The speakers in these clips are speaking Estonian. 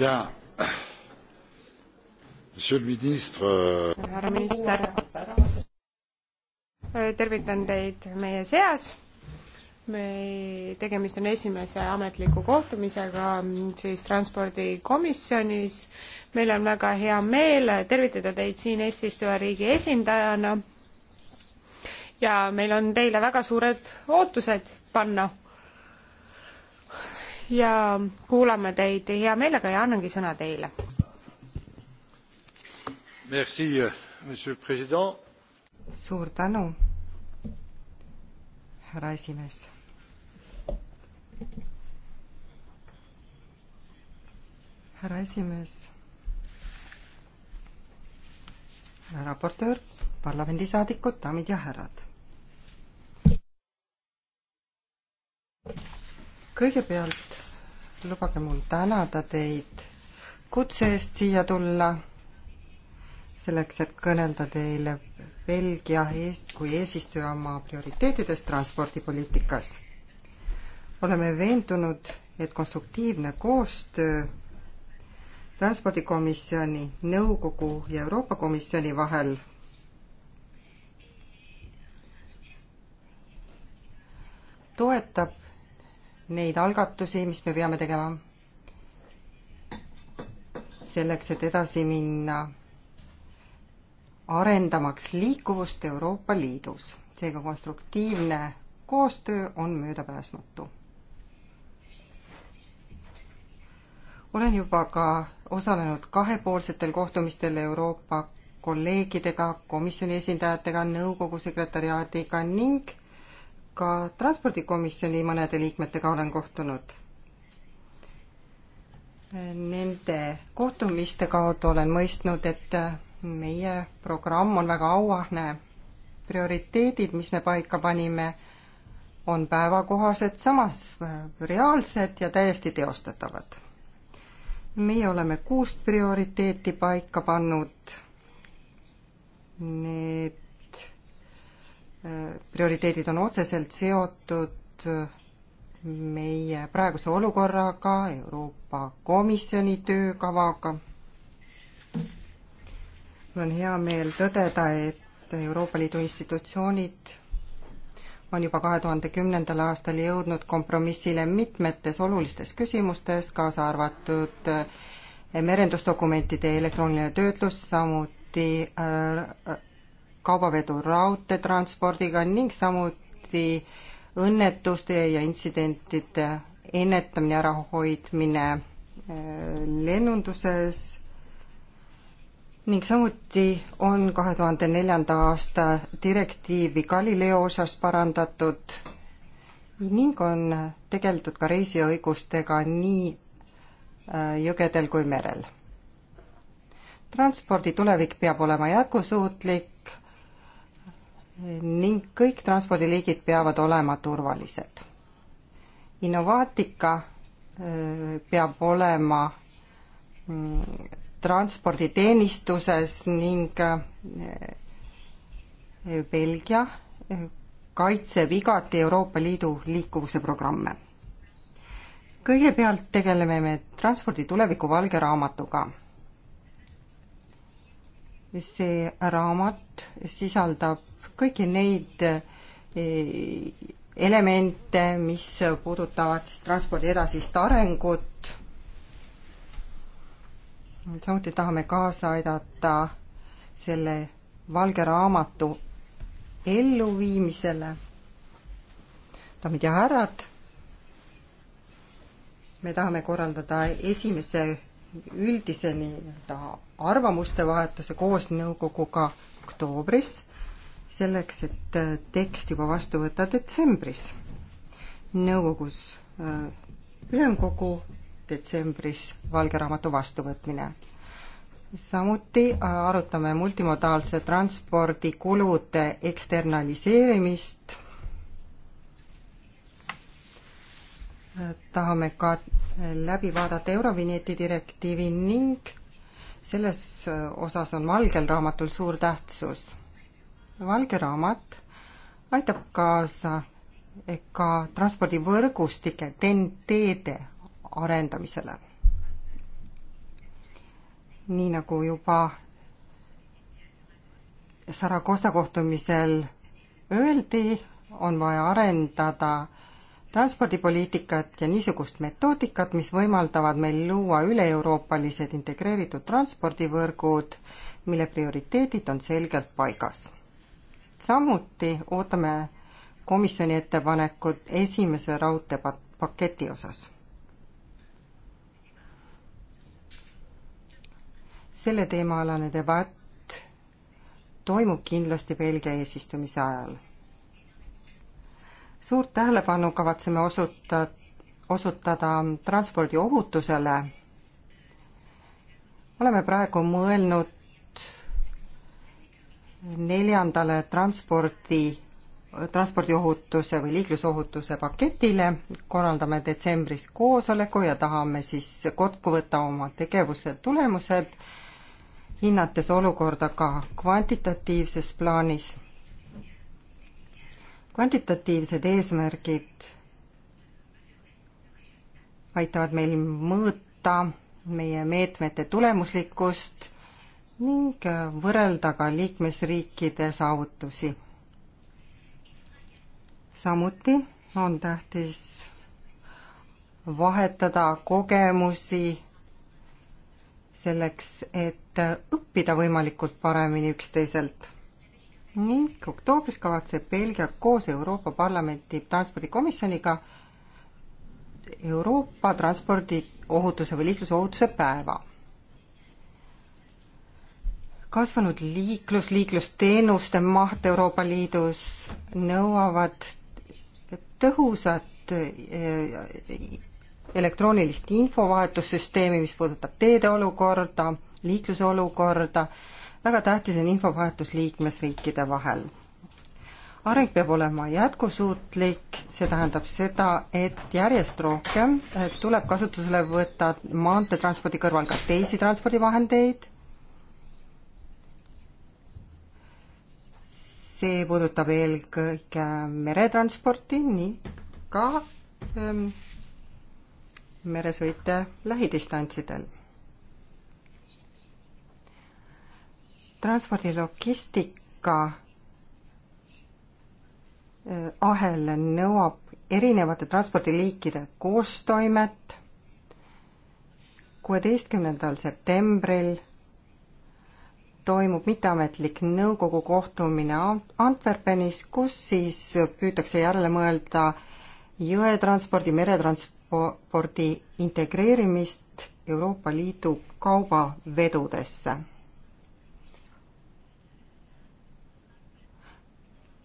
ja monsieur le ministre. Euh, härra minister, tervitan teid meie seas. me, tegemist on esimese ametliku kohtumisega siis transpordikomisjonis. meil on väga hea meel tervitada teid siin eesistujariigi esindajana. ja meil on teile väga suured ootused panna ja kuulame teid hea meelega ja annangi sõna teile. Euh, suur tänu, härra esimees. härra esimees, härra raportöör, parlamendisaadikud, daamid ja härrad kõigepealt lubage mul tänada teid kutse eest siia tulla, selleks, et kõnelda teile Belgia eest kui eesistuja oma prioriteetidest transpordipoliitikas. oleme veendunud, et konstruktiivne koostöö transpordikomisjoni, nõukogu ja Euroopa Komisjoni vahel toetab neid algatusi, mis me peame tegema selleks, et edasi minna arendamaks liikuvust Euroopa Liidus. seega konstruktiivne koostöö on möödapääsmatu. olen juba ka osalenud kahepoolsetel kohtumistel Euroopa kolleegidega, komisjoni esindajatega, nõukogu sekretäriaadiga ning ka transpordikomisjoni mõnede liikmetega olen kohtunud. Nende kohtumiste kaudu olen mõistnud, et meie programm on väga auahne. prioriteedid, mis me paika panime, on päevakohased, samas reaalsed ja täiesti teostatavad. meie oleme kuust prioriteeti paika pannud. Need prioriteedid on otseselt seotud meie praeguse olukorraga, Euroopa Komisjoni töökavaga. mul on hea meel tõdeda, et Euroopa Liidu institutsioonid on juba kahe tuhande kümnendal aastal jõudnud kompromissile mitmetes olulistes küsimustes, kaasa arvatud eh, merendusdokumentide elektrooniline töötlus, samuti äh, kaubavedu raudteetranspordiga ning samuti õnnetuste ja intsidentide ennetamine, ärahoidmine äh, lennunduses ning samuti on kahe tuhande neljanda aasta direktiivi Galileo osas parandatud ning on tegeldud ka reisiõigustega nii äh, jõgedel kui merel. transpordi tulevik peab olema jätkusuutlik ning kõik transpordiliigid peavad olema turvalised. Innovaatika peab olema mm, transporditeenistuses ning Belgia kaitseb igati Euroopa Liidu liikuvuse programme. kõigepealt tegeleme me transpordi tuleviku valge raamatuga. see raamat sisaldab kõiki neid e, elemente, mis puudutavad siis transpordi edasist arengut. samuti tahame kaasa aidata selle valge raamatu elluviimisele. daamid ja härrad, me tahame korraldada esimese üldise nii-öelda arvamuste vahetuse koos nõukoguga oktoobris selleks, et äh, tekst juba vastu võtta detsembris. nõukogus äh, ülemkogu detsembris valge raamatu vastuvõtmine. samuti äh, arutame multimodaalse transpordi kulude eksternaliseerimist. tahame ka läbi vaadata Eurovinjeti direktiivi ning selles osas on valgel raamatul suur tähtsus valge raamat aitab kaasa eh, ka transpordivõrgustike TEN-T-de arendamisele. nii nagu juba Saragossa kohtumisel öeldi, on vaja arendada transpordipoliitikat ja niisugust metoodikat, mis võimaldavad meil luua üle-euroopalised integreeritud transpordivõrgud, mille prioriteedid on selgelt paigas samuti ootame komisjoni ettepanekut esimese raudteepaketi osas selle teemaalane debatt toimub kindlasti Belgia eesistumise ajal. suurt tähelepanu kavatseme osuta, osutada transpordiohutusele. oleme praegu mõelnud neljandale transpordi, transpordiohutuse või liiklusohutuse paketile, korraldame detsembris koosoleku ja tahame siis kokku võtta oma tegevuse tulemused, hinnates olukorda ka kvantitatiivses plaanis. kvantitatiivsed eesmärgid aitavad meil mõõta meie meetmete tulemuslikkust ning võrrelda ka liikmesriikide saavutusi. samuti on tähtis vahetada kogemusi selleks, et õppida võimalikult paremini üksteiselt. ning oktoobris kavatseb Belgia koos Euroopa Parlamenti transpordikomisjoniga Euroopa transpordiohutuse või liiklusohutuse päeva kasvanud liiklus, liiklusteenuste maht Euroopa Liidus nõuavad tõhusat eh, elektroonilist infovahetussüsteemi, mis puudutab teede olukorda, liikluse olukorda, väga tähtis on infovahetus liikmesriikide vahel. areng peab olema jätkusuutlik, see tähendab seda, et järjest rohkem eh, tuleb kasutusele võtta maanteetranspordi kõrval ka teisi transpordivahendeid see puudutab eelkõige meretransporti, nii ka ähm, meresõite lähidistantsidel. transpordilogistika äh, ahel nõuab erinevate transpordiliikide koostoimet. kuueteistkümnendal septembril toimub mitteametlik nõukogu kohtumine Antwerpenis, kus siis püütakse järele mõelda jõetranspordi, meretranspordi integreerimist Euroopa Liidu kaubavedudesse.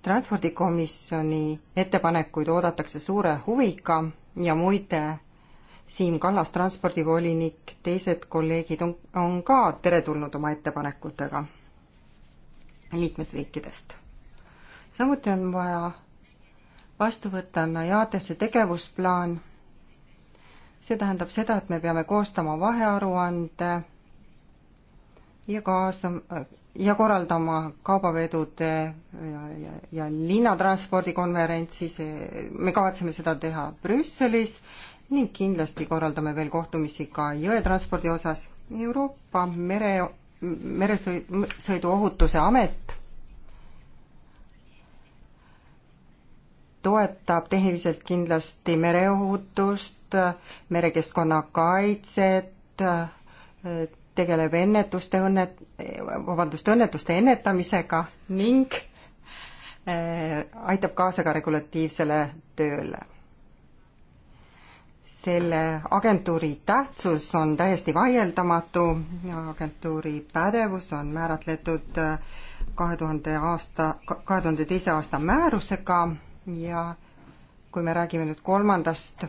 transpordikomisjoni ettepanekuid oodatakse suure huviga ja muide Siim Kallas, transpordivolinik, teised kolleegid on, on ka teretulnud oma ettepanekutega liikmesriikidest. samuti on vaja vastu võtta Najadesse tegevusplaan. see tähendab seda, et me peame koostama vahearuande ja kaasa- ja korraldama kaubavedude ja, ja, ja linnatranspordikonverentsi, see, me kavatseme seda teha Brüsselis ning kindlasti korraldame veel kohtumisi ka jõetranspordi osas. Euroopa mere, meresõiduohutuse amet toetab tehniliselt kindlasti mereohutust, merekeskkonna kaitset, tegeleb ennetuste õnnet-, vabandust, õnnetuste ennetamisega ning eh, aitab kaasa ka regulatiivsele tööle selle agentuuri tähtsus on täiesti vaieldamatu, agentuuri pädevus on määratletud äh, kahe tuhande aasta, kahe tuhande teise aasta määrusega ja kui me räägime nüüd kolmandast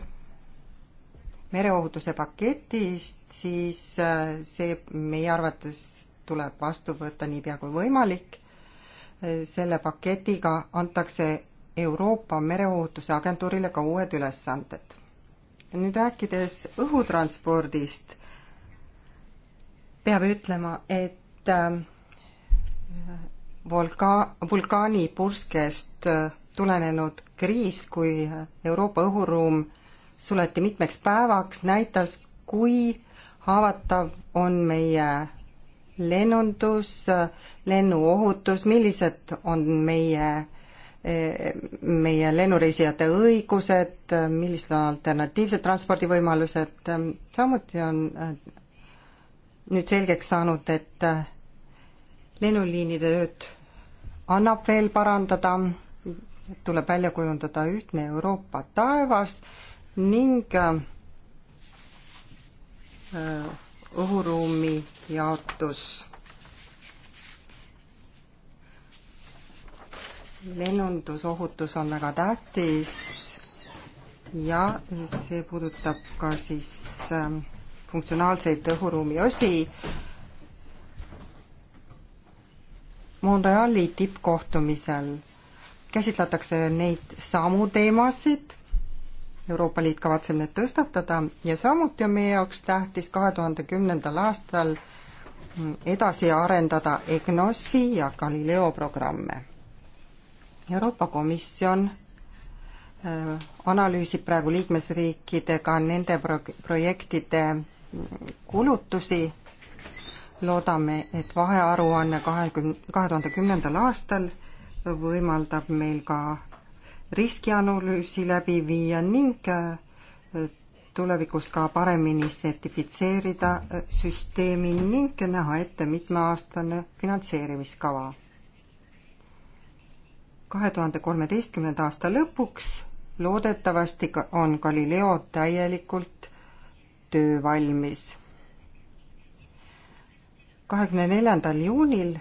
mereohutuse paketist, siis äh, see meie arvates tuleb vastu võtta niipea kui võimalik. Äh, selle paketiga antakse Euroopa Mereohutuse Agentuurile ka uued ülesanded nüüd rääkides õhutranspordist, peab ütlema, et ähm, vulka-, vulkaani purskest äh, tulenenud kriis, kui Euroopa õhuruum suleti mitmeks päevaks, näitas, kui haavatav on meie lennundus, äh, lennuohutus, millised on meie meie lennureisijate õigused, millised on alternatiivsed transpordivõimalused, samuti on äh, nüüd selgeks saanud, et äh, lennuliinide tööd annab veel parandada, tuleb välja kujundada ühtne Euroopa taevas ning äh, õhuruumi jaotus lennundusohutus on väga tähtis ja see puudutab ka siis ähm, funktsionaalseid õhuruumi osi. Montreali tippkohtumisel käsitletakse neid samu teemasid Euroopa Liit kavatseb need tõstatada ja samuti on meie jaoks tähtis kahe tuhande kümnendal aastal mm, edasi arendada EGNOS-i ja Galileo programme. Euroopa Komisjon äh, analüüsib praegu liikmesriikidega nende pro-, projektide kulutusi, loodame, et vahearuanne kahekümne, kahe tuhande kümnendal aastal võimaldab meil ka riskianalüüsi läbi viia ning äh, tulevikus ka paremini sertifitseerida äh, süsteemi ning näha ette mitmeaastane finantseerimiskava kahe tuhande kolmeteistkümnenda aasta lõpuks loodetavasti on Galileo täielikult töövalmis. kahekümne neljandal juunil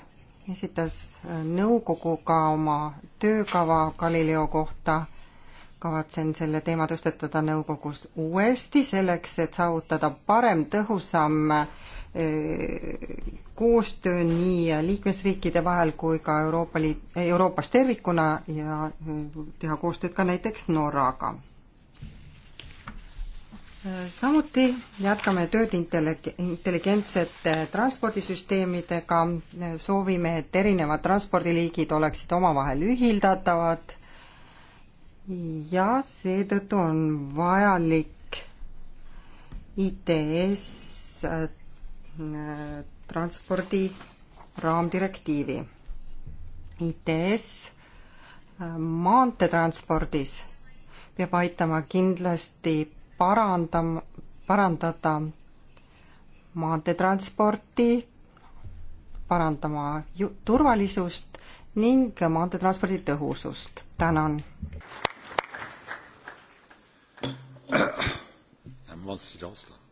esitas äh, nõukogu ka oma töökava Galileo kohta. kavatsen selle teema tõstetada nõukogus uuesti selleks, et saavutada parem, tõhusam Eh, koostöö nii liikmesriikide vahel kui ka Euroopa Liit, eh, Euroopas tervikuna ja eh, teha koostööd ka näiteks Norraga. samuti jätkame tööd intellig-, intelligentsete transpordisüsteemidega, soovime, et erinevad transpordiliigid oleksid omavahel ühildatavad ja seetõttu on vajalik ITS transpordi raamdirektiivi. ITS äh, maanteetranspordis peab aitama kindlasti parandam-, parandada maanteetransporti, parandama ju-, turvalisust ning maanteetranspordi tõhusust. tänan! un moment de silence là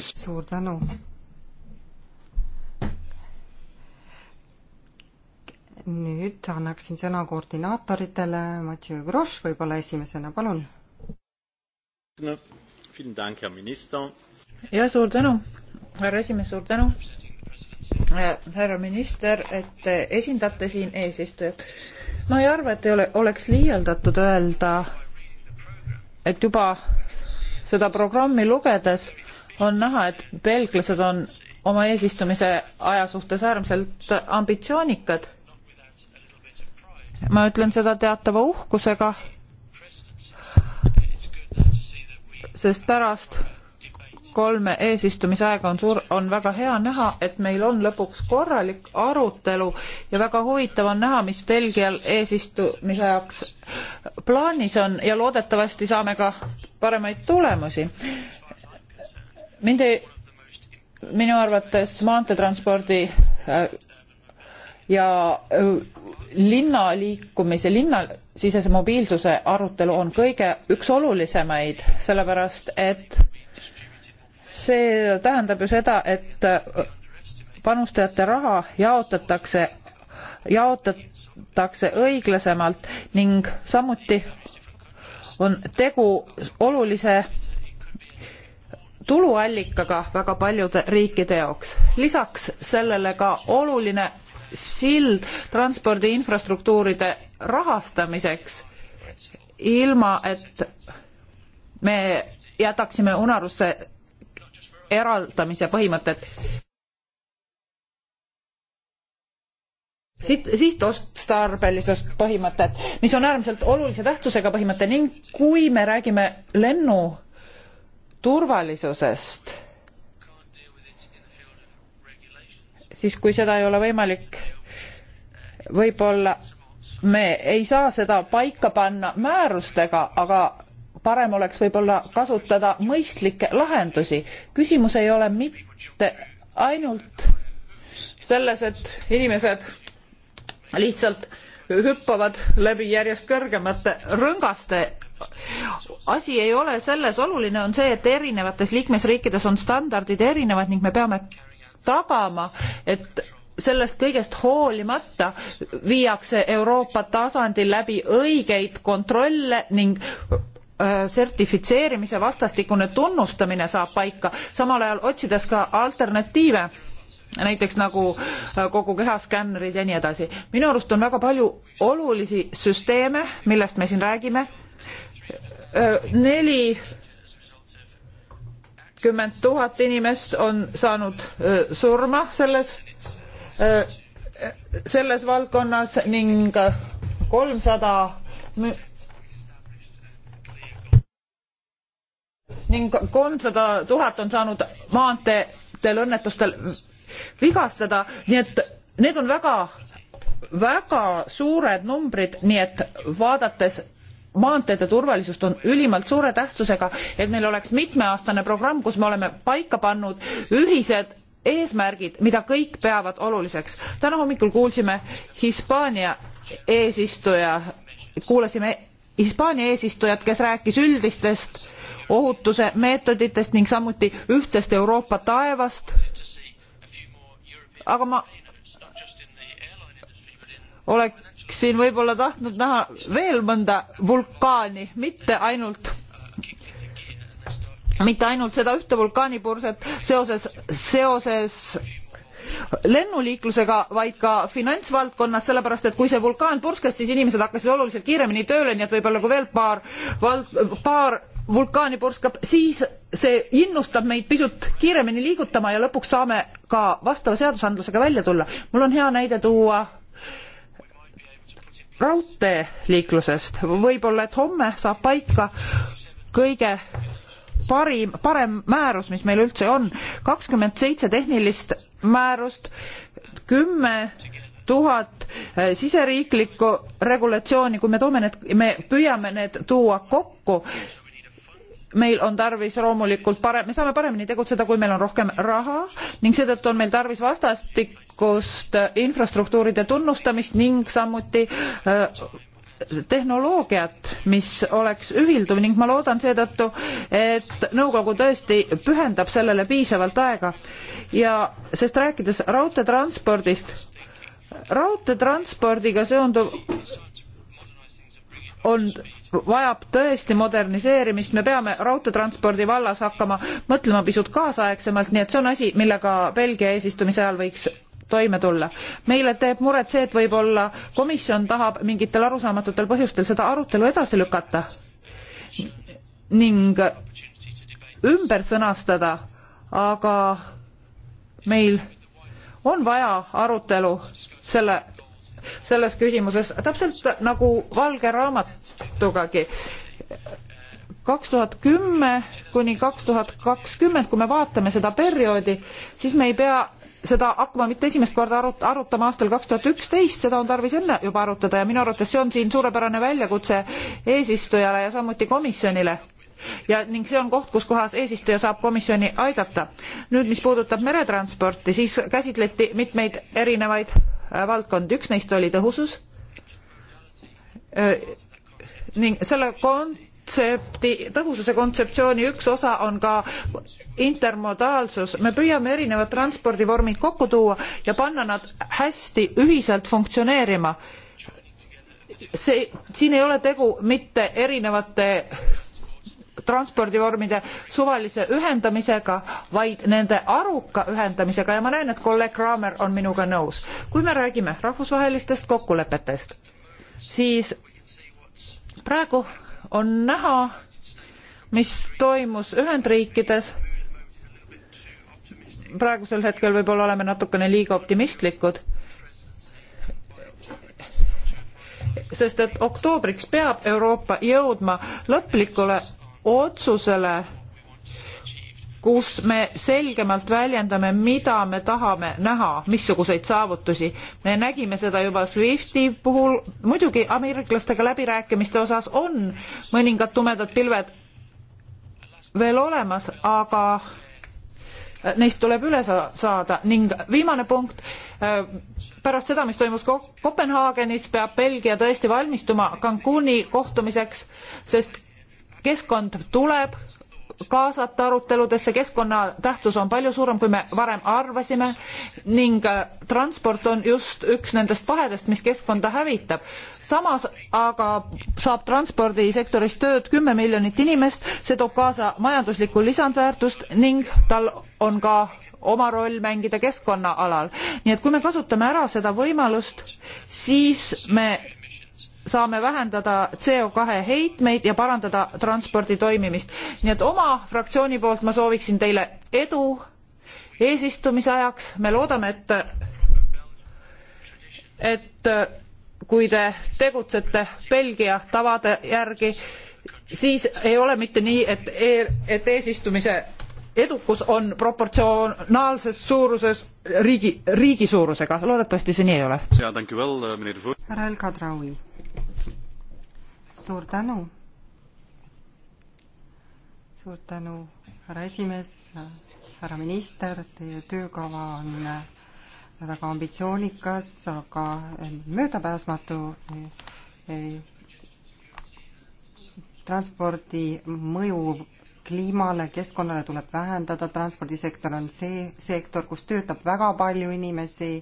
suur tänu. nüüd annaksin sõna koordinaatoritele, Mathieu Grosch võib-olla esimesena, palun. ja suur tänu, härra esimees, suur tänu äh, härra minister, et te esindate siin eesistujat. ma ei arva, et ei ole, oleks liialdatud öelda, et juba seda programmi lugedes on näha, et belglased on oma eesistumise aja suhtes äärmiselt ambitsioonikad. ma ütlen seda teatava uhkusega, sest pärast kolme eesistumisaega on suur, on väga hea näha, et meil on lõpuks korralik arutelu ja väga huvitav on näha, mis Belgial eesistumisajaks plaanis on ja loodetavasti saame ka paremaid tulemusi. Minde, minu arvates maanteetranspordi äh, ja äh, linna liikumise, linnasisese mobiilsuse arutelu on kõige üks olulisemaid, sellepärast et see tähendab ju seda, et äh, panustajate raha jaotatakse, jaotatakse õiglasemalt ning samuti on tegu olulise tuluallikaga väga paljude riikide jaoks. lisaks sellele ka oluline sild transpordi infrastruktuuride rahastamiseks, ilma et me jätaksime unarusse eraldamise põhimõtet. siht, sihtotstarbelisust põhimõtet, mis on äärmiselt olulise tähtsusega põhimõte ning kui me räägime lennu turvalisusest, siis kui seda ei ole võimalik võib-olla me ei saa seda paika panna määrustega, aga parem oleks võib-olla kasutada mõistlikke lahendusi. küsimus ei ole mitte ainult selles, et inimesed lihtsalt hüppavad läbi järjest kõrgemate rõngaste asi ei ole selles, oluline on see, et erinevates liikmesriikides on standardid erinevad ning me peame tagama, et sellest kõigest hoolimata viiakse Euroopa tasandil läbi õigeid kontrolle ning äh, sertifitseerimise vastastikune tunnustamine saab paika, samal ajal otsides ka alternatiive, näiteks nagu äh, kogu kehaskännerid ja nii edasi. minu arust on väga palju olulisi süsteeme, millest me siin räägime nelikümmend tuhat inimest on saanud surma selles, selles valdkonnas ning kolmsada ning kolmsada tuhat on saanud maanteedel õnnetustel vigastada, nii et need on väga, väga suured numbrid, nii et vaadates maanteede turvalisust on ülimalt suure tähtsusega, et meil oleks mitmeaastane programm, kus me oleme paika pannud ühised eesmärgid, mida kõik peavad oluliseks. täna hommikul kuulsime Hispaania eesistuja, kuulasime Hispaania eesistujat, kes rääkis üldistest ohutuse meetoditest ning samuti ühtsest Euroopa taevast. aga ma oleks oleksin võib-olla tahtnud näha veel mõnda vulkaani, mitte ainult mitte ainult seda ühte vulkaanipurset seoses, seoses lennuliiklusega, vaid ka finantsvaldkonnas, sellepärast et kui see vulkaan purskas, siis inimesed hakkasid oluliselt kiiremini tööle, nii et võib-olla kui veel paar vald-, paar vulkaani purskab, siis see innustab meid pisut kiiremini liigutama ja lõpuks saame ka vastava seadusandlusega välja tulla. mul on hea näide tuua raudteeliiklusest. võib-olla, et homme saab paika kõige parim, parem määrus, mis meil üldse on, kakskümmend seitse tehnilist määrust, kümme tuhat eh, siseriiklikku regulatsiooni, kui me toome need, me püüame need tuua kokku, meil on tarvis loomulikult parem, me saame paremini tegutseda, kui meil on rohkem raha ning seetõttu on meil tarvis vastastikust infrastruktuuride tunnustamist ning samuti äh, tehnoloogiat, mis oleks ühilduv ning ma loodan seetõttu, et nõukogu tõesti pühendab sellele piisavalt aega ja sest rääkides raudteetranspordist, raudteetranspordiga seonduv on, vajab tõesti moderniseerimist, me peame raudteetranspordi vallas hakkama mõtlema pisut kaasaegsemalt, nii et see on asi, millega Belgia eesistumise ajal võiks toime tulla. meile teeb muret see, et võib-olla komisjon tahab mingitel arusaamatutel põhjustel seda arutelu edasi lükata ning ümber sõnastada, aga meil on vaja arutelu selle selles küsimuses, täpselt nagu valge raamatugagi. kaks tuhat kümme kuni kaks tuhat kakskümmend, kui me vaatame seda perioodi, siis me ei pea seda hakkama mitte esimest korda arut-, arutama aastal kaks tuhat üksteist, seda on tarvis enne juba arutada ja minu arvates see on siin suurepärane väljakutse eesistujale ja samuti komisjonile. ja ning see on koht, kus kohas eesistuja saab komisjoni aidata. nüüd, mis puudutab meretransporti, siis käsitleti mitmeid erinevaid Äh, valdkond, üks neist oli tõhusus äh, ning selle kontsepti, tõhususe kontseptsiooni üks osa on ka intermodaalsus. me püüame erinevad transpordivormid kokku tuua ja panna nad hästi ühiselt funktsioneerima. see, siin ei ole tegu mitte erinevate transpordivormide suvalise ühendamisega, vaid nende aruka ühendamisega ja ma näen, et kolleeg Raamer on minuga nõus. kui me räägime rahvusvahelistest kokkulepetest, siis praegu on näha, mis toimus Ühendriikides praegusel hetkel võib-olla oleme natukene liiga optimistlikud, sest et oktoobriks peab Euroopa jõudma lõplikule otsusele, kus me selgemalt väljendame, mida me tahame näha, missuguseid saavutusi. me nägime seda juba Swifti puhul, muidugi ameeriklastega läbirääkimiste osas on mõningad tumedad pilved veel olemas, aga neist tuleb üle saada ning viimane punkt, pärast seda, mis toimus Kopenhaagenis, peab Belgia tõesti valmistuma Cancuni kohtumiseks, sest keskkond tuleb kaasata aruteludesse, keskkonna tähtsus on palju suurem, kui me varem arvasime ning äh, transport on just üks nendest pahedest, mis keskkonda hävitab. samas aga saab transpordisektoris tööd kümme miljonit inimest, see toob kaasa majanduslikku lisandväärtust ning tal on ka oma roll mängida keskkonna alal. nii et kui me kasutame ära seda võimalust, siis me saame vähendada CO2 heitmeid ja parandada transpordi toimimist. nii et oma fraktsiooni poolt ma sooviksin teile edu eesistumise ajaks, me loodame, et et kui te tegutsete Belgia tavade järgi, siis ei ole mitte nii, et e, et eesistumise edukus on proportsionaalses suuruses riigi, riigi suurusega, loodetavasti see nii ei ole. Uh, härra El Kadraoui suur tänu. suur tänu, härra esimees, härra minister, teie töökava on väga ambitsioonikas, aga möödapääsmatu. transpordi mõju kliimale, keskkonnale tuleb vähendada, transpordisektor on see sektor, kus töötab väga palju inimesi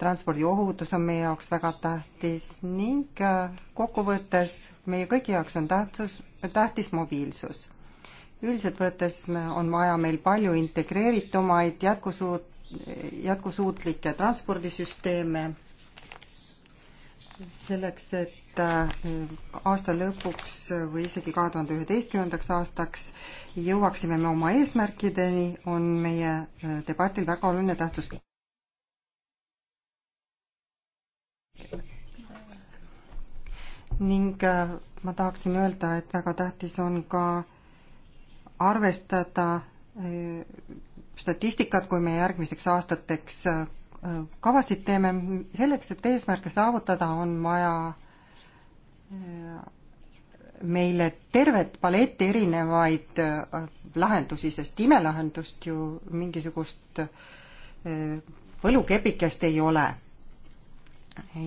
transpordi ohutus on meie jaoks väga tähtis ning äh, kokkuvõttes meie kõigi jaoks on tähtsus, tähtis mobiilsus. üldiselt võttes on vaja meil palju integreeritumaid jätkusuut-, jätkusuutlikke transpordisüsteeme selleks, et äh, aasta lõpuks või isegi kahe tuhande üheteistkümnendaks aastaks jõuaksime me oma eesmärkideni, on meie äh, debatil väga oluline tähtsus. ning äh, ma tahaksin öelda, et väga tähtis on ka arvestada äh, statistikat, kui me järgmiseks aastateks äh, kavasid teeme, selleks, et eesmärke saavutada, on vaja meile tervet paletti erinevaid lahendusi, sest imelahendust ju mingisugust võlukepikest ei ole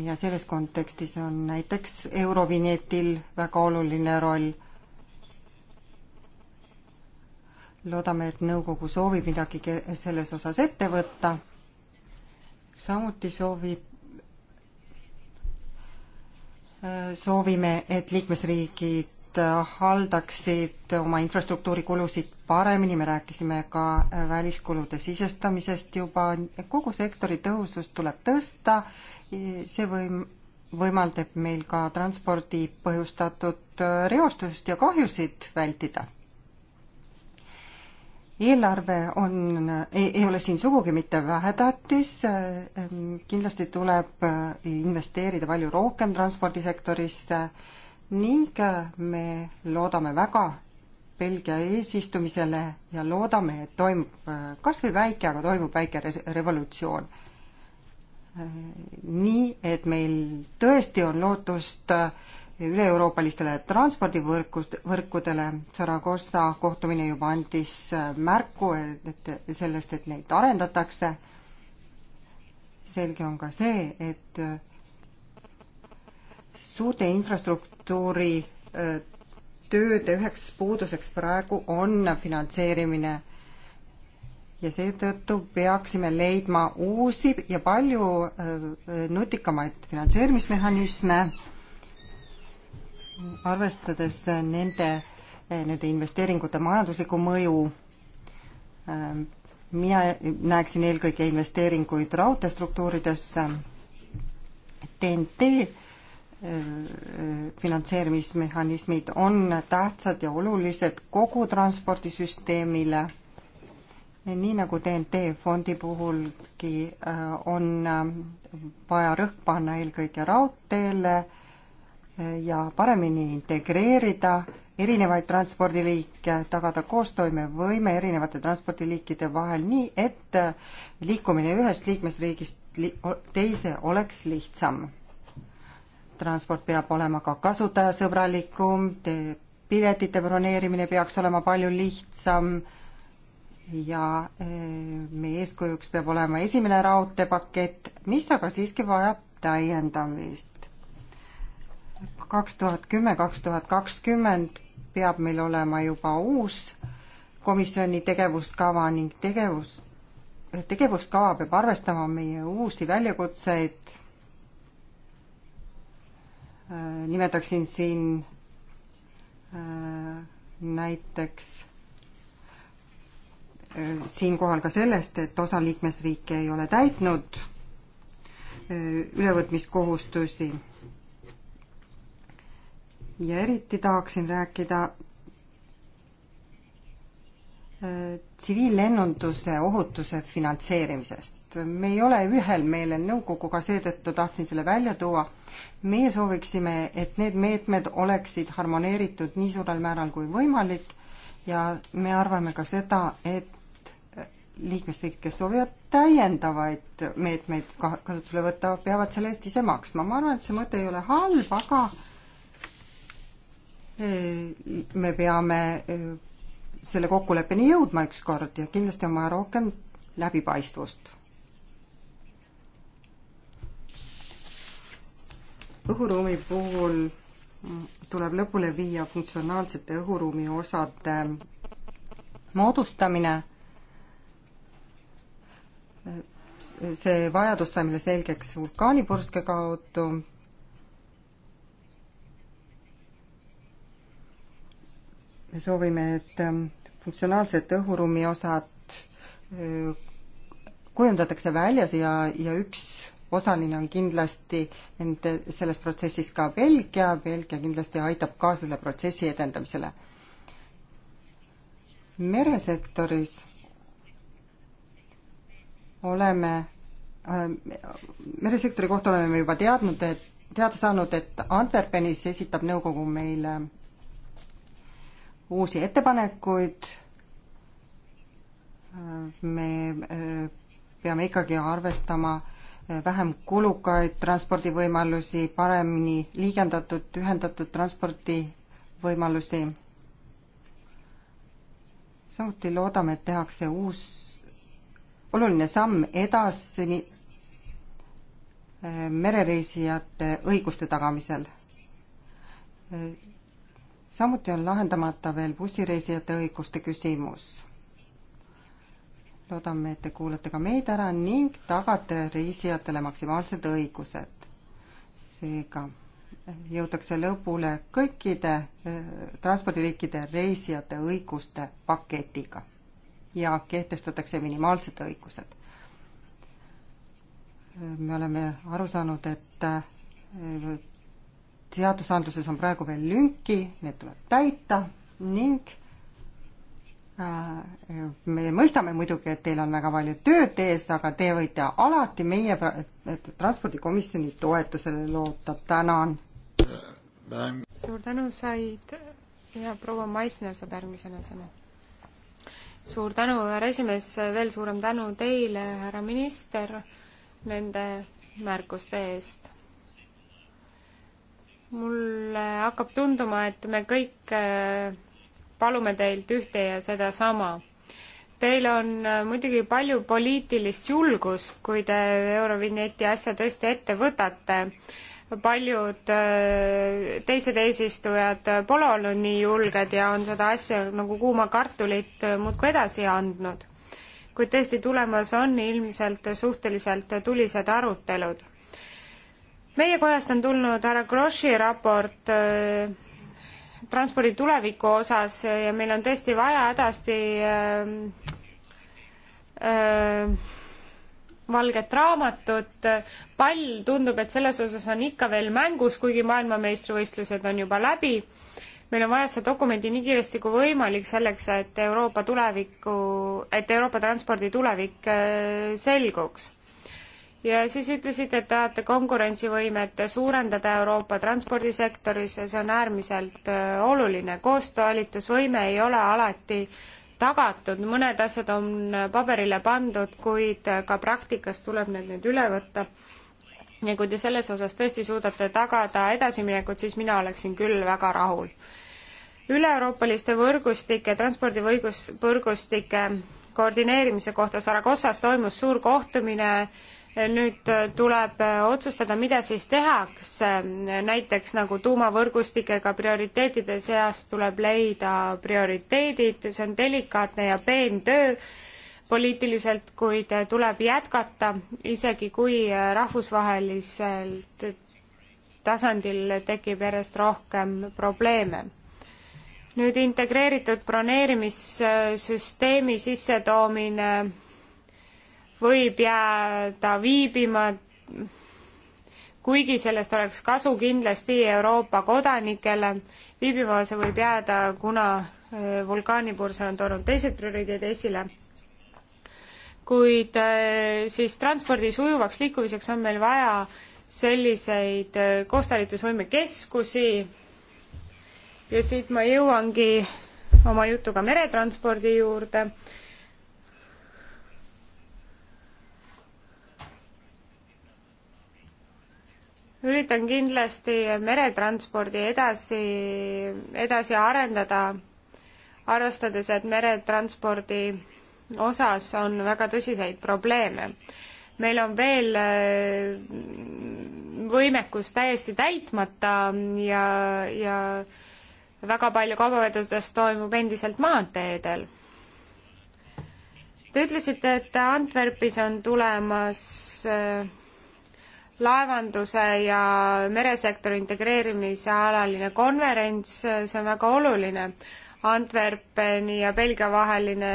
ja selles kontekstis on näiteks Eurovinjetil väga oluline roll. loodame, et nõukogu soovib midagi selles osas ette võtta. samuti soovib, soovime, et liikmesriigid haldaksid oma infrastruktuuri kulusid paremini, me rääkisime ka väliskulude sisestamisest juba, kogu sektori tõhusust tuleb tõsta see võim-, võimaldab meil ka transpordi põhjustatud äh, reostust ja kahjusid vältida. eelarve on, äh, ei ole siin sugugi mitte vähetähtis, äh, ähm, kindlasti tuleb investeerida palju rohkem transpordisektorisse ning me loodame väga Belgia eesistumisele ja loodame, et toimub kas või väike, aga toimub väike revolutsioon nii, et meil tõesti on lootust üle-euroopalistele transpordivõrkudele. Saragossa kohtumine juba andis märku et, et sellest, et neid arendatakse. selge on ka see, et suurte infrastruktuuri äh, tööde üheks puuduseks praegu on finantseerimine ja seetõttu peaksime leidma uusi ja palju äh, nutikamaid finantseerimismehhanisme, arvestades nende, äh, nende investeeringute majanduslikku mõju. Ähm, mina näeksin eelkõige investeeringuid raudteestruktuuridesse. TNT äh, finantseerimismehhanismid on tähtsad ja olulised kogu transpordisüsteemile nii nagu TNT fondi puhulgi äh, on äh, vaja rõhk panna eelkõige raudteele äh, ja paremini integreerida erinevaid transpordiliike, tagada koostoimevõime erinevate transpordiliikide vahel nii, et liikumine ühest liikmesriigist teise oleks lihtsam. transport peab olema ka kasutajasõbralikum, piletite broneerimine peaks olema palju lihtsam ja eh, meie eeskujuks peab olema esimene raudteepakett, mis aga siiski vajab täiendamist. kaks tuhat kümme, kaks tuhat kakskümmend peab meil olema juba uus komisjoni tegevuskava ning tegevus, tegevuskava peab arvestama meie uusi väljakutseid. Eh, nimetaksin siin eh, näiteks siinkohal ka sellest, et osa liikmesriike ei ole täitnud äh, ülevõtmiskohustusi. ja eriti tahaksin rääkida äh, tsiviillennunduse ohutuse finantseerimisest. me ei ole ühel meelel nõukoguga, seetõttu tahtsin selle välja tuua. meie sooviksime, et need meetmed oleksid harmoneeritud nii suurel määral kui võimalik ja me arvame ka seda, et liikmesriigid, kes soovivad täiendavaid meetmeid kasutusele võtta, peavad selle eest ise maksma. ma arvan, et see mõte ei ole halb, aga eh, me peame eh, selle kokkuleppeni jõudma ükskord ja kindlasti on vaja rohkem läbipaistvust. õhuruumi puhul tuleb lõpule viia funktsionaalsete õhuruumi osade moodustamine see vajadus sai meile selgeks vulkaanipurske kaudu. me soovime, et ähm, funktsionaalsed õhuruumi osad äh, kujundatakse väljas ja, ja üks osaline on kindlasti nende, selles protsessis ka Belgia, Belgia kindlasti aitab ka selle protsessi edendamisele. meresektoris oleme äh, meresektori kohta oleme juba teadnud, et, teada saanud, et Antwerpenis esitab nõukogu meile uusi ettepanekuid. me äh, peame ikkagi arvestama äh, vähem kulukaid transpordivõimalusi, paremini liigendatud, ühendatud transpordivõimalusi. samuti loodame, et tehakse uus oluline samm edasi äh, merereisijate õiguste tagamisel. Äh, samuti on lahendamata veel bussireisijate õiguste küsimus. loodame, et te kuulate ka meid ära ning tagate reisijatele maksimaalsed õigused. seega jõutakse lõpule kõikide äh, transpordiliikide reisijate õiguste paketiga ja kehtestatakse minimaalsed õigused. me oleme aru saanud, et äh, seadusandluses on praegu veel lünki, need tuleb täita ning äh, me mõistame muidugi, et teil on väga palju tööd ees, aga te võite alati meie transpordikomisjoni toetusele loota, tänan. suur tänu, said ja proua Maisner saab järgmisena sõna suur tänu, härra esimees, veel suurem tänu teile, härra minister, nende märkuste eest. mulle hakkab tunduma, et me kõik äh, palume teilt ühte ja sedasama teil on äh, muidugi palju poliitilist julgust, kui te Eurovinjeti asja tõesti ette võtate paljud äh, teised eesistujad pole olnud nii julged ja on seda asja nagu kuuma kartulit äh, muudkui edasi andnud. kuid tõesti tulemas on ilmselt suhteliselt tulised arutelud. meie kojast on tulnud härra Grossi raport äh, transpordi tuleviku osas ja meil on tõesti vaja hädasti äh, äh, valget raamatut. pall tundub, et selles osas on ikka veel mängus, kuigi maailmameistrivõistlused on juba läbi. meil on vaja seda dokumenti nii kiiresti kui võimalik selleks, et Euroopa tuleviku, et Euroopa transpordi tulevik äh, selguks. ja siis ütlesite, et tahate konkurentsivõimet suurendada Euroopa transpordisektoris ja see on äärmiselt äh, oluline. koostalitusvõime ei ole alati tagatud, mõned asjad on paberile pandud, kuid ka praktikas tuleb need nüüd üle võtta. ja kui te selles osas tõesti suudate tagada edasiminekut, siis mina oleksin küll väga rahul. üle-euroopaliste võrgustike, transpordivõrgus, võrgustike koordineerimise kohta Saragossas toimus suur kohtumine äh, nüüd äh, tuleb äh, otsustada, mida siis tehakse, näiteks nagu tuumavõrgustikega prioriteetide seas tuleb leida prioriteedid, see on delikaatne ja peen töö poliitiliselt, kuid äh, tuleb jätkata, isegi kui rahvusvaheliselt tasandil tekib järjest rohkem probleeme. nüüd integreeritud broneerimissüsteemi sissetoomine võib jääda viibima, kuigi sellest oleks kasu kindlasti Euroopa kodanikele, viibima see võib jääda, kuna äh, vulkaanipurse on toonud teised prioriteedid esile. kuid äh, siis transpordi sujuvaks liikumiseks on meil vaja selliseid äh, koostalitusvõimekeskusi ja siit ma jõuangi oma jutuga meretranspordi juurde üritan kindlasti meretranspordi edasi, edasi arendada, arvestades, et meretranspordi osas on väga tõsiseid probleeme. meil on veel äh, võimekus täiesti täitmata ja, ja väga palju kaubavedudest toimub endiselt maanteedel. Te ütlesite, et Antwerpis on tulemas äh, laevanduse ja meresektori integreerimise alaline konverents, see on väga oluline. Antwerpeni ja Belgia vaheline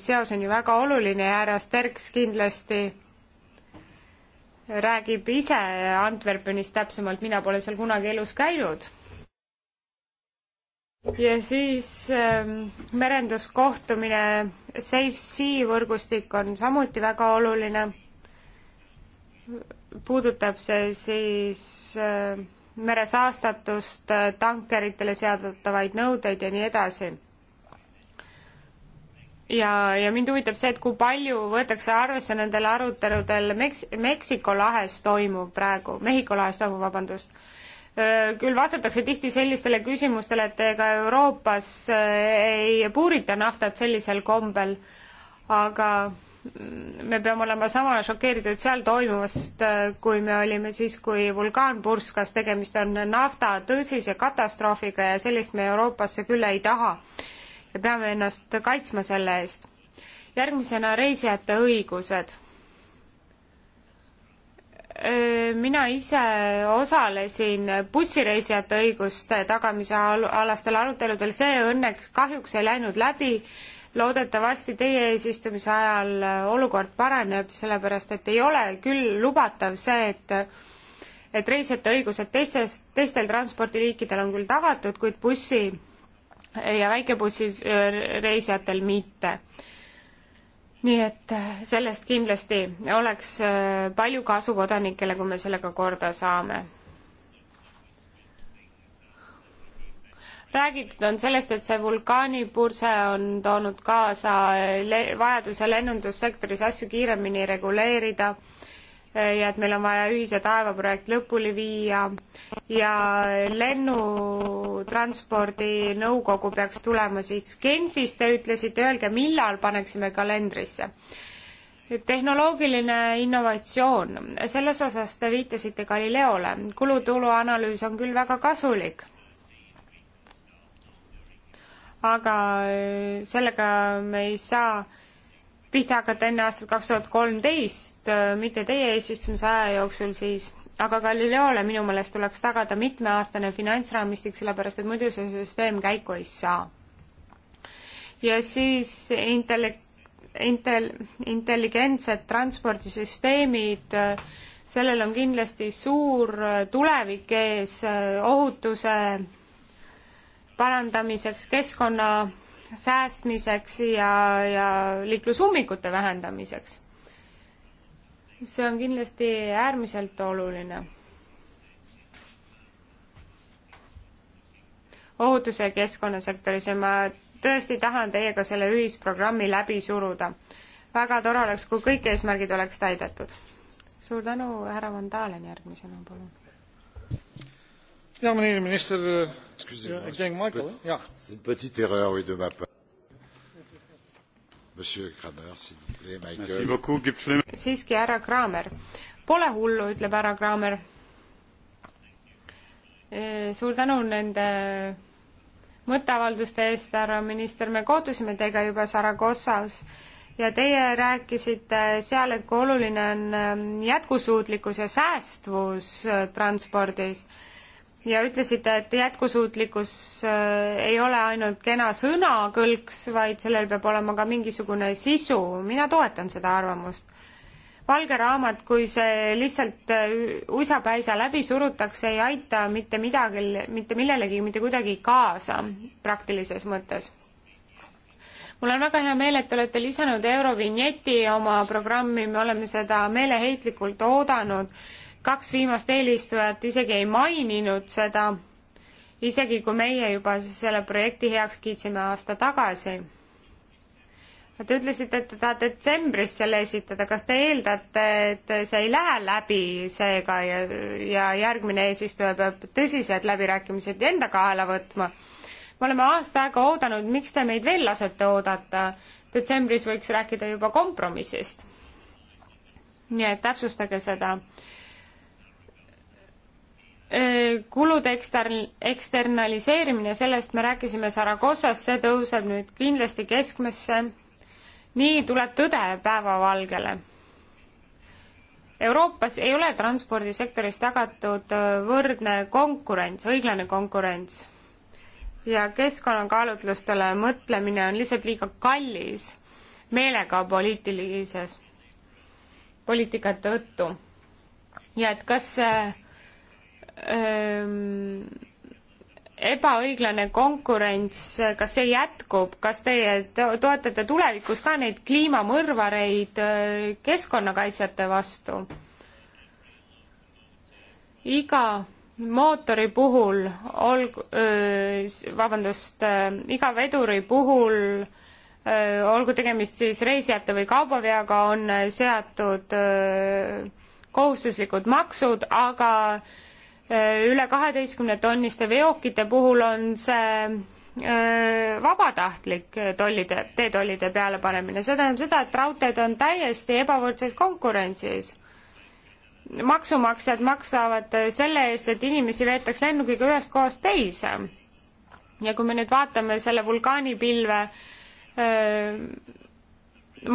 seos on ju väga oluline ja härra Sterks kindlasti räägib ise Antwerpenist täpsemalt, mina pole seal kunagi elus käinud. ja siis ähm, merenduskohtumine, Safe Sea võrgustik on samuti väga oluline puudutab see siis äh, meresaastatust, äh, tankeritele seadutavaid nõudeid ja nii edasi. ja, ja mind huvitab see, et kui palju võetakse arvesse nendel aruteludel Meks-, Meksiko lahes toimuv praegu, Mehhiko lahes toimuv, vabandust, äh, küll vastatakse tihti sellistele küsimustele, et ega Euroopas ei puurita naftat sellisel kombel, aga me peame olema sama šokeeritud seal toimuvast, äh, kui me olime siis, kui vulkaan purskas, tegemist on nafta tõsise katastroofiga ja sellist me Euroopasse küll ei taha. ja peame ennast kaitsma selle eest. järgmisena reisijate õigused. Äh, mina ise osalesin bussireisijate õiguste tagamise alastel aruteludel, see õnneks kahjuks ei läinud läbi loodetavasti teie eesistumise ajal äh, olukord paraneb, sellepärast et ei ole küll lubatav see, et et reisijate õigused teistes, teistel transpordiliikidel on küll tagatud, kuid bussi äh, ja väikebussis äh, reisijatel mitte. nii et sellest kindlasti oleks palju kasu kodanikele, kui me sellega korda saame räägitud on sellest, et see vulkaanipurse on toonud kaasa le vajaduse lennundussektoris asju kiiremini reguleerida ja et meil on vaja ühise taevaprojekt lõpuli viia ja lennutranspordi nõukogu peaks tulema siis Genfis, te ütlesite, öelge, millal paneksime kalendrisse. tehnoloogiline innovatsioon, selles osas te viitasite Galileole, kulutulu analüüs on küll väga kasulik aga eh, sellega me ei saa pihta hakata enne aastat kaks tuhat kolmteist, eh, mitte teie eesistumise aja jooksul siis, aga Galileole minu meelest tuleks tagada mitmeaastane finantsraamistik, sellepärast et muidu see süsteem käiku ei saa. ja siis intellekt-, intel-, intelligentsed transpordisüsteemid, eh, sellel on kindlasti suur tulevik ees ohutuse parandamiseks, keskkonna säästmiseks ja, ja liiklusummikute vähendamiseks. see on kindlasti äärmiselt oluline. ohutuse ja keskkonnasektoris ja ma tõesti tahan teiega selle ühisprogrammi läbi suruda. väga tore oleks, kui kõik eesmärgid oleks täidetud. suur tänu, härra Vandalen järgmisena, palun. ja, minister Excusez-moi. Ik euh, denk Michael, hè? Ja. C'est une petite erreur, oui, de ma part. Monsieur Kramer, s'il vous plaît, Michael. Merci beaucoup, Gib Fleming. siiski härra Kramer. Pole hullu, ütleb härra Kramer. Eh, suur tänu nende mõtteavalduste eest, härra minister, me kohtusime teiega juba Saragossas ja teie rääkisite seal, et kui oluline on ehm, jätkusuutlikkus ja säästvus eh, transpordis ja ütlesite, et jätkusuutlikkus äh, ei ole ainult kena sõnakõlks, vaid sellel peab olema ka mingisugune sisu. mina toetan seda arvamust. valge raamat, kui see lihtsalt äh, uisapäisa läbi surutakse, ei aita mitte midagi, mitte millelegi, mitte kuidagi kaasa praktilises mõttes mul on väga hea meel, et te olete lisanud Eurovinjeti oma programmi, me oleme seda meeleheitlikult oodanud kaks viimast eelistujat isegi ei maininud seda, isegi kui meie juba siis selle projekti heaks kiitsime aasta tagasi. Te ütlesite, et te tahate detsembris selle esitada, kas te eeldate, et see ei lähe läbi seega ja, ja järgmine eesistuja peab tõsised läbirääkimised enda kaela võtma? me oleme aasta aega oodanud, miks te meid veel lasete oodata? detsembris võiks rääkida juba kompromissist. nii et täpsustage seda Äh, kulude ekstern-, eksternaliseerimine, sellest me rääkisime Saragossas, see tõuseb nüüd kindlasti keskmesse. nii tuleb tõde päevavalgele. Euroopas ei ole transpordisektoris tagatud äh, võrdne konkurents, õiglane konkurents. ja keskkonnakaalutlustele mõtlemine on lihtsalt liiga kallis meelega poliitilises, poliitika tõttu. ja et kas see äh, ebaõiglane konkurents, kas see jätkub, kas teie toetate tulevikus ka neid kliimamõrvareid keskkonnakaitsjate vastu? iga mootori puhul olgu, vabandust, iga veduri puhul öö, olgu tegemist siis reisijate või kaubaveaga, on seatud öö, kohustuslikud maksud, aga öö, Äh, üle kaheteistkümne tonniste veokite puhul on see äh, vabatahtlik tollide, teetollide pealepanemine, see tähendab seda, et raudteed on täiesti ebavõrdses konkurentsis. maksumaksjad maksavad selle eest, et inimesi veetaks lennukiga ühest kohast teise. ja kui me nüüd vaatame selle vulkaanipilve äh,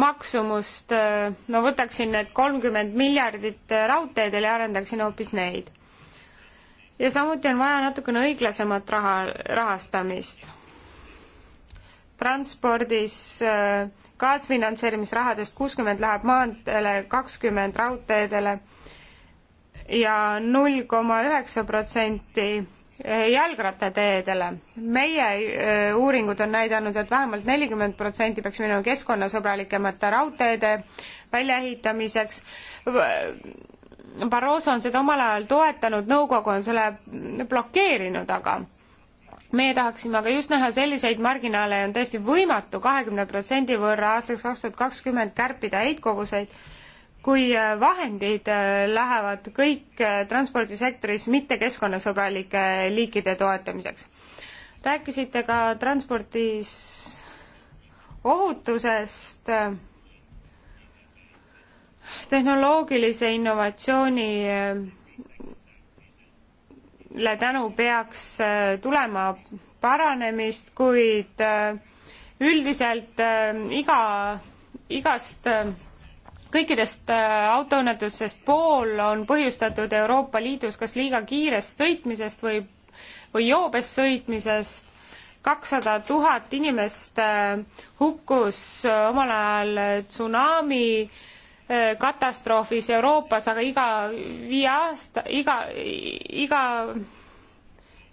maksumust, ma võtaksin need kolmkümmend miljardit raudteedele ja arendaksin hoopis neid ja samuti on vaja natukene õiglasemat raha, rahastamist. transpordis äh, kaasfinantseerimisrahadest kuuskümmend läheb maanteele, kakskümmend raudteedele ja null koma üheksa protsenti äh, jalgrattateedele. meie äh, uuringud on näidanud, et vähemalt nelikümmend protsenti peaks minema keskkonnasõbralikemate raudteede väljaehitamiseks Barroso on seda omal ajal toetanud, nõukogu on selle blokeerinud, aga meie tahaksime aga just näha selliseid marginaale ja on tõesti võimatu kahekümne protsendi võrra aastaks kaks tuhat kakskümmend kärpida heitkoguseid, kui äh, vahendid äh, lähevad kõik äh, transpordisektoris mitte keskkonnasõbralike liikide toetamiseks. rääkisite ka transpordis ohutusest tehnoloogilise innovatsioonile äh, tänu peaks äh, tulema paranemist, kuid äh, üldiselt iga, igast kõikidest autoõnnetustest pool on põhjustatud Euroopa Liidus kas liiga kiirest sõitmisest või, või joobes sõitmisest. kakssada tuhat inimest hukkus omal ajal tsunami äh, Äh, katastroofis Euroopas, aga iga viie aasta, iga, iga,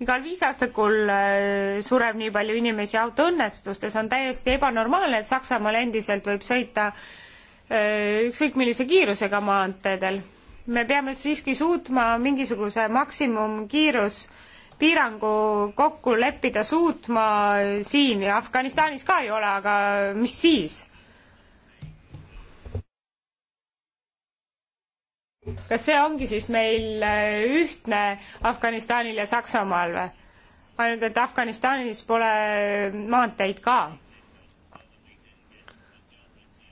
igal viisaastakul äh, sureb nii palju inimesi autoõnnetustes, on täiesti ebanormaalne, et Saksamaal endiselt võib sõita äh, ükskõik millise kiirusega maanteedel. me peame siiski suutma mingisuguse maksimumkiirus piirangu kokku leppida suutma siin ja Afganistanis ka ei ole, aga mis siis kas see ongi siis meil äh, ühtne Afganistanil ja Saksamaal või? ainult et Afganistanis pole äh, maanteid ka.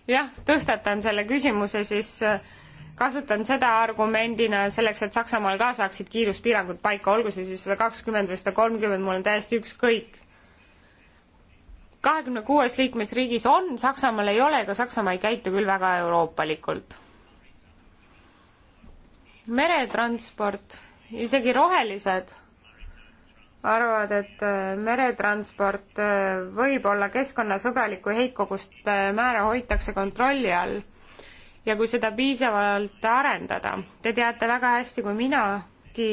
jah, tõstatan selle küsimuse siis, äh, kasutan seda argumendina selleks, et Saksamaal ka saaksid kiiruspiirangud paika, olgu see siis sada kakskümmend või sada kolmkümmend, mul on täiesti ükskõik. kahekümne kuues liikmesriigis on, Saksamaal ei ole, ega Saksamaa ei käitu küll väga euroopalikult meretransport, isegi rohelised arvavad, et äh, meretransport äh, võib olla keskkonnasõbraliku heitkoguste äh, määra hoitakse kontrolli all ja kui seda piisavalt arendada. Te teate väga hästi kui minagi,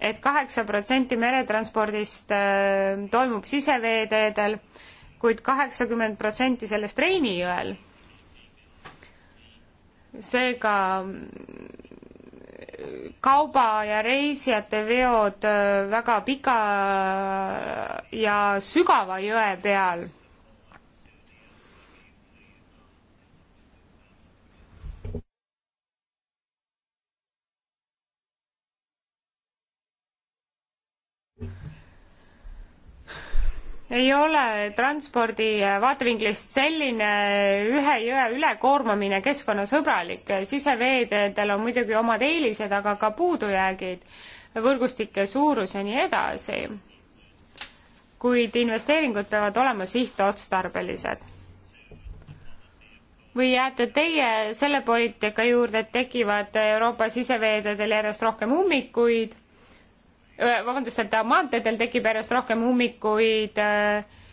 et kaheksa protsenti meretranspordist toimub siseveeteedel kuid, kuid kaheksakümmend protsenti sellest Reini jõel seega kauba ja reisijate veod äh, väga pika ja sügava jõe peal ei ole transpordi vaatevinklist selline ühe jõe ülekoormamine keskkonnasõbralik. siseveeteedel on muidugi omad eelised, aga ka puudujäägid, võrgustike suurus ja nii edasi. kuid investeeringud peavad olema sihtotstarbelised. või jääte teie selle poliitika juurde, et tekivad Euroopa siseveeteedel järjest rohkem ummikuid Äh, vabandust, et maanteedel tekib järjest rohkem ummikuid äh,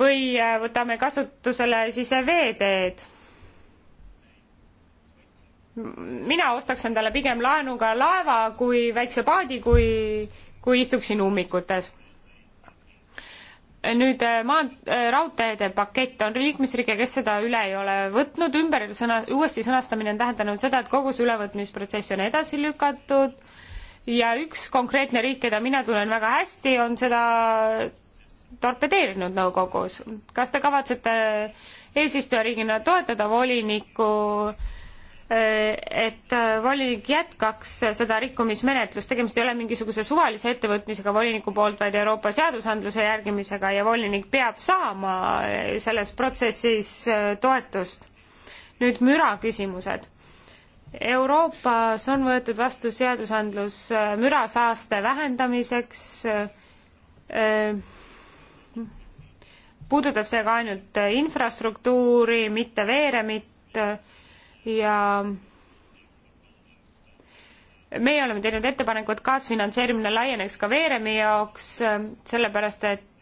või äh, võtame kasutusele siis veeteed. mina ostaks endale pigem laenuga laeva kui väikse paadi, kui, kui istuksin ummikutes nüüd maant-, raudteede pakett on liikmesriike, kes seda üle ei ole võtnud, ümber sõna, uuesti sõnastamine on tähendanud seda, et kogu see ülevõtmisprotsess on edasi lükatud ja üks konkreetne riik, keda mina tunnen väga hästi, on seda torpedeerinud nõukogus. kas te kavatsete eesistujariigina toetada volinikku, eh, et eh, volinik jätkaks seda rikkumismenetlust, tegemist ei ole mingisuguse suvalise ettevõtmisega voliniku poolt, vaid Euroopa seadusandluse järgimisega ja volinik peab saama selles protsessis eh, toetust. nüüd müra küsimused Euroopas on võetud vastu seadusandlus äh, mürasaaste vähendamiseks, äh, puudutab see ka ainult äh, infrastruktuuri, mitte veeremit ja meie oleme teinud ettepaneku, et kaasfinantseerimine laieneks ka veeremi jaoks, sellepärast et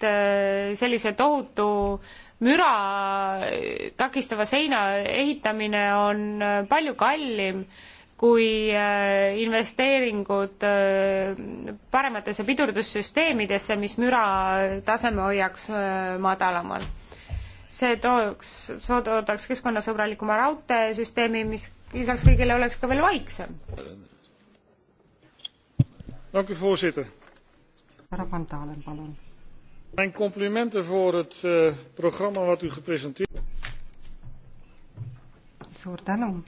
sellise tohutu äh, müra takistava seina ehitamine on palju kallim kui äh, investeeringud äh, parematesse pidurdussüsteemidesse, mis müra taseme hoiaks äh, madalamal. see tooks, soodaks keskkonnasõbralikuma raudteesüsteemi, mis lisaks kõigele oleks ka veel vaiksem. härra Van Dalen, palun Mijn complimenten voor het uh, programma wat u gepresenteerd suur tänu.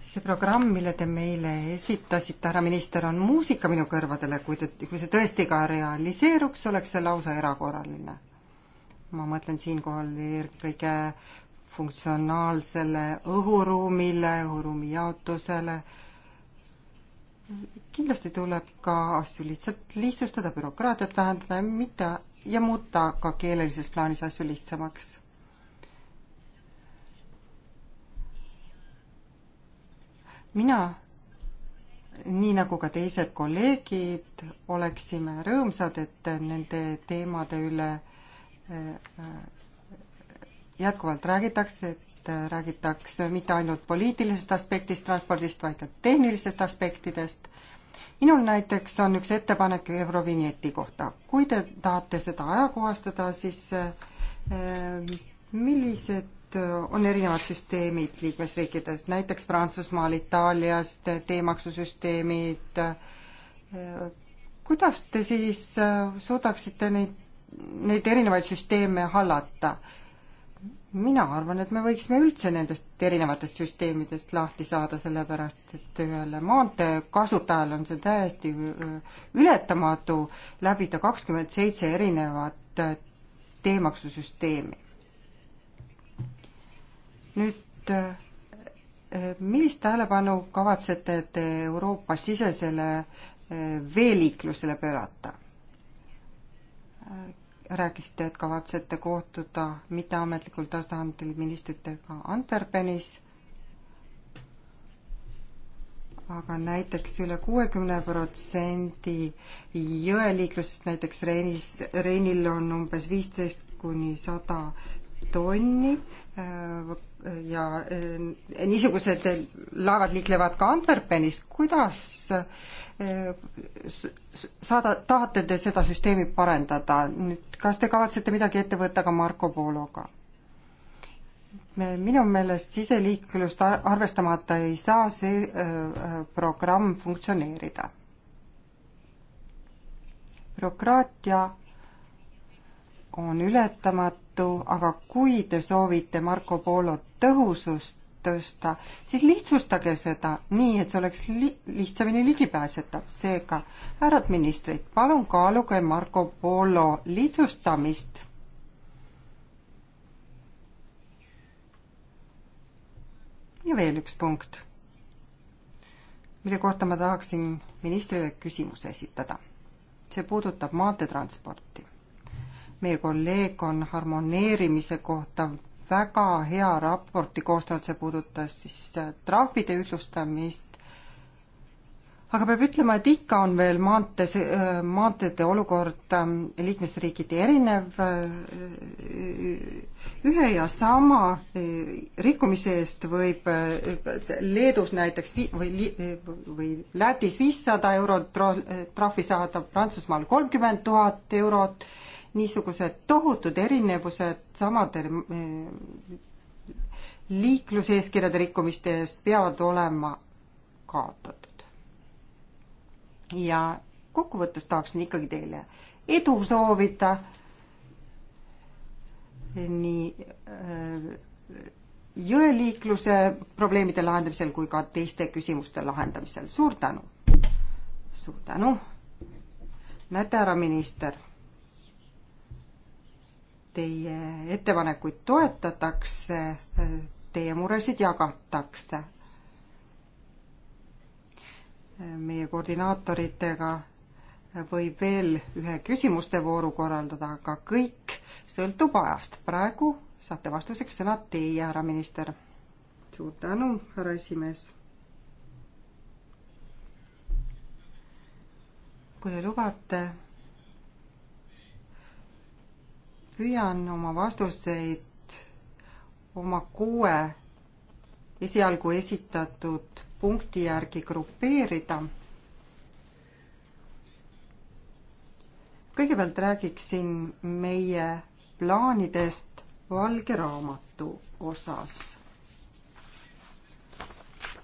see programm, mille te meile esitasite, härra minister, on muusika minu kõrvadele, kui te, kui see tõesti ka realiseeruks, oleks see lausa erakorraline. ma mõtlen siinkohal eelkõige funktsionaalsele õhuruumile, õhuruumi jaotusele äh,, kindlasti tuleb ka asju lihtsalt lihtsustada, bürokraatiat vähendada ja mitte ja muuta ka keelelises plaanis asju lihtsamaks. mina, nii nagu ka teised kolleegid, oleksime rõõmsad, et nende teemade üle äh, äh, jätkuvalt räägitakse, et et äh, räägitakse mitte ainult poliitilisest aspektist transpordist, vaid ka tehnilistest aspektidest. minul näiteks on üks ettepanek Eurovinjeti kohta. kui te tahate seda ajakohastada, siis äh, äh, millised on erinevad süsteemid liikmesriikides, näiteks Prantsusmaal, Itaalias teemaksusüsteemid, kuidas te siis suudaksite neid, neid erinevaid süsteeme hallata? mina arvan, et me võiksime üldse nendest erinevatest süsteemidest lahti saada, sellepärast et ühele äh, maantee kasutajal on see täiesti äh, ületamatu läbida kakskümmend seitse erinevat äh, teemaksusüsteemi. nüüd, millist tähelepanu kavatsete te Euroopa-sisesele veeliiklusele pöörata? rääkisite, et kavatsete kohtuda mitteametlikul tasandil ministritega Antwerpenis. aga näiteks üle kuuekümne protsendi jõeliiklusest, näiteks Reinis, Reinil on umbes viisteist kuni sada tonni ja e, niisugused laevad liiklevad ka Antwerpenis, kuidas e, saada, tahate te seda süsteemi parendada, nüüd kas te kavatsete midagi ette võtta ka Marco Pologa? minu meelest siseliiklust arvestamata ei saa see e, programm funktsioneerida. bürokraatia on ületamatu, aga kui te soovite Marco Polo tõhusust tõsta, siis lihtsustage seda nii, et see oleks li-, lihtsamini ligipääsetav. seega, härrad ministrid, palun kaaluge Marco Polo lihtsustamist. ja veel üks punkt, mille kohta ma tahaksin ministrile küsimuse esitada. see puudutab maanteetransporti meie kolleeg on harmoneerimise kohta väga hea raporti koostanud, see puudutas siis äh, trahvide ühtlustamist. aga peab ütlema, et ikka on veel maantees, äh, maanteede olukord ähm, liikmesriigiti erinev. Äh, ühe ja sama rikkumise eest võib Leedus näiteks või, või Lätis viissada eurot trahvi saada, Prantsusmaal kolmkümmend tuhat eurot niisugused tohutud erinevused samade eh, liikluseeskirjade rikkumiste eest peavad olema kaotatud. ja kokkuvõttes tahaksin ikkagi teile edu soovida nii eh, jõeliikluse probleemide lahendamisel kui ka teiste küsimuste lahendamisel. suur tänu! suur tänu! näete, härra minister teie ettepanekuid toetatakse, teie muresid jagatakse. meie koordinaatoritega võib veel ühe küsimuste vooru korraldada, aga kõik sõltub ajast. praegu saate vastuseks sõna teie, härra minister. suur tänu, härra esimees. kui te lubate püüan oma vastuseid oma kuue esialgu esitatud punkti järgi grupeerida. kõigepealt räägiksin meie plaanidest valge raamatu osas.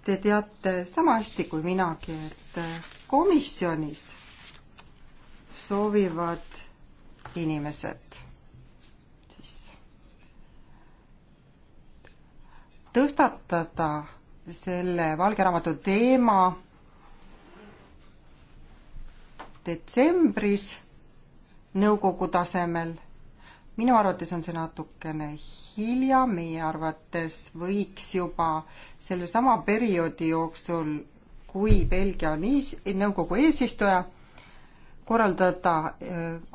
Te teate sama hästi kui minagi, et komisjonis soovivad inimesed tõstatada selle valge raamatu teema detsembris nõukogu tasemel. minu arvates on see natukene hilja, meie arvates võiks juba sellesama perioodi jooksul, kui Belgia on ees, nõukogu eesistuja korraldada äh,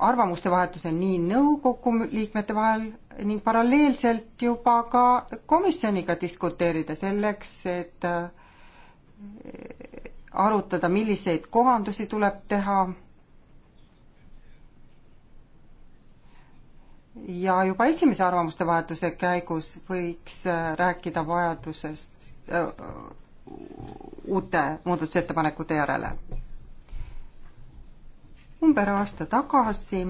arvamuste vahetuse nii nõukogu liikmete vahel ning paralleelselt juba ka komisjoniga diskuteerida selleks, et äh, arutada, milliseid kohandusi tuleb teha. ja juba esimese arvamuste vahetuse käigus võiks äh, rääkida vajadusest uute muudatusettepanekute järele umber aasta tagasi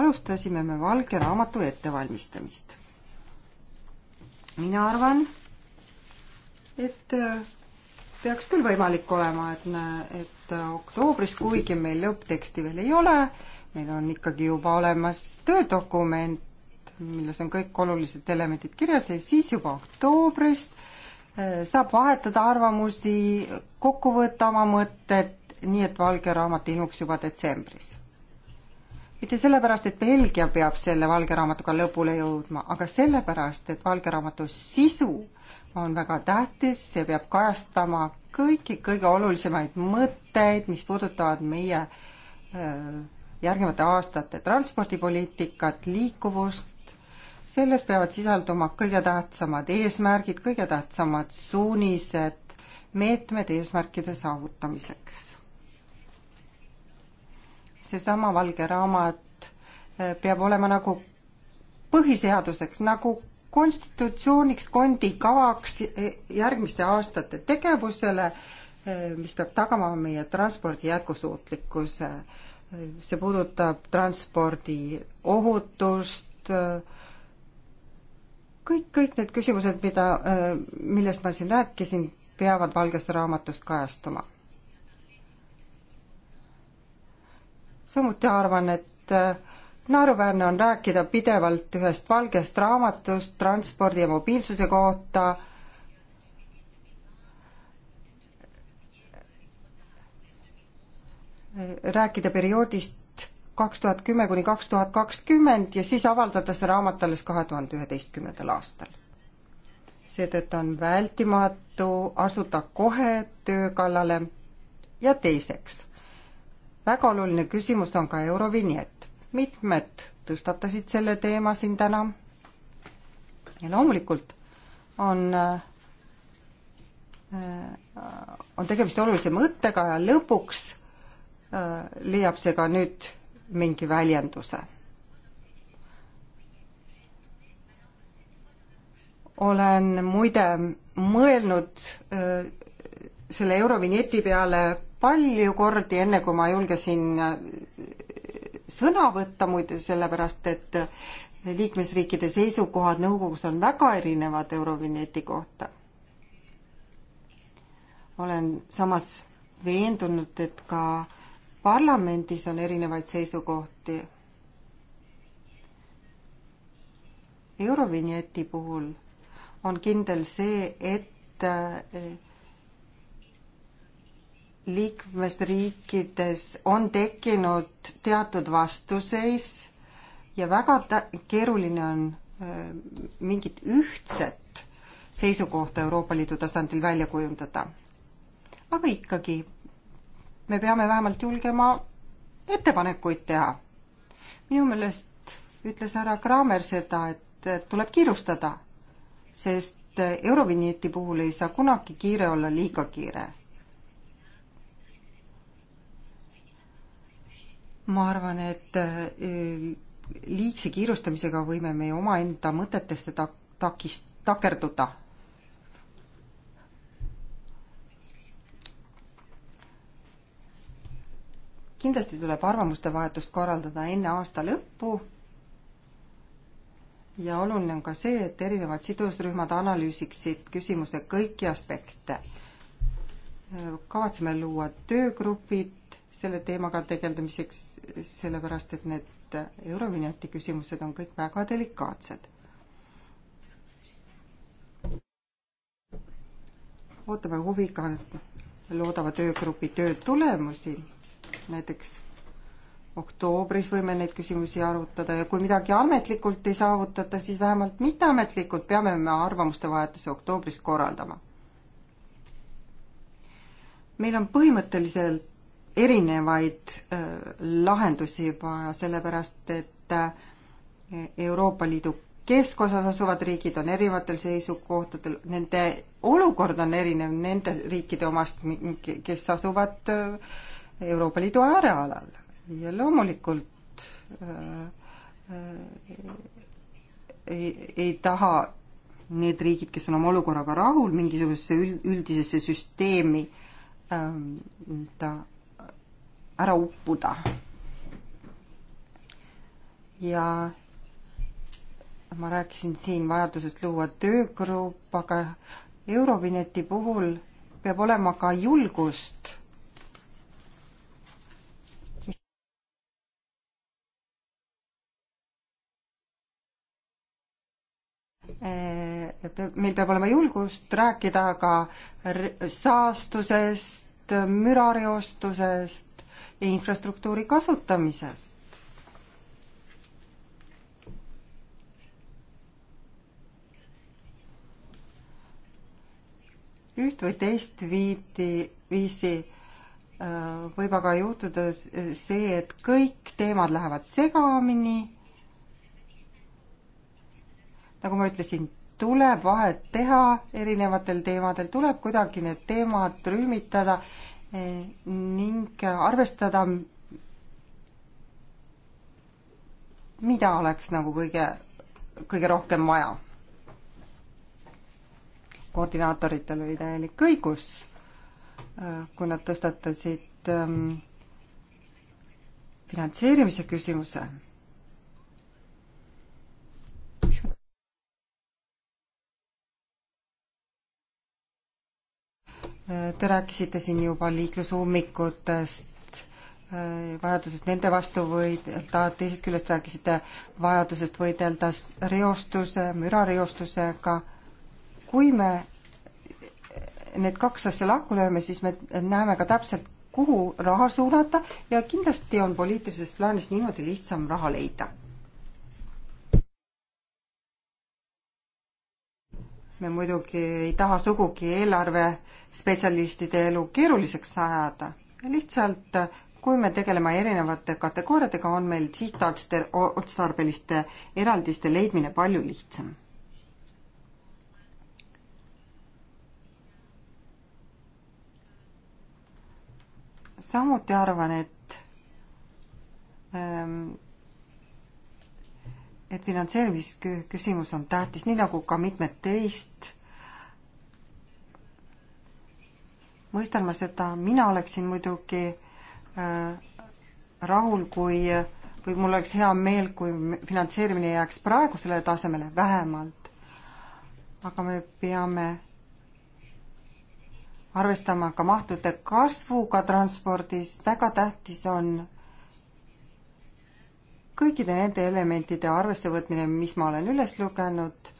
alustasime me valge raamatu ettevalmistamist. mina arvan, et äh, peaks küll võimalik olema, et, et äh, oktoobris, kuigi meil lõppteksti veel ei ole, meil on ikkagi juba olemas töödokument, milles on kõik olulised elemendid kirjas ja siis juba oktoobris saab vahetada arvamusi, kokku võtta oma mõtted, nii et valge raamat ilmuks juba detsembris. mitte sellepärast, et Belgia peab selle valge raamatuga lõpule jõudma, aga sellepärast, et valge raamatu sisu on väga tähtis, see peab kajastama kõiki kõige olulisemaid mõtteid, mis puudutavad meie äh, järgnevate aastate transpordipoliitikat, liikuvust, selles peavad sisalduma kõige tähtsamad eesmärgid, kõige tähtsamad suunised, meetmed eesmärkide saavutamiseks. seesama valge raamat eh, peab olema nagu põhiseaduseks, nagu konstitutsiooniks, kondikavaks eh, järgmiste aastate tegevusele, eh, mis peab tagama meie transpordi jätkusuutlikkuse. see puudutab transpordi ohutust, kõik, kõik need küsimused, mida, äh, millest ma siin rääkisin, peavad Valgest raamatust kajastuma. samuti arvan, et äh, naeruväärne on rääkida pidevalt ühest valgest raamatust transpordi ja mobiilsuse kohta. Äh, rääkida perioodist kaks tuhat kümme kuni kaks tuhat kakskümmend ja siis avaldada see raamat alles kahe tuhande üheteistkümnendal aastal. seetõttu on vältimatu asuda kohe töö kallale ja teiseks, väga oluline küsimus on ka Eurovinjett. mitmed tõstatasid selle teema siin täna ja loomulikult on äh, äh, on tegemist olulise mõttega ja lõpuks äh, leiab see ka nüüd mingi väljenduse. olen muide mõelnud äh, selle Eurovinjeti peale palju kordi, enne kui ma julgesin äh, sõna võtta, muide sellepärast, et äh, liikmesriikide seisukohad nõukogus on väga erinevad Eurovinjeti kohta. olen samas veendunud, et ka äh, parlamendis on erinevaid seisukohti. Eurovinjeti puhul on kindel see, et eh, liikmesriikides on tekkinud teatud vastuseis ja väga keeruline on eh, mingit ühtset seisukohta Euroopa Liidu tasandil välja kujundada. aga ikkagi me peame vähemalt julgema ettepanekuid teha. minu meelest ütles härra Kramer seda, et tuleb kiirustada, sest Eurovinjeti puhul ei saa kunagi kiire olla liiga kiire. ma arvan, et eh, liigse kiirustamisega võime me omaenda mõtetesse tak-, takist-, takerduda kindlasti tuleb arvamuste vahetust korraldada enne aasta lõppu ja oluline on ka see, et erinevad sidusrühmad analüüsiksid küsimuse kõiki aspekte. kavatseme luua töögrupid selle teemaga tegeldamiseks, sellepärast et need Eurovinjeti küsimused on kõik väga delikaatsed. ootame huviga loodava töögrupi töö tulemusi näiteks oktoobris võime neid küsimusi arutada ja kui midagi ametlikult ei saavutata, siis vähemalt mitteametlikult peame me arvamuste vahetuse oktoobris korraldama. meil on põhimõtteliselt erinevaid äh, lahendusi vaja, sellepärast et äh, Euroopa Liidu keskosas asuvad riigid on erinevatel seisukohtadel, nende olukord on erinev nende riikide omast, kes asuvad äh, Euroopa Liidu äärealal ja loomulikult äh, äh, ei, ei taha need riigid, kes on oma olukorraga rahul, mingisugusesse üldisesse süsteemi nii-öelda ähm, äh, ära uppuda. ja ma rääkisin siin vajadusest luua töögrupp, aga Eurovineti puhul peab olema ka julgust Äh, meil peab olema julgust rääkida ka saastusest, mürareostusest ja infrastruktuuri kasutamisest. üht või teist viidi, viisi äh, võib aga juhtuda see, et kõik teemad lähevad segamini nagu ma ütlesin, tuleb vahet teha erinevatel teemadel, tuleb kuidagi need teemad rühmitada eh, ning arvestada, mida oleks nagu kõige, kõige rohkem vaja. koordinaatoritel oli täielik õigus, eh, kui nad tõstatasid ähm, finantseerimise küsimuse Te rääkisite siin juba liiklusummikutest, eh, vajadusest nende vastu võidelda, teisest küljest rääkisite vajadusest võidelda reostuse, mürareostusega. kui me need kaks asja lahku lööme, siis me näeme ka täpselt, kuhu raha suunata ja kindlasti on poliitilises plaanis niimoodi lihtsam raha leida me muidugi ei taha sugugi eelarvespetsialistide elu keeruliseks ajada, lihtsalt kui me tegeleme erinevate kategooriatega, on meil sihtotstarbeliste eraldiste leidmine palju lihtsam. samuti arvan, et ähm, et finantseerimisküsimus on tähtis, nii nagu ka mitmed teist. mõistan ma seda, mina oleksin muidugi äh, rahul, kui või mul oleks hea meel, kui finantseerimine jääks praegusele tasemele vähemalt. aga me peame arvestama ka mahtude kasvuga transpordis, väga tähtis on kõikide nende elementide arvesse võtmine, mis ma olen üles lugenud,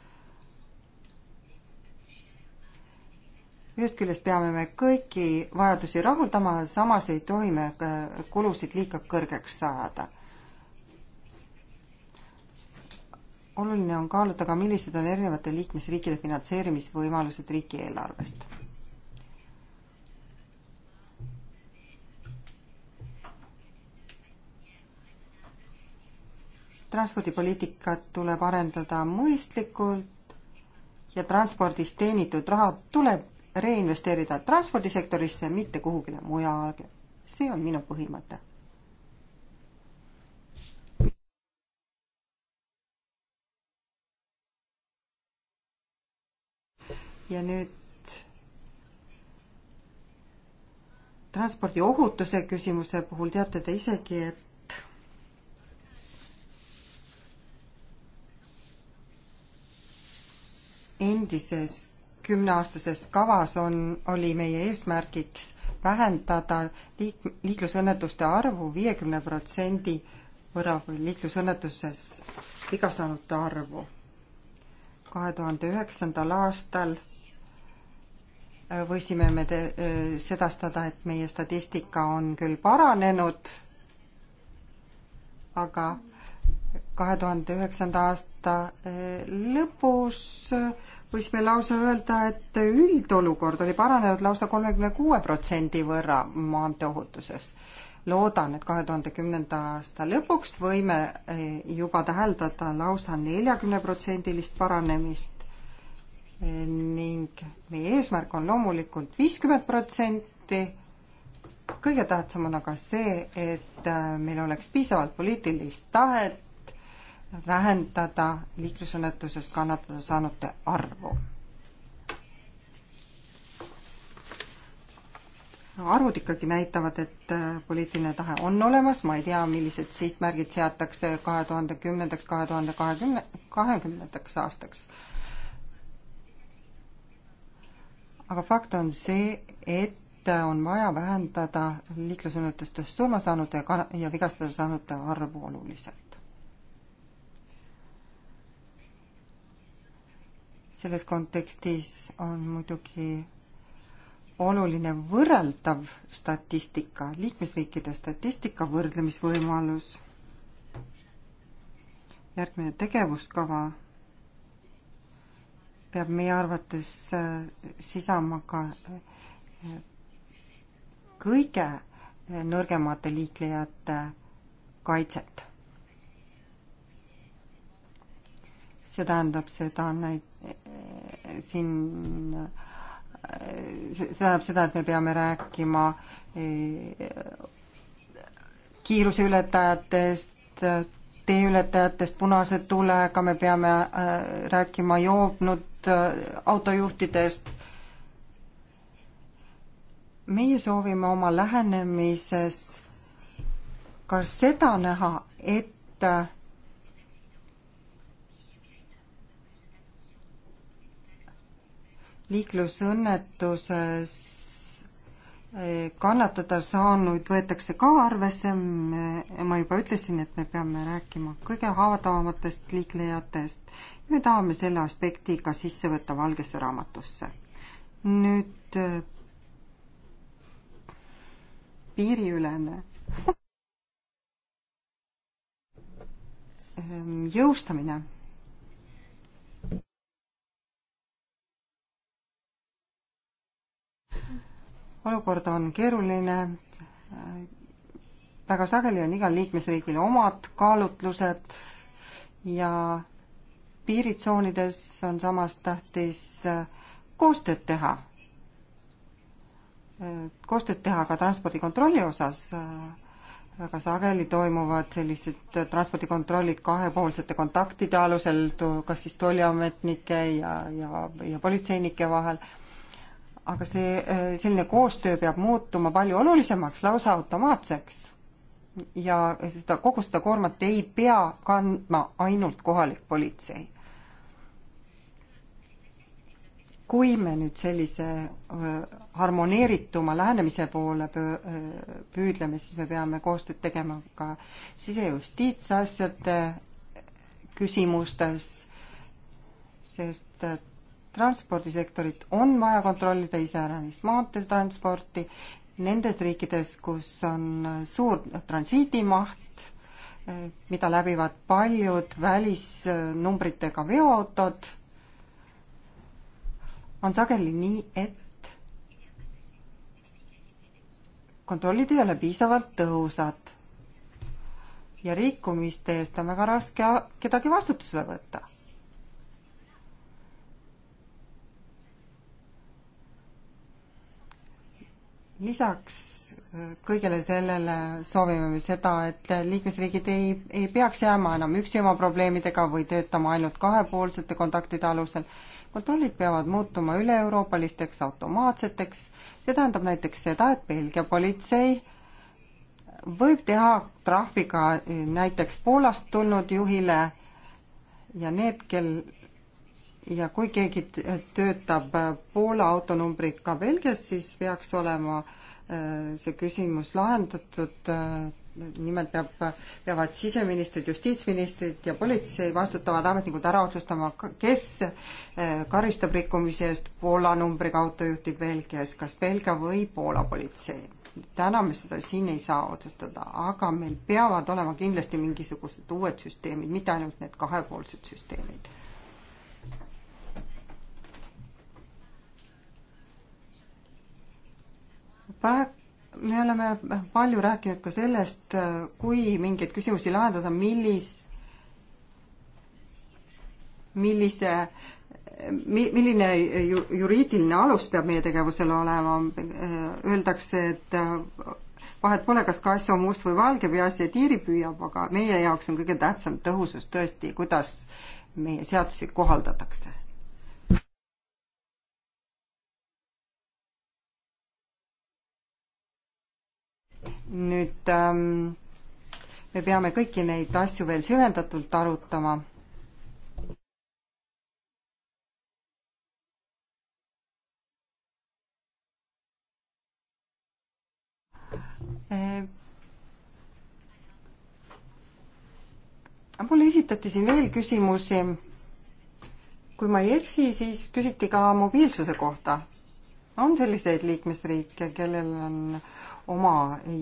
ühest küljest peame me kõiki vajadusi rahuldama, samas ei tohi me äh, kulusid liiga kõrgeks ajada. oluline on kaaluda ka, millised on erinevate liikmesriikide finantseerimisvõimalused riigieelarvest transpordipoliitikat tuleb arendada mõistlikult ja transpordist teenitud raha tuleb reinvesteerida transpordisektorisse, mitte kuhugile mujale. see on minu põhimõte. ja nüüd transpordiohutuse küsimuse puhul teate te isegi, et endises kümneaastases kavas on, oli meie eesmärgiks vähendada liik-, liiklusõnnetuste arvu viiekümne protsendi võrra või liiklusõnnetuses viga saanute arvu. kahe tuhande üheksandal aastal äh, võisime me te-, äh, sedastada, et meie statistika on küll paranenud, aga kahe tuhande üheksanda aasta eh, lõpus eh, võisime lausa öelda, et üldolukord oli paranenud lausa kolmekümne kuue protsendi võrra maanteeohutuses. loodan, et kahe tuhande kümnenda aasta lõpuks võime eh, juba täheldada lausa neljakümneprotsendilist paranemist ning meie eesmärk on loomulikult viiskümmend protsenti kõige tähtsam on aga see, et meil oleks piisavalt poliitilist tahet vähendada liiklusõnnetusest kannatada saanute arvu. arvud ikkagi näitavad, et äh, poliitiline tahe on olemas, ma ei tea, millised sihtmärgid seatakse kahe tuhande kümnendaks, kahe tuhande kahekümne, kahekümnendaks aastaks. aga fakt on see, et äh, on vaja vähendada liiklusõnnetustest surma saanute ja vigastada saanute arvu oluliselt. selles kontekstis on muidugi oluline võrreldav statistika, liikmesriikide statistika võrdlemisvõimalus. järgmine tegevuskava peab meie arvates äh, sisama ka äh, kõige äh, nõrgemate liiklejate kaitset. see tähendab seda näiteks siin see tähendab seda, et me peame rääkima e, kiiruseületajatest, teeületajatest punase tulega, me peame e, rääkima joobnud e, autojuhtidest. meie soovime oma lähenemises ka seda näha, et liiklusõnnetuses eh, kannatada saanuid võetakse ka arvesse, ma juba ütlesin, et me peame rääkima kõige haavatavamatest liiklejatest. me tahame selle aspekti ka sisse võtta Valgesse raamatusse. nüüd eh, piiriülene eh, jõustamine olukord on keeruline, väga sageli on igal liikmesriigil omad kaalutlused ja piiritsoonides on samas tähtis koostööd teha. koostööd teha ka transpordikontrolli osas, väga sageli toimuvad sellised transpordikontrollid kahepoolsete kontaktide alusel, kas siis tolliametnike ja, ja, ja politseinike vahel aga see, äh, selline koostöö peab muutuma palju olulisemaks, lausa automaatseks. ja seda, kogu seda koormat ei pea kandma ainult kohalik politsei. kui me nüüd sellise äh, harmoneerituma lähenemise poole äh, püüdleme, siis me peame koostööd tegema ka sisejustiitsasjade küsimustes, sest et transpordisektorit on vaja kontrollida iseäranis maanteetransporti, nendes riikides, kus on suur transiidimaht, mida läbivad paljud välisnumbritega veoautod, on sageli nii, et kontrollid ei ole piisavalt tõhusad ja rikkumiste eest on väga raske kedagi vastutusele võtta lisaks äh, kõigele sellele soovime me seda, et liikmesriigid ei, ei peaks jääma enam üksi oma probleemidega või töötama ainult kahepoolsete kontaktide alusel. kontrollid peavad muutuma üle-euroopalisteks automaatseteks, see tähendab näiteks seda, et Belgia politsei võib teha trahvi ka näiteks Poolast tulnud juhile ja need, kel ja kui keegi töötab äh, Poola autonumbriga ka Belgias, siis peaks olema äh, see küsimus lahendatud. Äh, nimelt peab, peavad siseministrid, justiitsministrid ja politsei vastutavad ametnikud ära otsustama, kes karistab rikkumise eest Poola numbriga autojuhti Belgias, kas Belgia või Poola politsei täna me seda siin ei saa otsustada, aga meil peavad olema kindlasti mingisugused uued süsteemid, mitte ainult need kahepoolsed süsteemid praegu me oleme palju rääkinud ka sellest, kui mingeid küsimusi lahendada, millis, millise, milline ju, juriidiline alus peab meie tegevusel olema, öeldakse, et vahet pole, kas kass on must või valge või asja tiiri püüab, aga meie jaoks on kõige tähtsam tõhusus tõesti, kuidas meie seadusi kohaldatakse nüüd ähm, me peame kõiki neid asju veel süvendatult arutama. Äh, mulle esitati siin veel küsimusi. kui ma ei eksi, siis küsiti ka mobiilsuse kohta on selliseid liikmesriike, kellel on oma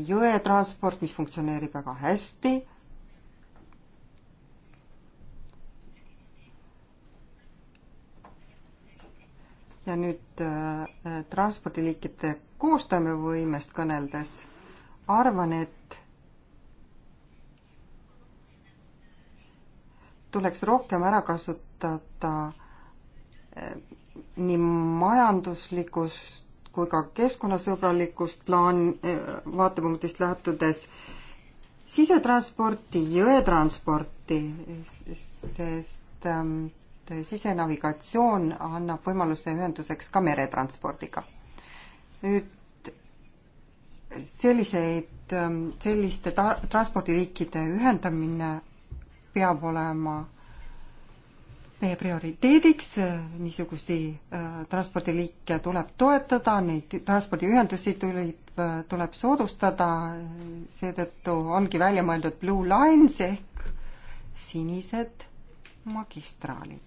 jõetransport, mis funktsioneerib väga hästi. ja nüüd äh, transpordiliikide koostoimevõimest kõneldes arvan, et tuleks rohkem ära kasutada äh, nii majanduslikust kui ka keskkonnasõbralikust plaan, äh, vaatepunktist lähtudes sisetransporti, jõetransporti, sest ähm, sisenavigatsioon annab võimaluse ühenduseks ka meretranspordiga. nüüd selliseid, ähm, selliste ta-, transpordiliikide ühendamine peab olema meie prioriteediks, äh, niisugusi äh, transpordiliike tuleb toetada, neid transpordiühendusi tuleb, äh, tuleb soodustada, seetõttu ongi välja mõeldud Blue Lines ehk sinised magistraalid.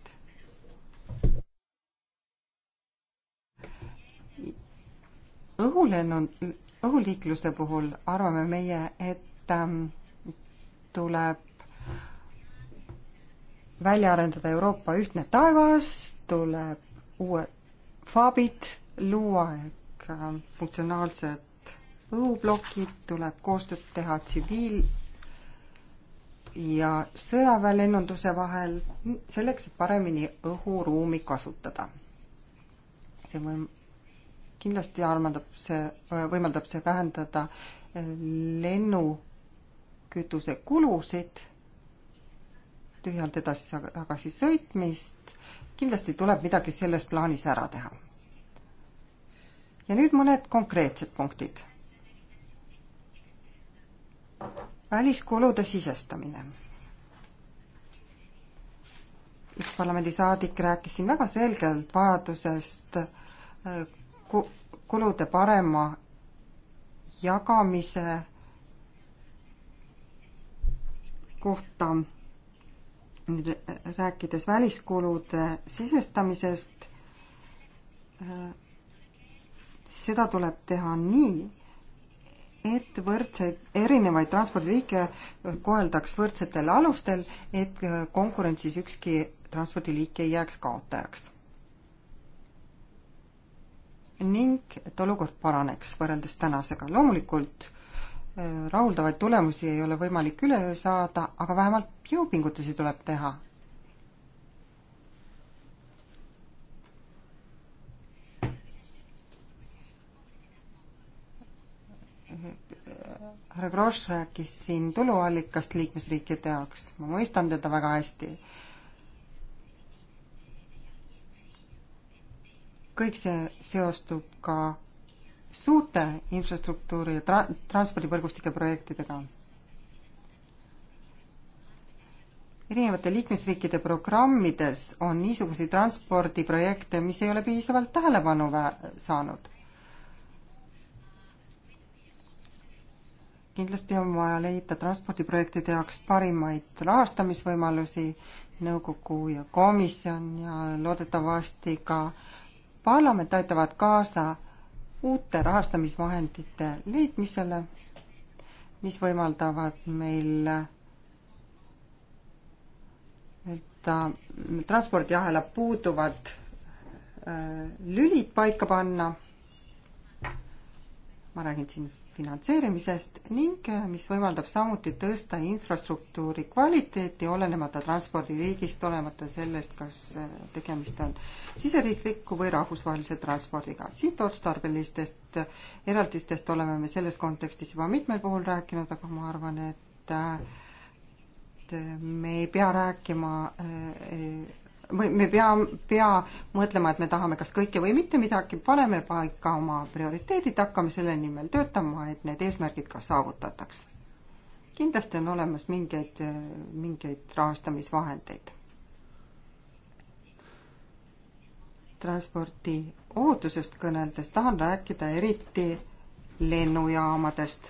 õhulennu, õhuliikluse puhul arvame meie, et ähm, tuleb välja arendada Euroopa ühtne taevas, tuleb uued faabid luua ehk äh, funktsionaalsed õhuplokid, tuleb koostööd teha tsiviil- ja sõjaväelennunduse vahel selleks, et paremini õhuruumi kasutada. see võim-, kindlasti armandab see, äh, võimaldab see vähendada äh, lennukütuse kulusid tühjalt edasi-tagasi sõitmist, kindlasti tuleb midagi selles plaanis ära teha. ja nüüd mõned konkreetsed punktid. väliskulude sisestamine. üks parlamendisaadik rääkis siin väga selgelt vajadusest äh, kulude parema jagamise kohta nüüd rääkides väliskulude sisestamisest, siis seda tuleb teha nii, et võrdseid, erinevaid transpordiliike koheldaks võrdsetel alustel, et konkurentsis ükski transpordiliik ei jääks kaotajaks. ning et olukord paraneks võrreldes tänasega. loomulikult Äh, rahuldavaid tulemusi ei ole võimalik üleöö saada, aga vähemalt jõupingutusi tuleb teha. härra Grosch rääkis siin tuluallikast liikmesriikide jaoks, ma mõistan teda väga hästi. kõik see seostub ka suurte infrastruktuuri ja tra-, transpordivõrgustike projektidega. erinevate liikmesriikide programmides on niisuguseid transpordiprojekte, mis ei ole piisavalt tähelepanu vä-, saanud. kindlasti on vaja leida transpordiprojektide jaoks parimaid rahastamisvõimalusi, nõukogu ja komisjon ja loodetavasti ka parlament aitavad kaasa uute rahastamisvahendite leidmisele, mis võimaldavad meil nii-öelda äh, transpordiahela puuduvad äh, lülid paika panna. ma räägin siin finantseerimisest ning eh, mis võimaldab samuti tõsta infrastruktuuri kvaliteeti, olenemata transpordiliigist, olemata sellest, kas eh, tegemist on siseriikliku või rahvusvahelise transpordiga. sihtotstarbelistest eh, eraldistest oleme me selles kontekstis juba mitmel puhul rääkinud, aga ma arvan, et me ei pea rääkima või me pea, pea mõtlema, et me tahame kas kõike või mitte midagi, paneme paika oma prioriteedid, hakkame selle nimel töötama, et need eesmärgid ka saavutataks. kindlasti on olemas mingeid, mingeid rahastamisvahendeid. transpordi ohutusest kõneldes tahan rääkida eriti lennujaamadest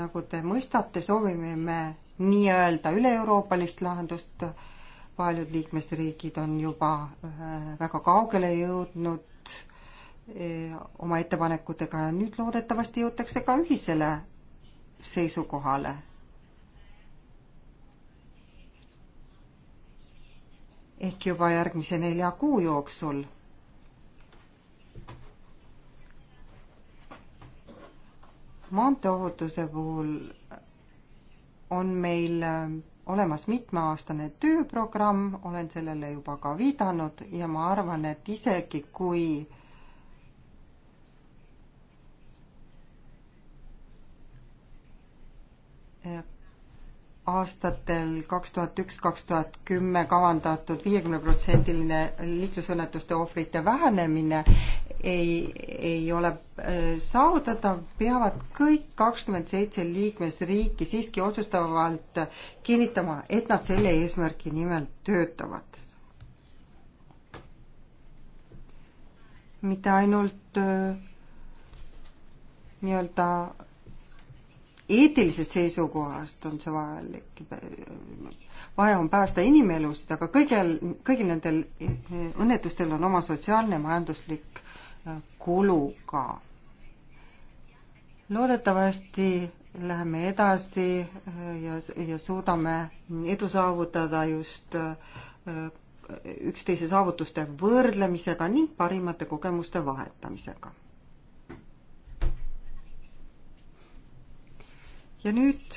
nagu te mõistate, soovime me nii-öelda üle-euroopalist lahendust. paljud liikmesriigid on juba äh, väga kaugele jõudnud äh, oma ettepanekutega ja nüüd loodetavasti jõutakse ka ühisele seisukohale. ehk juba järgmise nelja kuu jooksul maanteeohutuse puhul on meil ähm, olemas mitmeaastane tööprogramm, olen sellele juba ka viidanud ja ma arvan, et isegi kui aastatel kaks tuhat üks, kaks tuhat kümme kavandatud viiekümneprotsendiline liiklusõnnetuste ohvrite vähenemine ei, ei ole äh, saavutatav, peavad kõik kakskümmend seitse liikmesriiki siiski otsustavalt kinnitama, et nad selle eesmärgi nimel töötavad. mitte ainult äh, nii-öelda eetilisest seisukohast on see vajalik. vaja on päästa inimelusid, aga kõigil, kõigil nendel õnnetustel on oma sotsiaalne majanduslik äh, kulu ka. loodetavasti läheme edasi äh, ja, ja suudame edu saavutada just äh, üksteise saavutuste võrdlemisega ning parimate kogemuste vahetamisega. ja nüüd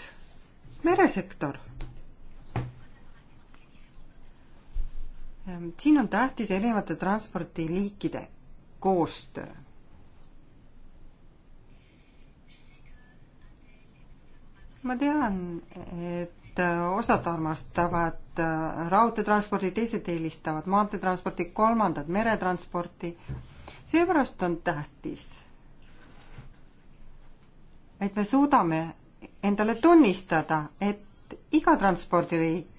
meresektor. Ehm, siin on tähtis erinevate transpordiliikide koostöö. ma tean, et osad armastavad äh, raudteetransporti, teised eelistavad maanteetransporti, kolmandad meretransporti. seepärast on tähtis, et me suudame endale tunnistada, et iga transpordiliik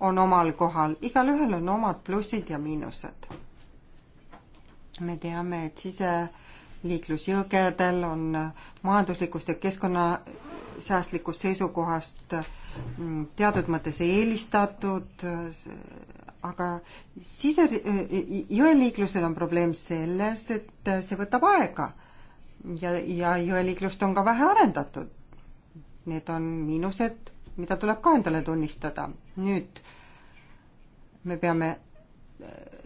on omal kohal, igalühel on omad plussid ja miinused. me teame, et siseliiklus jõgedel on majanduslikust ja keskkonnasäästlikust seisukohast mm, teatud mõttes eelistatud, aga sise, e- e- jõeliiklusel on probleem selles, et see võtab aega ja, ja jõeliiklust on ka vähe arendatud need on miinused, mida tuleb ka endale tunnistada. nüüd me peame,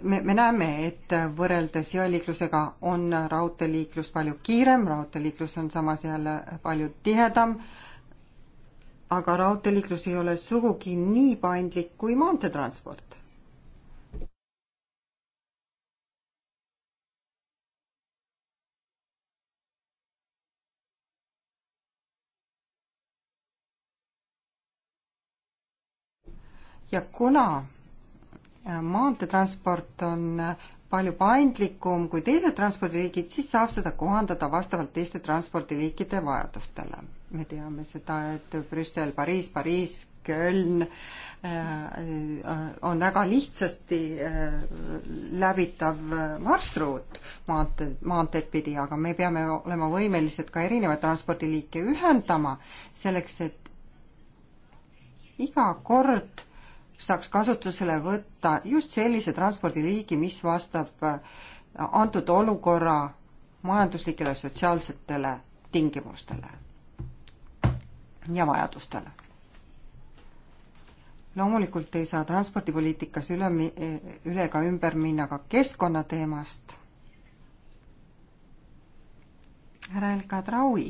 me, me näeme, et võrreldes jõeliiklusega on raudteeliiklus palju kiirem, raudteeliiklus on samas jälle palju tihedam, aga raudteeliiklus ei ole sugugi nii paindlik kui maanteetransport ja kuna äh, maanteetransport on äh, palju paindlikum kui teised transpordiliigid, siis saab seda kohandada vastavalt teiste transpordiliikide vajadustele. me teame seda, et Brüssel, Pariis, Pariis, Köln äh, on väga lihtsasti läbitav marsruut maanteed, maanteed pidi, aga me peame olema võimelised ka erinevaid transpordiliike ühendama selleks, et iga kord saaks kasutusele võtta just sellise transpordiliigi, mis vastab äh, antud olukorra majanduslikele, sotsiaalsetele tingimustele ja vajadustele. loomulikult ei saa transpordipoliitikas üle, üle ega ümber minna ka keskkonnateemast. härra Elka Traui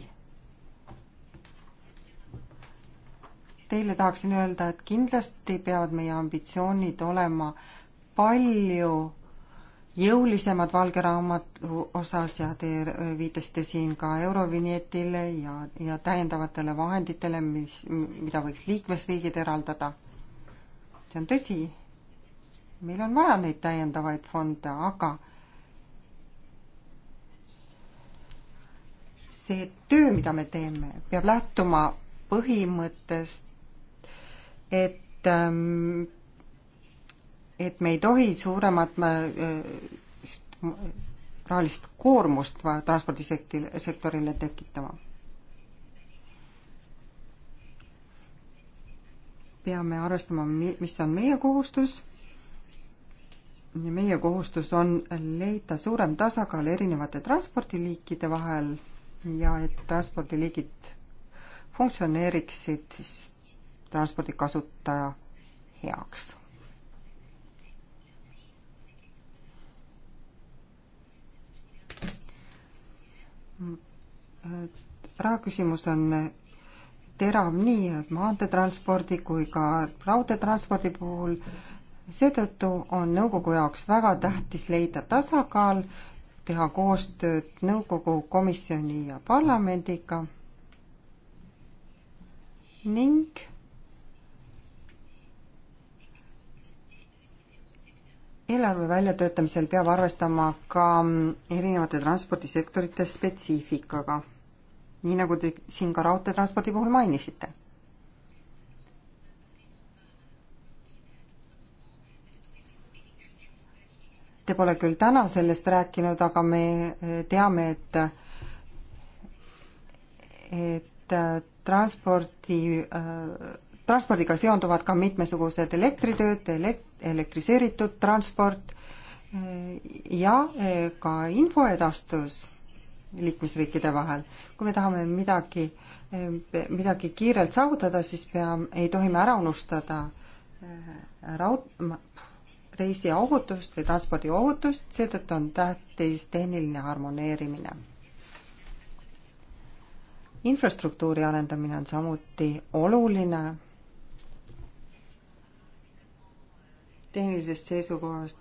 teile tahaksin öelda, et kindlasti peavad meie ambitsioonid olema palju jõulisemad valge raamatu osas ja te viitasite siin ka Eurovinjetile ja, ja täiendavatele vahenditele, mis, mida võiks liikmesriigid eraldada. see on tõsi, meil on vaja neid täiendavaid fonde, aga see töö, mida me teeme, peab lähtuma põhimõttest, et, ähm, et me ei tohi suuremat äh, äh, rahalist koormust transpordisektorile tekitama. peame arvestama, mis on meie kohustus ja meie kohustus on leida suurem tasakaal erinevate transpordiliikide vahel ja et transpordiliigid funktsioneeriksid siis transpordi kasutaja heaks. rahaküsimus on terav nii maanteetranspordi kui ka raudteetranspordi puhul. seetõttu on nõukogu jaoks väga tähtis leida tasakaal, teha koostööd nõukogu, komisjoni ja parlamendiga ning eelarve väljatöötamisel peab arvestama ka mm, erinevate transpordisektorite spetsiifikaga, nii nagu te siin ka raudteetranspordi puhul mainisite. Te pole küll täna sellest rääkinud, aga me eh, teame, et et eh, transpordi äh, eh, transpordiga seonduvad ka mitmesugused elektritööd, elekt-, elektriseeritud transport eh, ja eh, ka infoedastus liikmesriikide vahel. kui me tahame midagi, eh, midagi kiirelt saavutada, siis peame, ei tohi me ära unustada raud-, reisi ohutust või transpordi ohutust, seetõttu on tähtis tehniline harmoneerimine. infrastruktuuri arendamine on samuti oluline tehnilisest seisukohast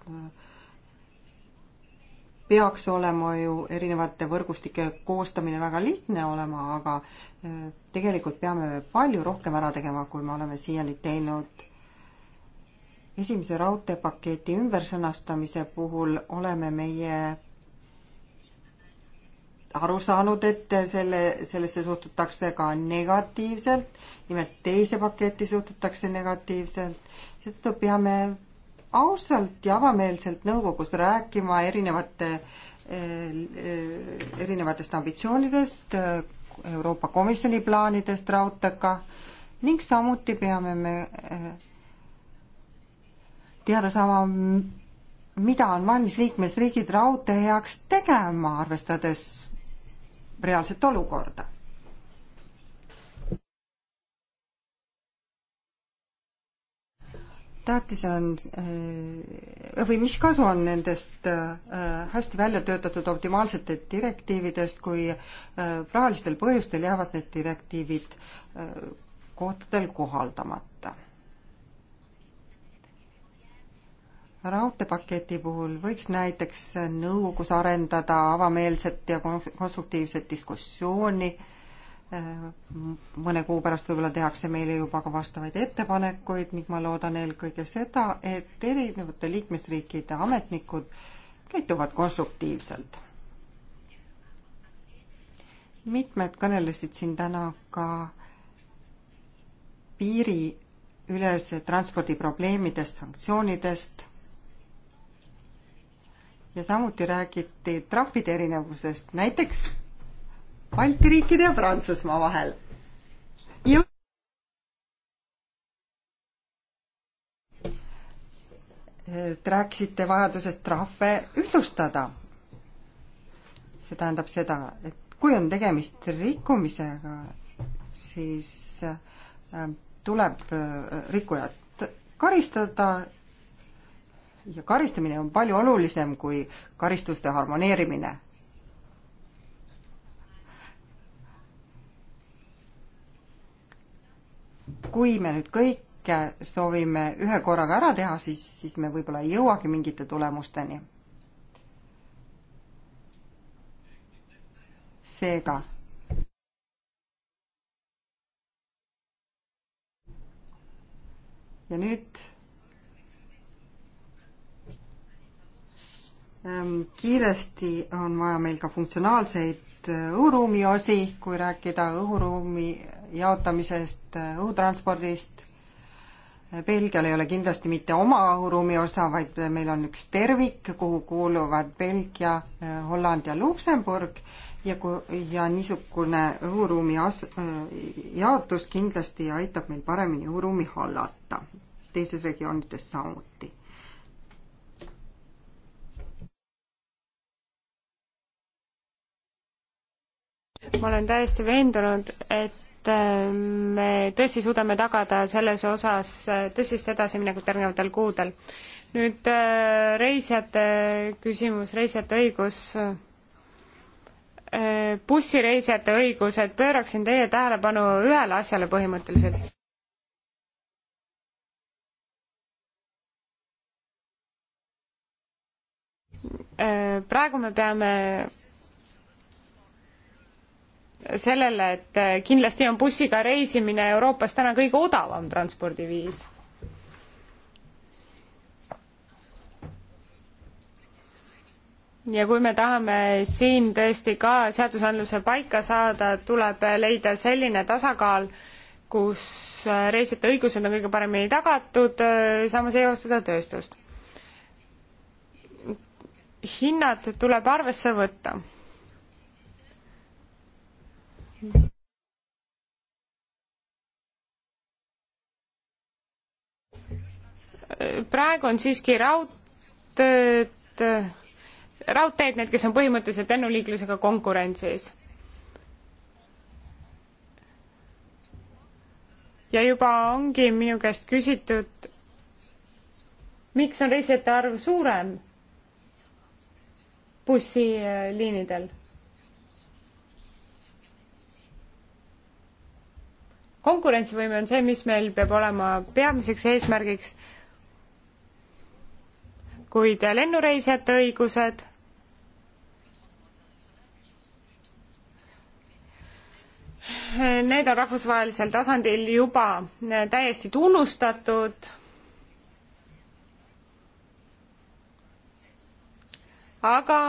peaks olema ju erinevate võrgustike koostamine väga lihtne olema, aga eh, tegelikult peame me palju rohkem ära tegema, kui me oleme siiani teinud. esimese raudteepaketi ümbersõnastamise puhul oleme meie aru saanud, et selle, sellesse suhtutakse ka negatiivselt, nimelt teise paketti suhtutakse negatiivselt, seetõttu peame ausalt ja avameelselt nõukogust rääkima erinevate, eh, erinevatest ambitsioonidest, eh, Euroopa Komisjoni plaanidest raudteega ning samuti peame me eh, teada saama, mida on valmis liikmesriigid raudtee heaks tegema, arvestades reaalset olukorda tähtis on äh, või mis kasu on nendest äh, hästi välja töötatud optimaalsete direktiividest, kui äh, rahalistel põhjustel jäävad need direktiivid kohtadel kohaldamata? raudteepaketi puhul võiks näiteks nõukogus arendada avameelset ja konstruktiivset diskussiooni äh, Äh, mõne kuu pärast võib-olla tehakse meile juba ka vastavaid ettepanekuid ning ma loodan eelkõige seda, et erinevate liikmesriikide ametnikud käituvad konstruktiivselt. mitmed kõnelesid siin täna ka piiriülese transpordi probleemidest, sanktsioonidest ja samuti räägiti trahvide erinevusest, näiteks Balti riikide ja Prantsusmaa vahel. ja Te rääkisite vajadusest trahve ühtlustada. see tähendab seda, et kui on tegemist rikkumisega, siis äh, tuleb äh, rikkujat karistada ja karistamine on palju olulisem kui karistuste harmoneerimine kui me nüüd kõike soovime ühe korraga ära teha, siis, siis me võib-olla ei jõuagi mingite tulemusteni. seega ja nüüd ähm, kiiresti on vaja meil ka funktsionaalseid äh, õhuruumi osi, kui rääkida õhuruumi jaotamisest, õhutranspordist. Belgial ei ole kindlasti mitte oma õhuruumi osa, vaid meil on üks tervik, kuhu kuuluvad Belgia, Holland ja Luksemburg ja kui, ja niisugune õhuruumi as-, jaotus kindlasti aitab meil paremini õhuruumi hallata, teistes regioonides samuti ma olen täiesti veendunud, et et äh, me tõesti suudame tagada selles osas äh, tõsist edasiminekut järgnevatel kuudel. nüüd äh, reisijate küsimus, reisijate õigus, bussireisijate õigused, pööraksin teie tähelepanu ühele asjale põhimõtteliselt. praegu me peame sellele, et äh, kindlasti on bussiga reisimine Euroopas täna kõige odavam transpordiviis. ja kui me tahame siin tõesti ka seadusandluse paika saada, tuleb leida selline tasakaal, kus äh, reisijate õigused on kõige paremini tagatud, äh, samas ei ohustada tööstust. hinnad tuleb arvesse võtta praegu on siiski raudteed, raudteed need, kes on põhimõtteliselt lennuliiklusega konkurentsis. ja juba ongi minu käest küsitud, miks on reisijate arv suurem bussiliinidel konkurentsivõime on see, mis meil peab olema peamiseks eesmärgiks, kuid lennureisijate õigused, need on rahvusvahelisel tasandil juba täiesti tunnustatud aga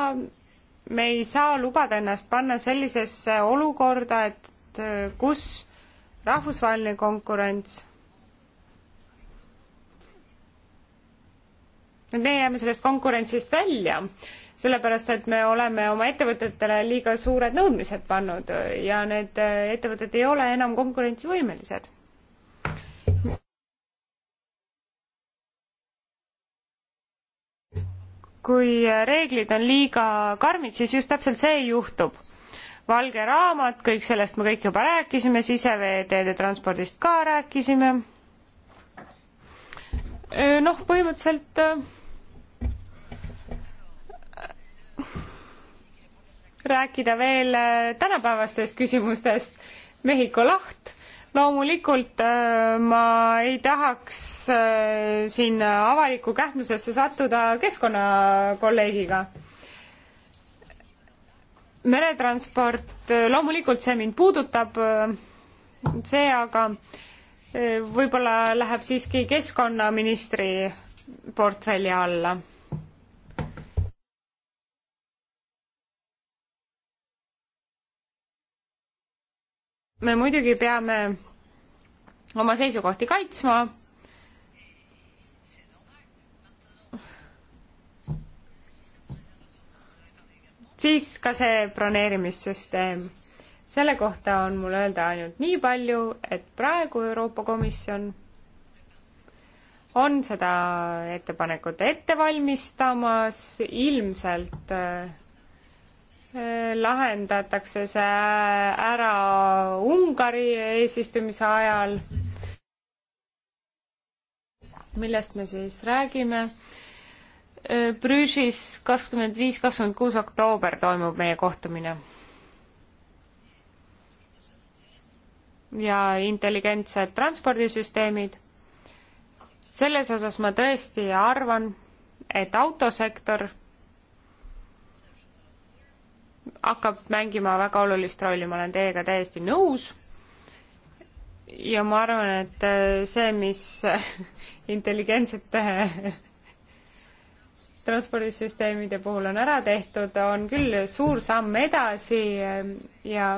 me ei saa lubada ennast panna sellisesse olukorda, et kus rahvusvaheline konkurents. et meie jääme sellest konkurentsist välja, sellepärast et me oleme oma ettevõtetele liiga suured nõudmised pannud ja need äh, ettevõtted ei ole enam konkurentsivõimelised kui reeglid on liiga karmid, siis just täpselt see juhtub valge raamat, kõik sellest me kõik juba rääkisime, siseveeteede transpordist ka rääkisime. noh, põhimõtteliselt äh, rääkida veel äh, tänapäevastest küsimustest. Mehhiko laht, loomulikult äh, ma ei tahaks siin avalikku kähmlusesse sattuda keskkonnakolleegiga meretransport, loomulikult see mind puudutab, see aga võib-olla läheb siiski keskkonnaministri portfelli alla. me muidugi peame oma seisukohti kaitsma siis ka see broneerimissüsteem. selle kohta on mul öelda ainult nii palju, et praegu Euroopa Komisjon on seda ettepanekut ette valmistamas, ilmselt äh, lahendatakse see ära Ungari eesistumise ajal millest me siis räägime Äh, Brüžis kakskümmend viis, kakskümmend kuus oktoober toimub meie kohtumine. ja intelligentsed transpordisüsteemid. selles osas ma tõesti arvan, et autosektor hakkab mängima väga olulist rolli, ma olen teiega täiesti nõus. ja ma arvan, et äh, see, mis intelligentsete transpordisüsteemide puhul on ära tehtud, on küll suur samm edasi ja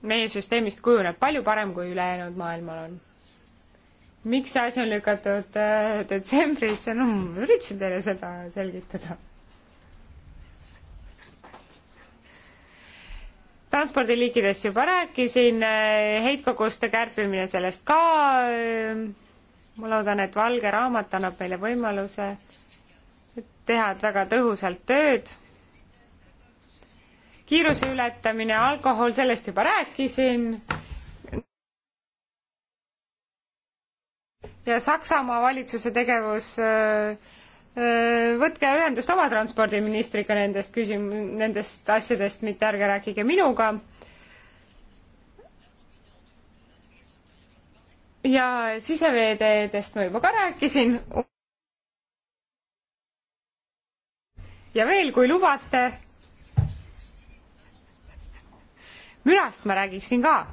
meie süsteemist kujuneb palju parem, kui ülejäänud maailmal on. miks see asi on lükatud äh, detsembrisse, no ma üritasin teile seda selgitada transpordiliikidest juba rääkisin, äh, heitkoguste kärpimine sellest ka äh, ma loodan, et valge raamat annab meile võimaluse teha väga tõhusalt tööd. kiiruse ületamine, alkohol, sellest juba rääkisin. ja Saksamaa valitsuse tegevus äh, äh, võtke ühendust oma transpordiministriga nendest küsim-, nendest asjadest, mitte ärge rääkige minuga ja siseveeteedest ma juba ka rääkisin. ja veel, kui lubate. mürast ma räägiksin ka.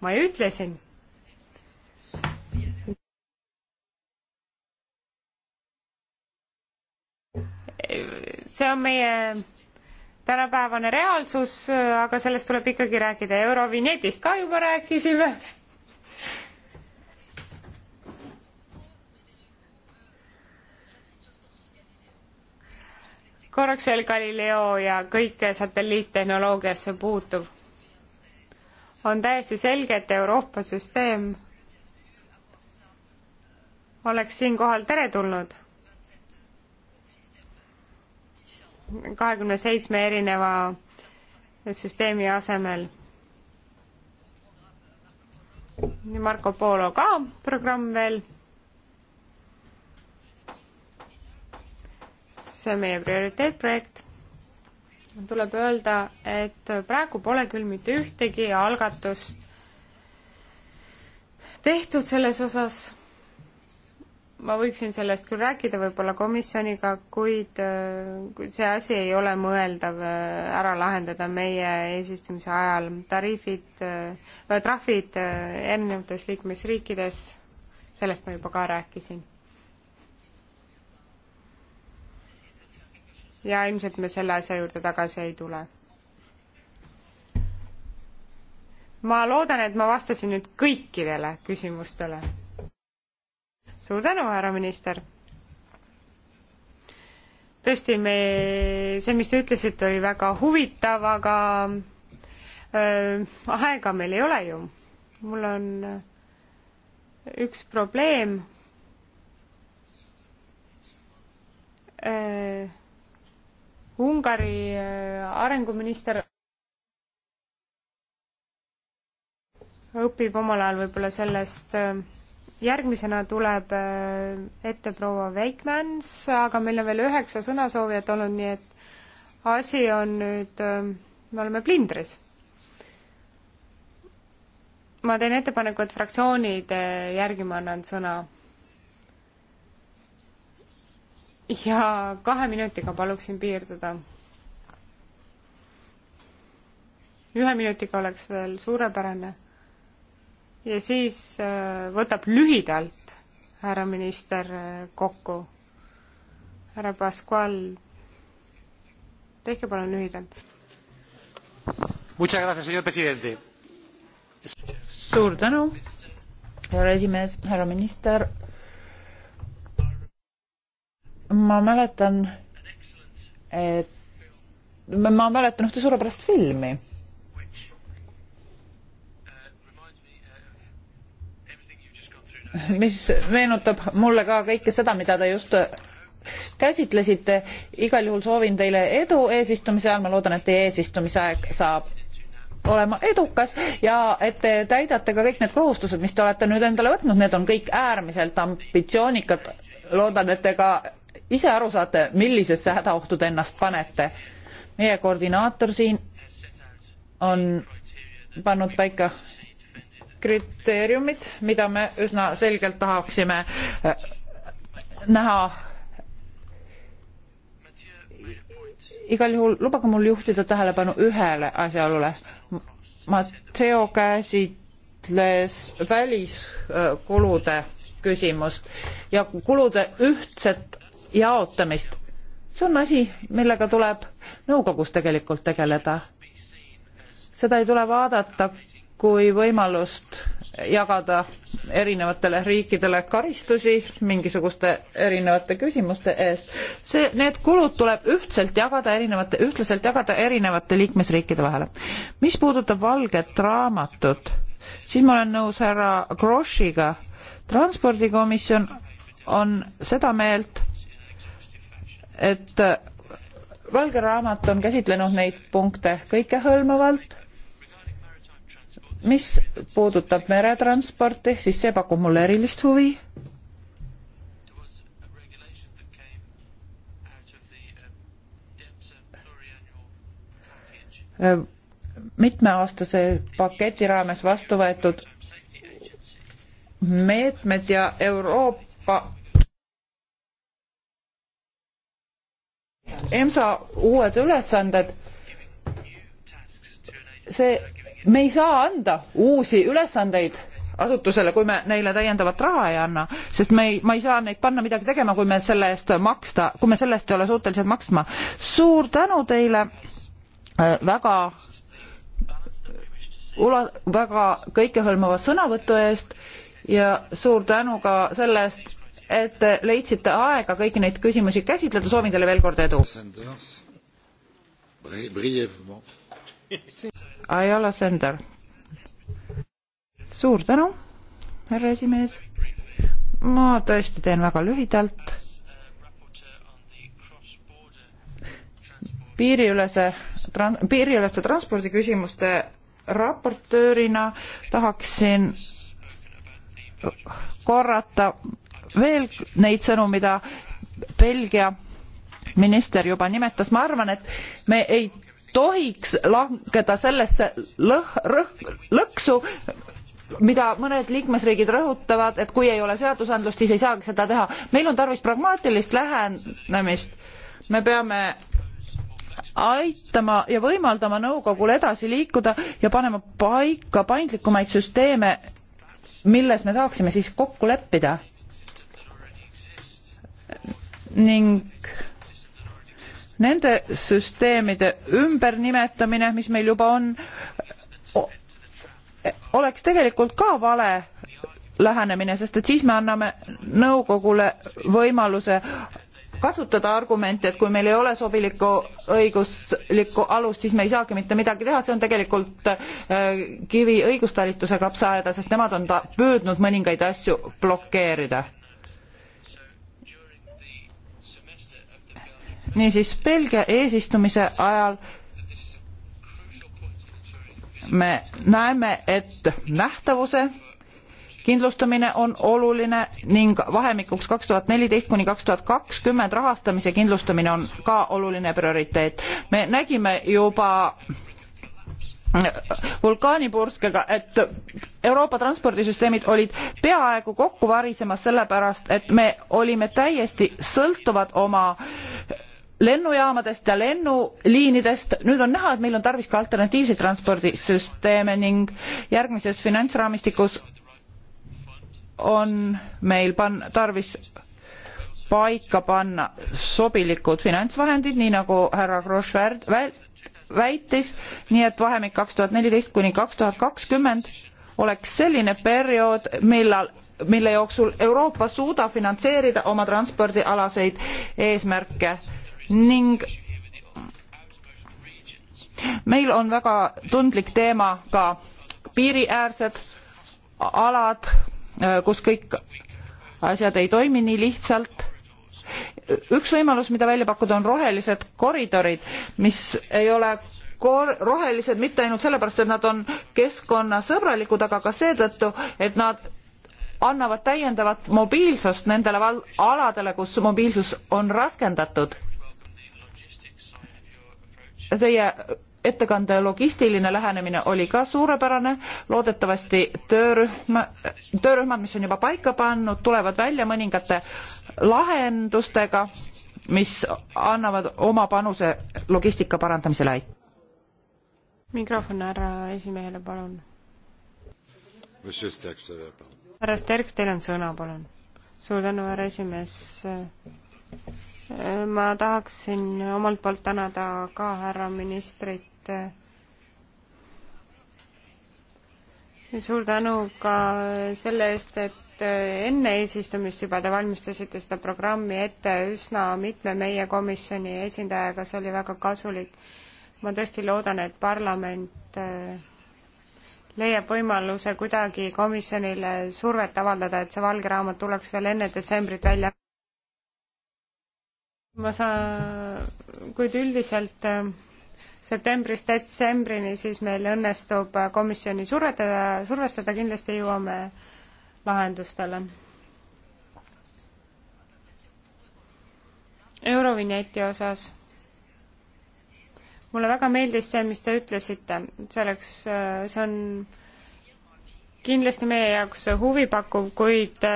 ma ju ütlesin see on meie tänapäevane reaalsus, aga sellest tuleb ikkagi rääkida. Eurovinjetist ka juba rääkisime korraks veel Galileo ja kõik satelliittehnoloogiasse puutuv. on täiesti selge, et Euroopa süsteem oleks siinkohal teretulnud kahekümne seitsme erineva süsteemi asemel. Marco Polo ka programm veel see on meie prioriteetprojekt, tuleb öelda, et praegu pole küll mitte ühtegi algatust tehtud selles osas, ma võiksin sellest küll rääkida võib-olla komisjoniga, kuid äh, see asi ei ole mõeldav äh, ära lahendada meie eesistumise ajal. tariifid, äh, trahvid erinevates liikmesriikides, sellest ma juba ka rääkisin ja ilmselt me selle asja juurde tagasi ei tule. ma loodan, et ma vastasin nüüd kõikidele küsimustele. suur tänu, härra minister! tõesti, me, see, mis te ütlesite, oli väga huvitav, aga öö, aega meil ei ole ju. mul on üks probleem öö, Ungari äh, arenguminister õpib omal ajal võib-olla sellest. Äh, järgmisena tuleb äh, ette proua Veikmans, aga meil on veel üheksa sõnasoovijat olnud, nii et asi on nüüd, me oleme plindris. ma teen ettepaneku, et fraktsioonide järgi ma annan sõna ja kahe minutiga paluksin piirduda. ühe minutiga oleks veel suurepärane. ja siis äh, võtab lühidalt härra minister äh, kokku. härra Pascual, tehke palun lühidalt. suur tänu, härra esimees, härra minister ma mäletan, et ma mäletan ühte suurepärast filmi mis meenutab mulle ka kõike seda, mida te just käsitlesite. igal juhul soovin teile edu eesistumise ajal, ma loodan, et teie eesistumise aeg saab olema edukas ja et te täidate ka kõik need kohustused, mis te olete nüüd endale võtnud, need on kõik äärmiselt ambitsioonikad. loodan, et te ka ise aru saate, millisesse hädaohtu te ennast panete. meie koordinaator siin on pannud paika kriteeriumid, mida me üsna selgelt tahaksime äh, näha. igal juhul lubage mul juhtida tähelepanu ühele asjaolule. Matteo käsitles väliskulude küsimust ja kulude ühtset jaotamist. see on asi, millega tuleb nõukogus tegelikult tegeleda. seda ei tule vaadata kui võimalust jagada erinevatele riikidele karistusi mingisuguste erinevate küsimuste eest. see, need kulud tuleb ühtselt jagada erinevate, ühtlaselt jagada erinevate liikmesriikide vahele. mis puudutab valget raamatut, siis ma olen nõus härra Groschiga, transpordikomisjon on seda meelt, et valge raamat on käsitlenud neid punkte kõikehõlmavalt. mis puudutab meretransporti, siis see pakub mulle erilist huvi. mitmeaastase paketi raames vastu võetud meetmed ja Euroopa EMSA uued ülesanded, see, me ei saa anda uusi ülesandeid asutusele, kui me neile täiendavat raha ei anna, sest me ei, ma ei saa neid panna midagi tegema, kui me selle eest maksta, kui me selle eest ei ole suutelised maksma. suur tänu teile äh, väga ula-, väga kõikehõlmava sõnavõtu eest ja suur tänu ka selle eest, et leidsite aega kõiki neid küsimusi käsitleda, soovin teile veel kord edu. Ajala Sender. suur tänu, härra esimees. ma tõesti teen väga lühidalt. piiriülese trans-, piiriüleste transpordiküsimuste raportöörina tahaksin korrata veel neid sõnu, mida Belgia minister juba nimetas, ma arvan, et me ei tohiks langeda sellesse lõh-, rõh-, lõksu, mida mõned liikmesriigid rõhutavad, et kui ei ole seadusandlust, siis ei saagi seda teha. meil on tarvis pragmaatilist lähenemist. me peame aitama ja võimaldama nõukogul edasi liikuda ja panema paika paindlikumaid süsteeme, milles me saaksime siis kokku leppida ning nende süsteemide ümbernimetamine, mis meil juba on, oleks tegelikult ka vale lähenemine, sest et siis me anname nõukogule võimaluse kasutada argumente, et kui meil ei ole sobilikku õiguslikku alust, siis me ei saagi mitte midagi teha, see on tegelikult äh, kivi õigustalituse kapsaaeda, sest nemad on ta püüdnud mõningaid asju blokeerida niisiis Belgia eesistumise ajal me näeme, et nähtavuse kindlustamine on oluline ning vahemikuks kaks tuhat neliteist kuni kaks tuhat kakskümmend rahastamise kindlustamine on ka oluline prioriteet. me nägime juba vulkaanipurskega et euroopa transpordisüsteemid olid peaaegu kokku varisemas sellepärast et me olime täiesti sõltuvad oma lennujaamadest ja lennuliinidest nüüd on näha et meil on tarvis ka alternatiivseid transpordisüsteeme ning järgmises finantsraamistikus on meil pan- tarvis paika panna sobilikud finantsvahendid nii nagu härra Grosch värd- vä- väitis nii et vahemik kaks tuhat neliteist kuni kaks tuhat kakskümmend oleks selline periood millal mille jooksul Euroopa suudab finantseerida oma transpordialaseid eesmärke ning meil on väga tundlik teema ka piiriäärsed alad äh, kus kõik asjad ei toimi nii lihtsalt üks võimalus mida välja pakkuda on rohelised koridorid mis ei ole rohelised mitte ainult sellepärast et nad on keskkonnasõbralikud aga ka seetõttu et nad annavad täiendavat mobiilsust nendele aladele kus mobiilsus on raskendatud Teie ettekande logistiline lähenemine oli ka suurepärane, loodetavasti töörühm, töörühmad, mis on juba paika pannud, tulevad välja mõningate lahendustega, mis annavad oma panuse logistika parandamisele. mikrofon härra esimehele, palun. härra Sterks, teil on sõna, palun. suur tänu, härra esimees ma tahaksin omalt poolt tänada ka härra ministrit. suur tänu ka selle eest, et enne eesistumist juba te valmistasite seda programmi ette üsna mitme meie komisjoni esindajaga, see oli väga kasulik. ma tõesti loodan, et parlament eh, leiab võimaluse kuidagi komisjonile survet avaldada, et see valge raamat tuleks veel enne detsembrit välja ma saan, kuid üldiselt äh, septembrist detsembrini siis meil õnnestub äh, komisjoni survetada, survestada, kindlasti jõuame lahendustele. Eurovinjeti osas mulle väga meeldis see, mis te ütlesite, see oleks, äh, see on kindlasti meie jaoks huvipakkuv, kuid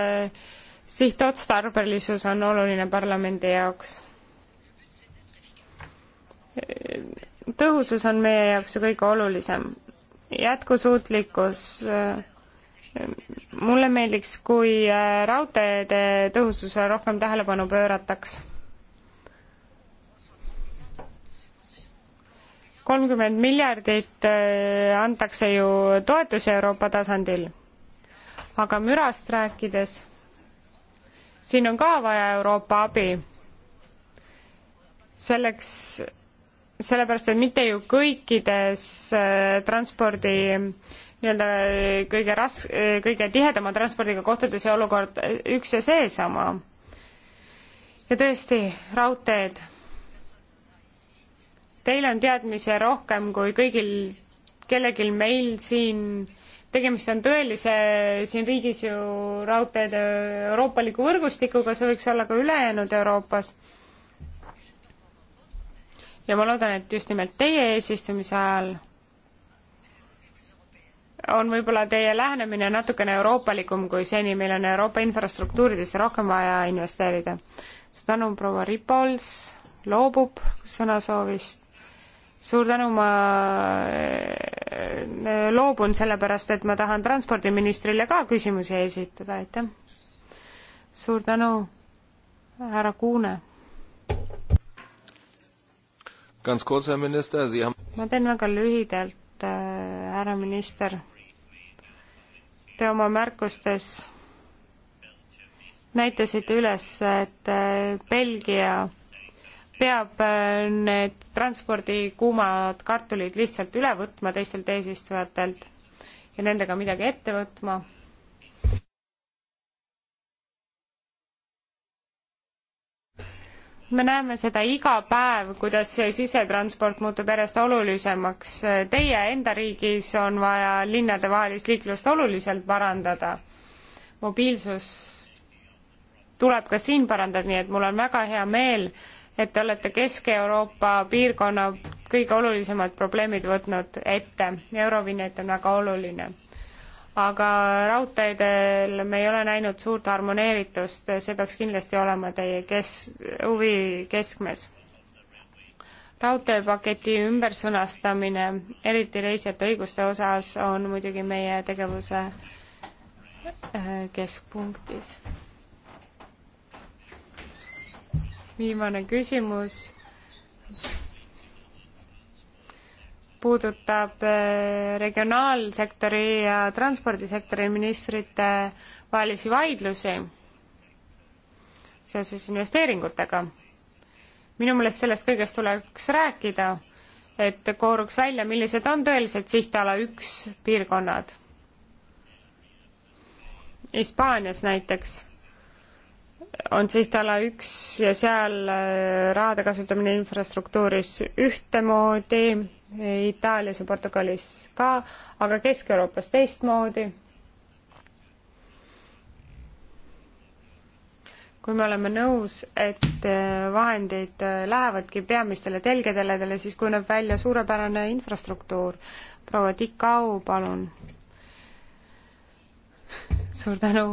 sihtotstarbelisus on oluline parlamendi jaoks tõhusus on meie jaoks ju kõige olulisem. jätkusuutlikkus, mulle meeldiks, kui äh, raudteede tõhususele rohkem tähelepanu pöörataks. kolmkümmend miljardit äh, antakse ju toetusi Euroopa tasandil, aga mürast rääkides, siin on ka vaja Euroopa abi selleks, sellepärast, et mitte ju kõikides äh, transpordi nii-öelda äh, kõige ras-, äh, kõige tihedama transpordiga kohtades ja olukord üks ja seesama. ja tõesti, raudteed. Teil on teadmisi rohkem kui kõigil, kellelgi meil siin tegemist on tõelise siin riigis ju raudteede euroopaliku võrgustikuga, see võiks olla ka ülejäänud Euroopas ja ma loodan, et just nimelt teie eesistumise ajal on võib-olla teie lähenemine natukene euroopalikum kui seni, meil on Euroopa infrastruktuuridesse rohkem vaja investeerida. suur tänu, proua Ripols loobub sõnasoovist. suur tänu, ma eh, eh, loobun sellepärast, et ma tahan transpordiministrile ka küsimusi esitada, aitäh. suur tänu, härra Kuune ma teen väga lühidalt, äh, härra minister. Te oma märkustes näitasite üles, et äh, Belgia peab äh, need transpordikuumad kartulid lihtsalt üle võtma teistelt eesistujatelt ja nendega midagi ette võtma me näeme seda iga päev, kuidas sisetransport muutub järjest olulisemaks. Teie enda riigis on vaja linnadevahelist liiklust oluliselt parandada. mobiilsus tuleb ka siin parandada, nii et mul on väga hea meel, et te olete Kesk-Euroopa piirkonna kõige olulisemad probleemid võtnud ette. Eurovinjet on väga oluline aga raudteedel me ei ole näinud suurt harmoneeritust, see peaks kindlasti olema teie kes-, huvi keskmes. raudteepaketi ümbersõnastamine, eriti reisijate õiguste osas, on muidugi meie tegevuse äh, keskpunktis. viimane küsimus puudutab eh, regionaalsektori ja transpordisektori ministrite vahelisi vaidlusi seoses investeeringutega. minu meelest sellest kõigest tuleks rääkida, et kooruks välja, millised on tõeliselt sihtala üks piirkonnad. Hispaanias näiteks on sihtala üks ja seal eh, rahade kasutamine infrastruktuuris ühtemoodi Itaalias ja Portugalis ka, aga Kesk-Euroopas teistmoodi. kui me oleme nõus, et vahendid lähevadki peamistele telgedele, siis kujuneb välja suurepärane infrastruktuur. proua Tikau, palun. suur tänu,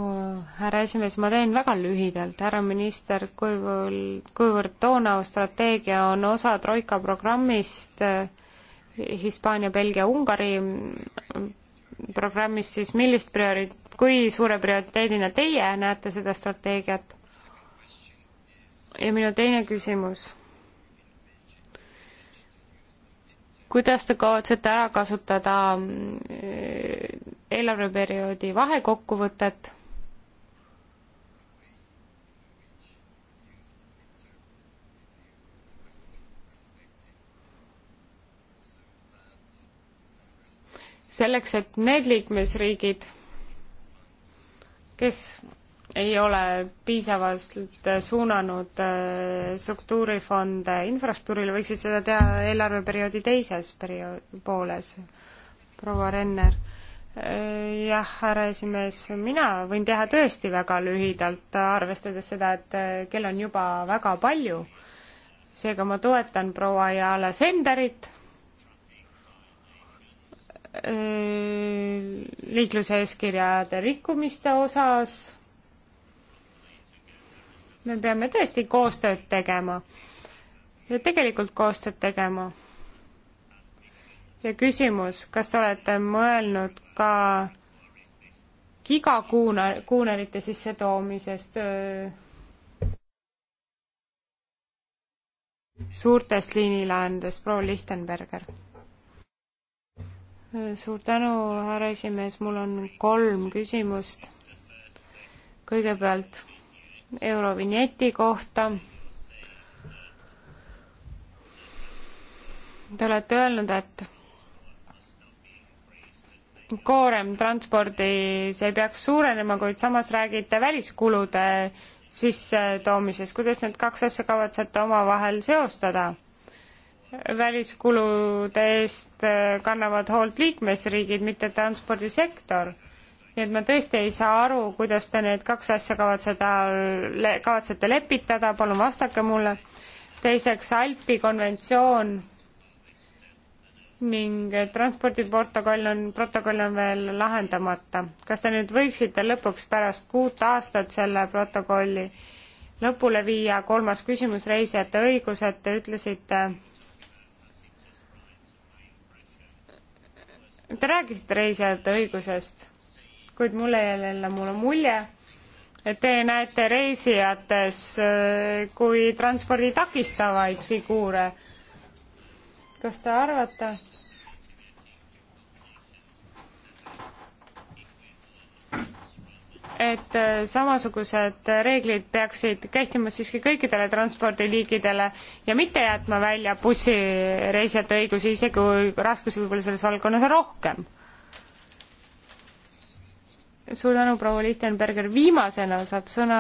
härra esimees, ma teen väga lühidalt, härra minister, kuivõrd, kuivõrd Donau strateegia on osa Troika programmist, Hispaania, Belgia, Ungari programmis, siis millist priori-, kui suure prioriteedina teie näete seda strateegiat? ja minu teine küsimus. kuidas te kavatsete ära kasutada mm, eelarveperioodi vahekokkuvõtet? selleks, et need liikmesriigid, kes ei ole piisavalt suunanud äh, struktuurifonde infrastruktuurile, võiksid seda teha eelarveperioodi teises perio-, pooles. proua Renner. Äh, jah, härra esimees, mina võin teha tõesti väga lühidalt, arvestades seda, et äh, kell on juba väga palju. seega ma toetan proua Jaala Senderit Äh, liikluseeskirjade rikkumiste osas. me peame tõesti koostööd tegema ja tegelikult koostööd tegema. ja küsimus, kas te olete mõelnud ka gigakuuna-, kuunerite sissetoomisest öö, äh, suurtest liinilahendest, proua Lichtenberger? suur tänu, härra esimees, mul on kolm küsimust. kõigepealt Eurovinjeti kohta. Te olete öelnud, et koorem transpordis ei peaks suurenema, kuid samas räägite väliskulude sissetoomisest. kuidas need kaks asja kavatsete omavahel seostada? väliskulude eest äh, kannavad hoolt liikmesriigid, mitte transpordisektor. nii et ma tõesti ei saa aru, kuidas te need kaks asja kavatseda, kavatsete lepitada, palun vastake mulle. teiseks, Alpi konventsioon ning transpordiprotokoll on, protokoll on veel lahendamata. kas te nüüd võiksite lõpuks pärast kuut aastat selle protokolli lõpule viia, kolmas küsimus, reisijate õigused, te ütlesite, Te rääkisite reisijate õigusest, kuid mulle jälle, mul on mulje, et te näete reisijates äh, kui transpordi takistavaid figuure. kas te arvate? et äh, samasugused reeglid peaksid kehtima siiski kõikidele transpordiliigidele ja mitte jätma välja bussireisijate õigusi, isegi kui raskusi võib-olla selles valdkonnas on rohkem. suur tänu, proua Lichtenberger, viimasena saab sõna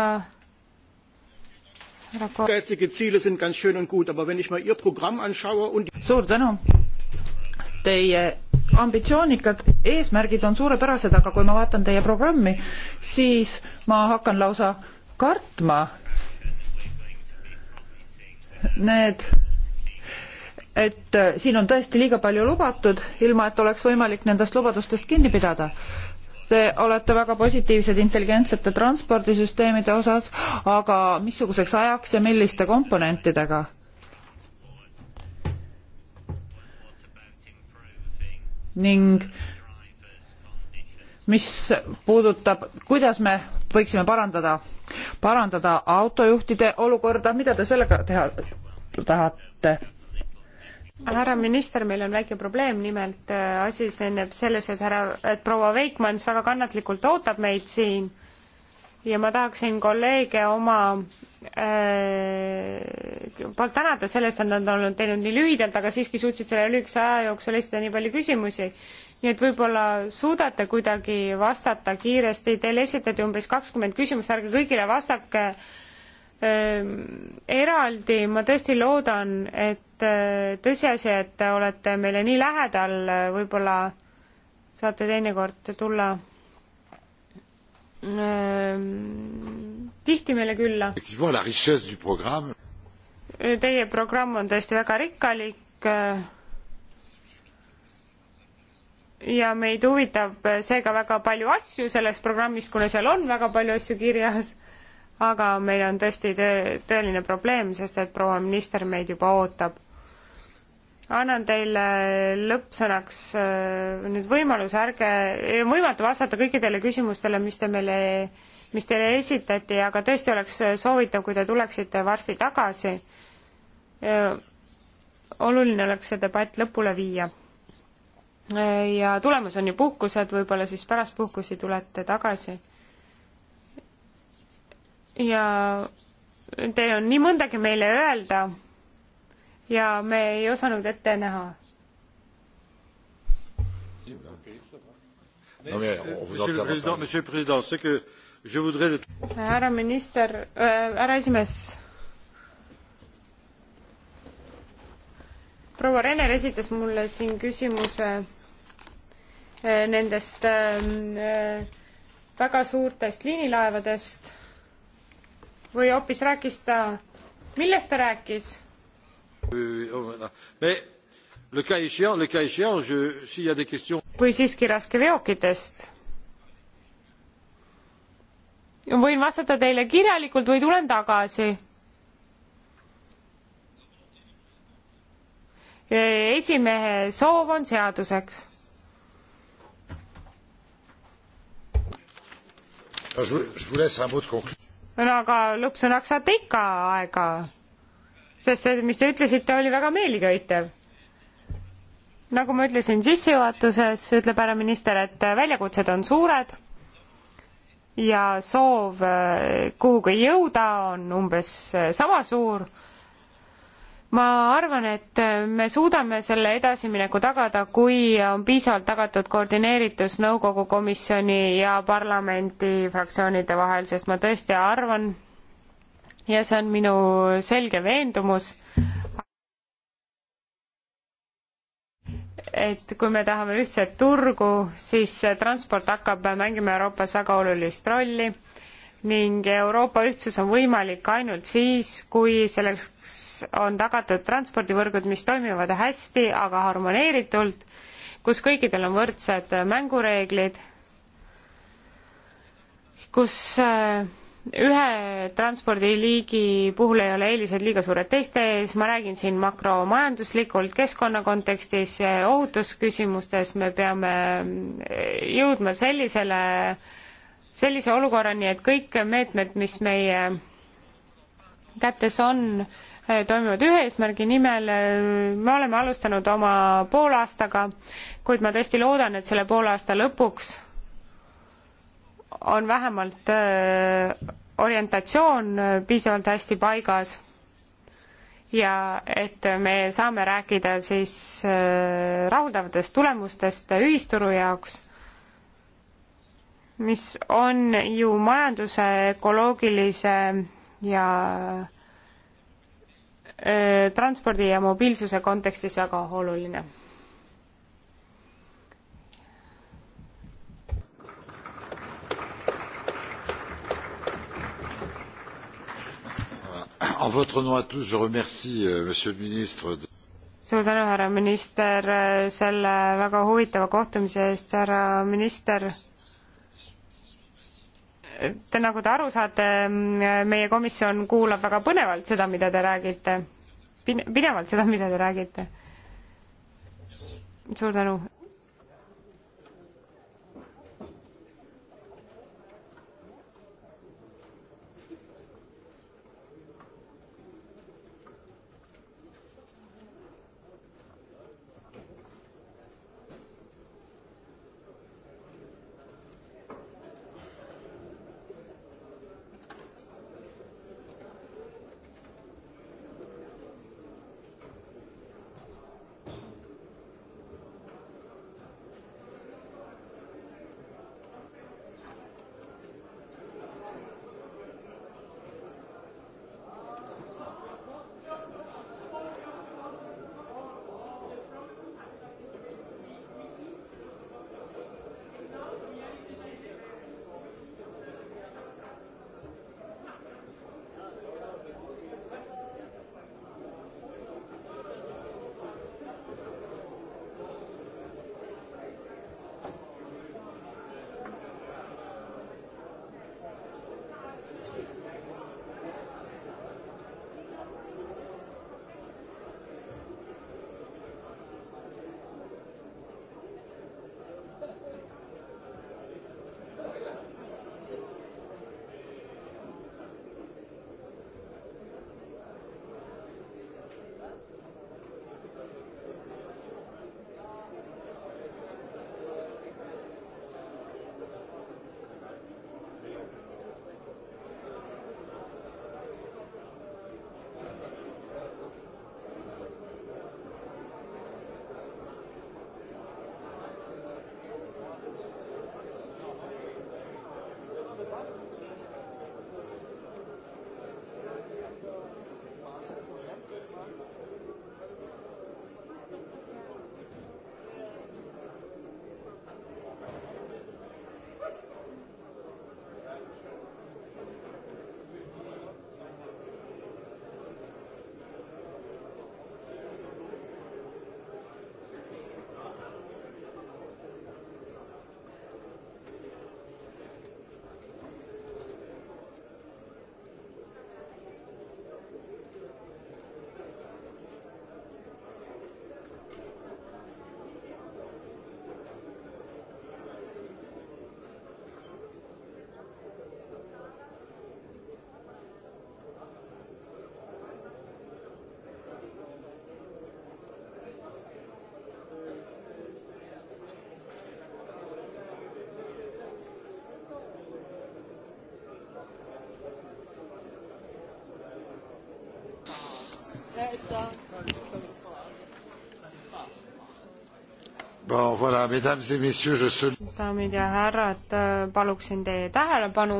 ehrgeizige ziele sind ganz schön und gut aber wenn ich mir ihr programm anschaue und. suur tänu teie ambitsioonikad eesmärgid on suurepärased, aga kui ma vaatan teie programmi, siis ma hakkan lausa kartma need, et äh, siin on tõesti liiga palju lubatud, ilma et oleks võimalik nendest lubadustest kinni pidada. Te olete väga positiivsed intelligentsete transpordisüsteemide osas, aga missuguseks ajaks ja milliste komponentidega? ning mis puudutab, kuidas me võiksime parandada, parandada autojuhtide olukorda, mida te sellega teha tahate? härra minister, meil on väike probleem, nimelt äh, asi seisneb selles, et härra, et proua Veikmanns väga kannatlikult ootab meid siin ja ma tahaksin kolleege oma äh, poolt tänada sellest, et nad on olnud teinud nii lühidalt, aga siiski suutsid selle lühikese aja jooksul esitada nii palju küsimusi. nii et võib-olla suudate kuidagi vastata kiiresti, teile esitati umbes kakskümmend küsimust, ärge kõigile vastake äh, eraldi, ma tõesti loodan, et äh, tõsiasi, et te olete meile nii lähedal, võib-olla saate teinekord tulla Ehm, tihti meile külla. Eh, teie programm on tõesti väga rikkalik eh, ja meid huvitab eh, seega väga palju asju selles programmis, kuna seal on väga palju asju kirjas, aga meil on tõesti tõeline probleem, sest et proua minister meid juba ootab annan teile lõppsõnaks äh, nüüd võimaluse, ärge, võimatu vastata kõikidele küsimustele, mis te meile, mis teile esitati, aga tõesti oleks äh, soovitav, kui te tuleksite varsti tagasi. Äh, oluline oleks see debatt lõpule viia. ja tulemas on ju puhkused, võib-olla siis pärast puhkusi tulete tagasi. ja teil on nii mõndagi meile öelda ja me ei osanud ette näha. härra minister, äh, härra esimees. proua Renner esitas mulle siin küsimuse äh, nendest ähm, äh, väga suurtest liinilaevadest või hoopis rääkis ta, millest ta rääkis? Euh, oh, või siiski raskeveokitest? võin vastata teile kirjalikult või tulen tagasi. esimehe soov on seaduseks no aga lõppsõnaks saate ikka aega sest see, mis te ütlesite, oli väga meeliköitev. nagu ma ütlesin sissejuhatuses, ütleb härra minister, et väljakutsed on suured ja soov eh, kuhugi jõuda on umbes eh, sama suur. ma arvan, et eh, me suudame selle edasimineku tagada, kui on piisavalt tagatud koordineeritus nõukogu komisjoni ja parlamendi fraktsioonide vahel, sest ma tõesti arvan, ja see on minu selge veendumus, et kui me tahame ühtset turgu, siis transport hakkab mängima Euroopas väga olulist rolli ning Euroopa ühtsus on võimalik ainult siis, kui selleks on tagatud transpordivõrgud, mis toimivad hästi, aga harmoneeritult, kus kõikidel on võrdsed mängureeglid, kus äh, ühe transpordiliigi puhul ei ole eelised liiga suured teiste ees, ma räägin siin makromajanduslikult, keskkonna kontekstis, ohutusküsimustes me peame jõudma sellisele, sellise olukorrani, et kõik meetmed, mis meie kätes on, toimuvad ühe eesmärgi nimel, me oleme alustanud oma poolaastaga, kuid ma tõesti loodan, et selle poolaasta lõpuks on vähemalt äh, orientatsioon äh, piisavalt hästi paigas ja et me saame rääkida siis äh, rahuldavatest tulemustest ühisturu jaoks, mis on ju majanduse ökoloogilise ja transpordi ja mobiilsuse kontekstis väga oluline Euh, suur tänu, härra minister, äh, selle väga huvitava kohtumise eest, härra minister. Te, nagu te aru saate, meie komisjon kuulab väga põnevalt seda, mida te räägite Pine,, pinevalt seda, mida te räägite. suur tänu. Wer ist da? Bon, voilà, mesdames et messieurs, je sol- daamid ja härrad, paluksin teie tähelepanu.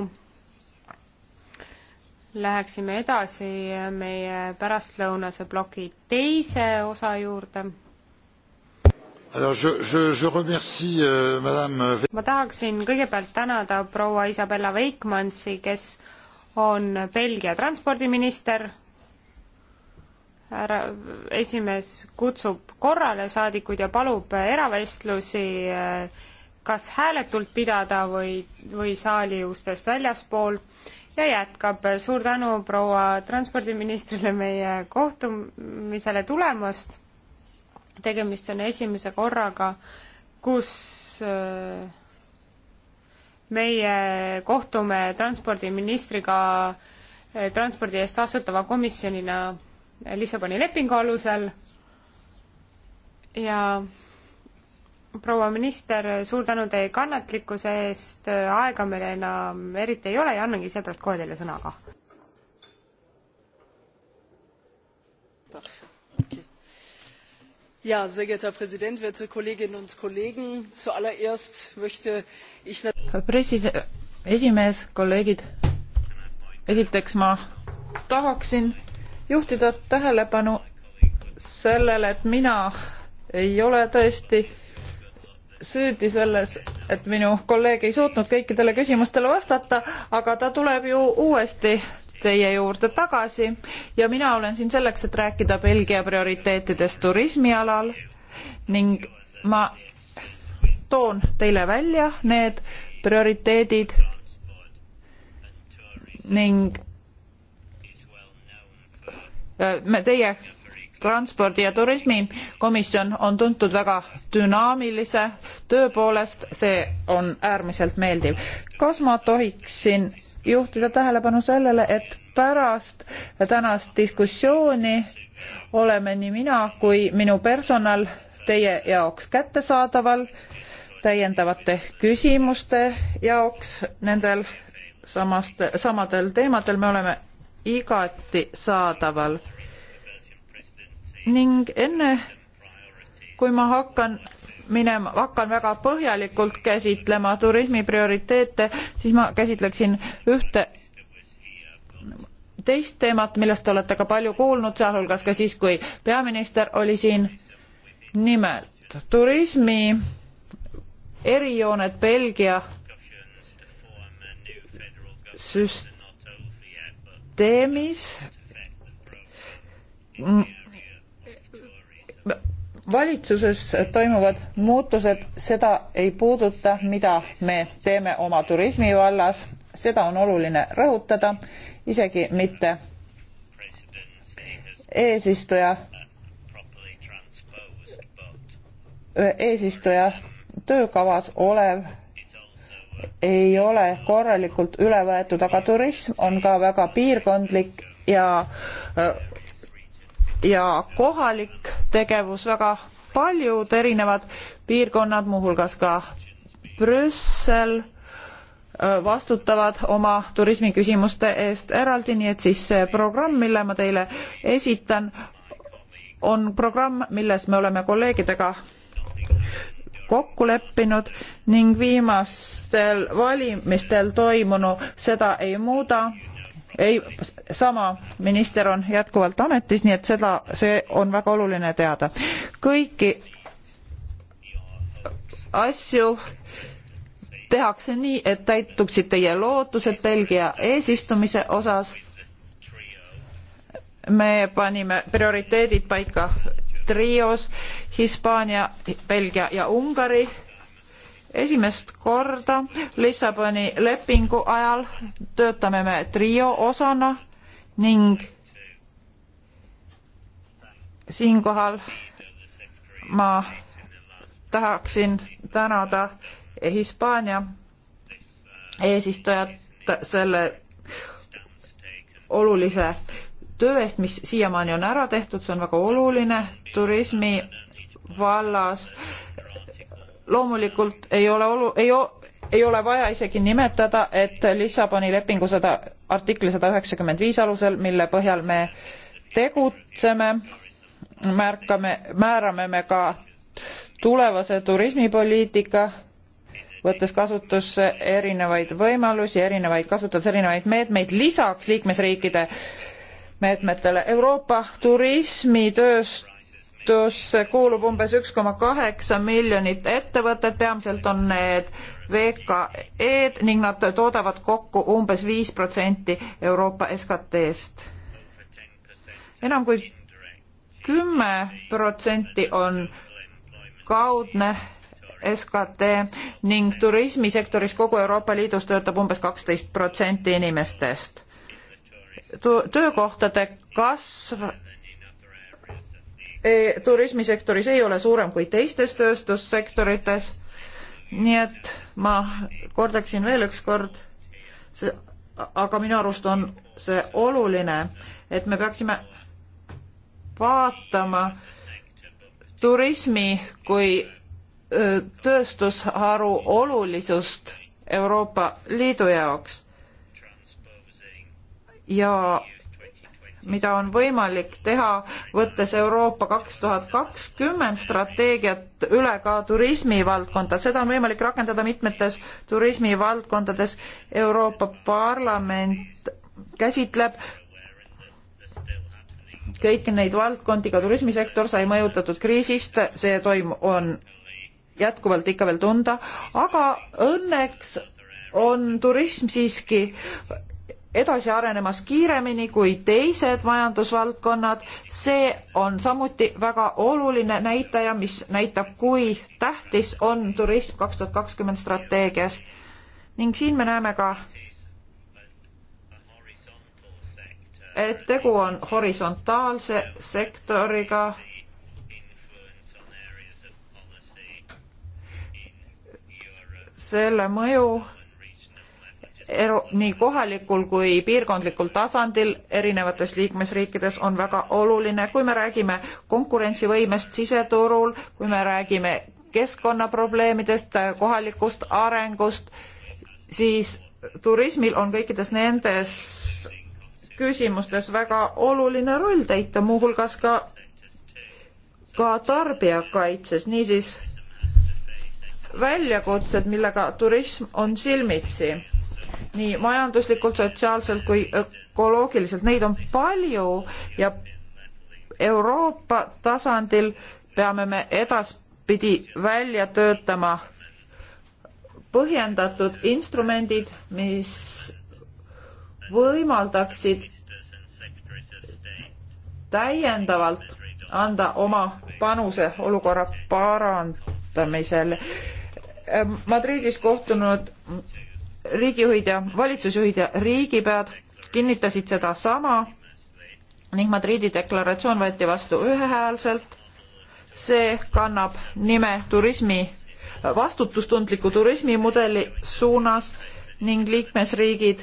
Läheksime edasi meie pärastlõunase ploki teise osa juurde. Alors je, je, je remercie euh, madame ma tahaksin kõigepealt tänada proua Isabella Veikmansi, kes on Belgia transpordiminister härra esimees kutsub korrale saadikuid ja palub äh, eravestlusi äh, kas hääletult pidada või, või saali ustest väljaspool ja jätkab. suur tänu proua transpordiministrile meie kohtumisele tulemast. tegemist on esimese korraga, kus äh, meie kohtume transpordiministriga transpordi eest vastutava komisjonina Lissaboni lepingu alusel ja proua minister, suur tänu teie kannatlikkuse eest, aega meil enam eriti ei ole ja annangi seepärast kohe teile sõna ka. Ja, sehr geehrter Präsident, werte Kolleginnen und Kollegen, zuallererst möchte ich President, esimees, kolleegid, esiteks ma tahaksin juhtida tähelepanu sellele, et mina ei ole tõesti süüdi selles, et minu kolleeg ei suutnud kõikidele küsimustele vastata, aga ta tuleb ju uuesti teie juurde tagasi ja mina olen siin selleks, et rääkida Belgia prioriteetidest turismialal ning ma toon teile välja need prioriteedid ning Äh, me teie transpordi ja turismikomisjon on tuntud väga dünaamilise töö poolest, see on äärmiselt meeldiv. kas ma tohiksin juhtida tähelepanu sellele, et pärast tänast diskussiooni oleme nii mina kui minu personal teie jaoks kättesaadaval täiendavate küsimuste jaoks nendel samast, samadel teemadel me oleme igati saadaval. ning enne, kui ma hakkan minema, hakkan väga põhjalikult käsitlema turismi prioriteete, siis ma käsitleksin ühte teist teemat, millest te olete ka palju kuulnud, sealhulgas ka siis, kui peaminister oli siin. nimelt turismi erijooned Belgia süst-, süsteemis valitsuses toimuvad muutused, seda ei puuduta, mida me teeme oma turismi vallas, seda on oluline rõhutada, isegi mitte eesistuja, eesistuja töökavas olev ei ole korralikult üle võetud, aga turism on ka väga piirkondlik ja ja kohalik tegevus väga paljud erinevad piirkonnad, muuhulgas ka Brüssel, vastutavad oma turismiküsimuste eest eraldi, nii et siis see programm, mille ma teile esitan, on programm, milles me oleme kolleegidega kokku leppinud ning viimastel valimistel toimunu seda ei muuda. ei, sama minister on jätkuvalt ametis, nii et seda, see on väga oluline teada. kõiki asju tehakse nii, et täituksid teie lootused Belgia eesistumise osas. me panime prioriteedid paika trios Hispaania, Belgia ja Ungari. esimest korda Lissaboni lepingu ajal töötame me trio osana ning siinkohal ma tahaksin tänada Hispaania eesistujat selle olulise töö eest, mis siiamaani on ära tehtud, see on väga oluline turismi vallas loomulikult ei ole olu- ei o- ei ole vaja isegi nimetada, et Lissaboni lepingu sada, artikli sada üheksakümmend viis alusel, mille põhjal me tegutseme, märkame, määrame me ka tulevase turismipoliitika, võttes kasutusse erinevaid võimalusi, erinevaid, kasutades erinevaid meetmeid, lisaks liikmesriikide meetmetele Euroopa turismitööst toetusse kuulub umbes üks koma kaheksa miljonit ettevõtet, peamiselt on need VKE-d ning nad toodavad kokku umbes viis protsenti Euroopa SKT-st. enam kui kümme protsenti on kaudne SKT ning turismisektoris kogu Euroopa Liidus töötab umbes kaksteist protsenti inimestest. töökohtade kasv Eh, turismisektoris ei ole suurem kui teistes tööstussektorites. nii et ma kordaksin veel ükskord, aga minu arust on see oluline, et me peaksime vaatama turismi kui tööstusharu olulisust Euroopa Liidu jaoks ja mida on võimalik teha, võttes Euroopa kaks tuhat kakskümmend strateegiat üle ka turismivaldkonda. seda on võimalik rakendada mitmetes turismivaldkondades. Euroopa Parlament käsitleb kõiki neid valdkondi, ka turismisektor sai mõjutatud kriisist, see toim-, on jätkuvalt ikka veel tunda, aga õnneks on turism siiski edasi arenemas kiiremini kui teised majandusvaldkonnad. see on samuti väga oluline näitaja, mis näitab, kui tähtis on turism kaks tuhat kakskümmend strateegias. ning siin me näeme ka, et tegu on horisontaalse sektoriga. selle mõju nii kohalikul kui piirkondlikul tasandil erinevates liikmesriikides on väga oluline, kui me räägime konkurentsivõimest siseturul, kui me räägime keskkonnaprobleemidest, kohalikust arengust, siis turismil on kõikides nendes küsimustes väga oluline roll täita, muuhulgas ka, ka tarbijakaitses, niisiis väljakutsed, millega turism on silmitsi nii majanduslikult, sotsiaalselt kui ökoloogiliselt, neid on palju ja Euroopa tasandil peame me edaspidi välja töötama põhjendatud instrumendid, mis võimaldaksid täiendavalt anda oma panuse olukorra parandamisel. Madridis kohtunud riigijuhid ja valitsusjuhid ja riigipead kinnitasid sedasama ning Madridi deklaratsioon võeti vastu ühehäälselt. see kannab nime turismi, vastutustundliku turismimudeli suunas ning liikmesriigid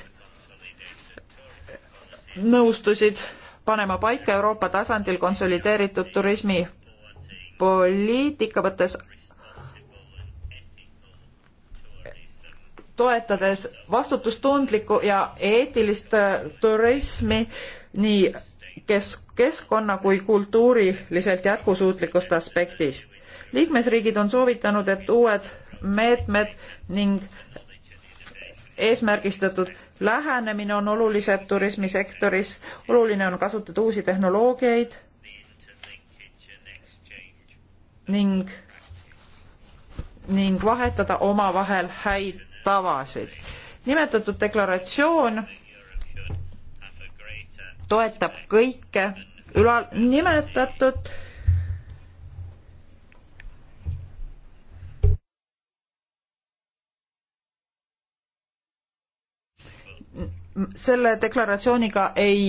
nõustusid panema paika Euroopa tasandil konsolideeritud turismipoliitika, võttes toetades vastutustundlikku ja eetilist äh, turismi nii kes-, keskkonna kui kultuuriliselt jätkusuutlikust aspektist. liikmesriigid on soovitanud, et uued meetmed ning eesmärgistatud lähenemine on olulised turismisektoris, oluline on kasutada uusi tehnoloogiaid ning, ning vahetada omavahel häid tavasid. nimetatud deklaratsioon toetab kõike ülal nimetatud selle deklaratsiooniga ei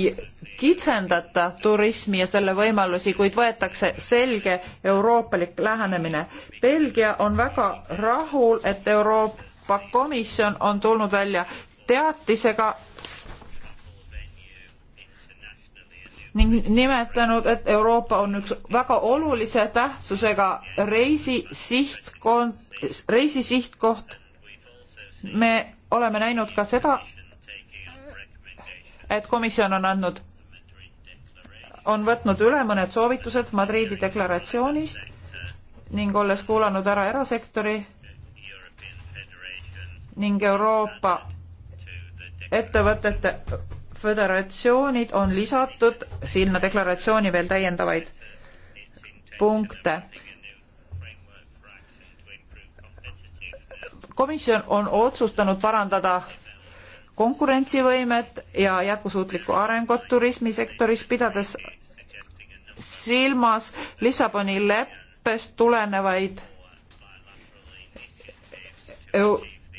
kitsendata turismi ja selle võimalusi, kuid võetakse selge euroopalik lähenemine. Belgia on väga rahul, et Euroopa Euroopa Komisjon on tulnud välja teatisega ning nimetanud, et Euroopa on üks väga olulise tähtsusega reisisihtkoht, reisisihtkoht. me oleme näinud ka seda, et komisjon on andnud, on võtnud üle mõned soovitused Madriidi deklaratsioonist ning olles kuulanud ära erasektori ning Euroopa ettevõtete föderatsioonid on lisatud sinna deklaratsiooni veel täiendavaid punkte. komisjon on otsustanud parandada konkurentsivõimet ja jätkusuutlikku arengut turismisektoris, pidades silmas Lissaboni leppest tulenevaid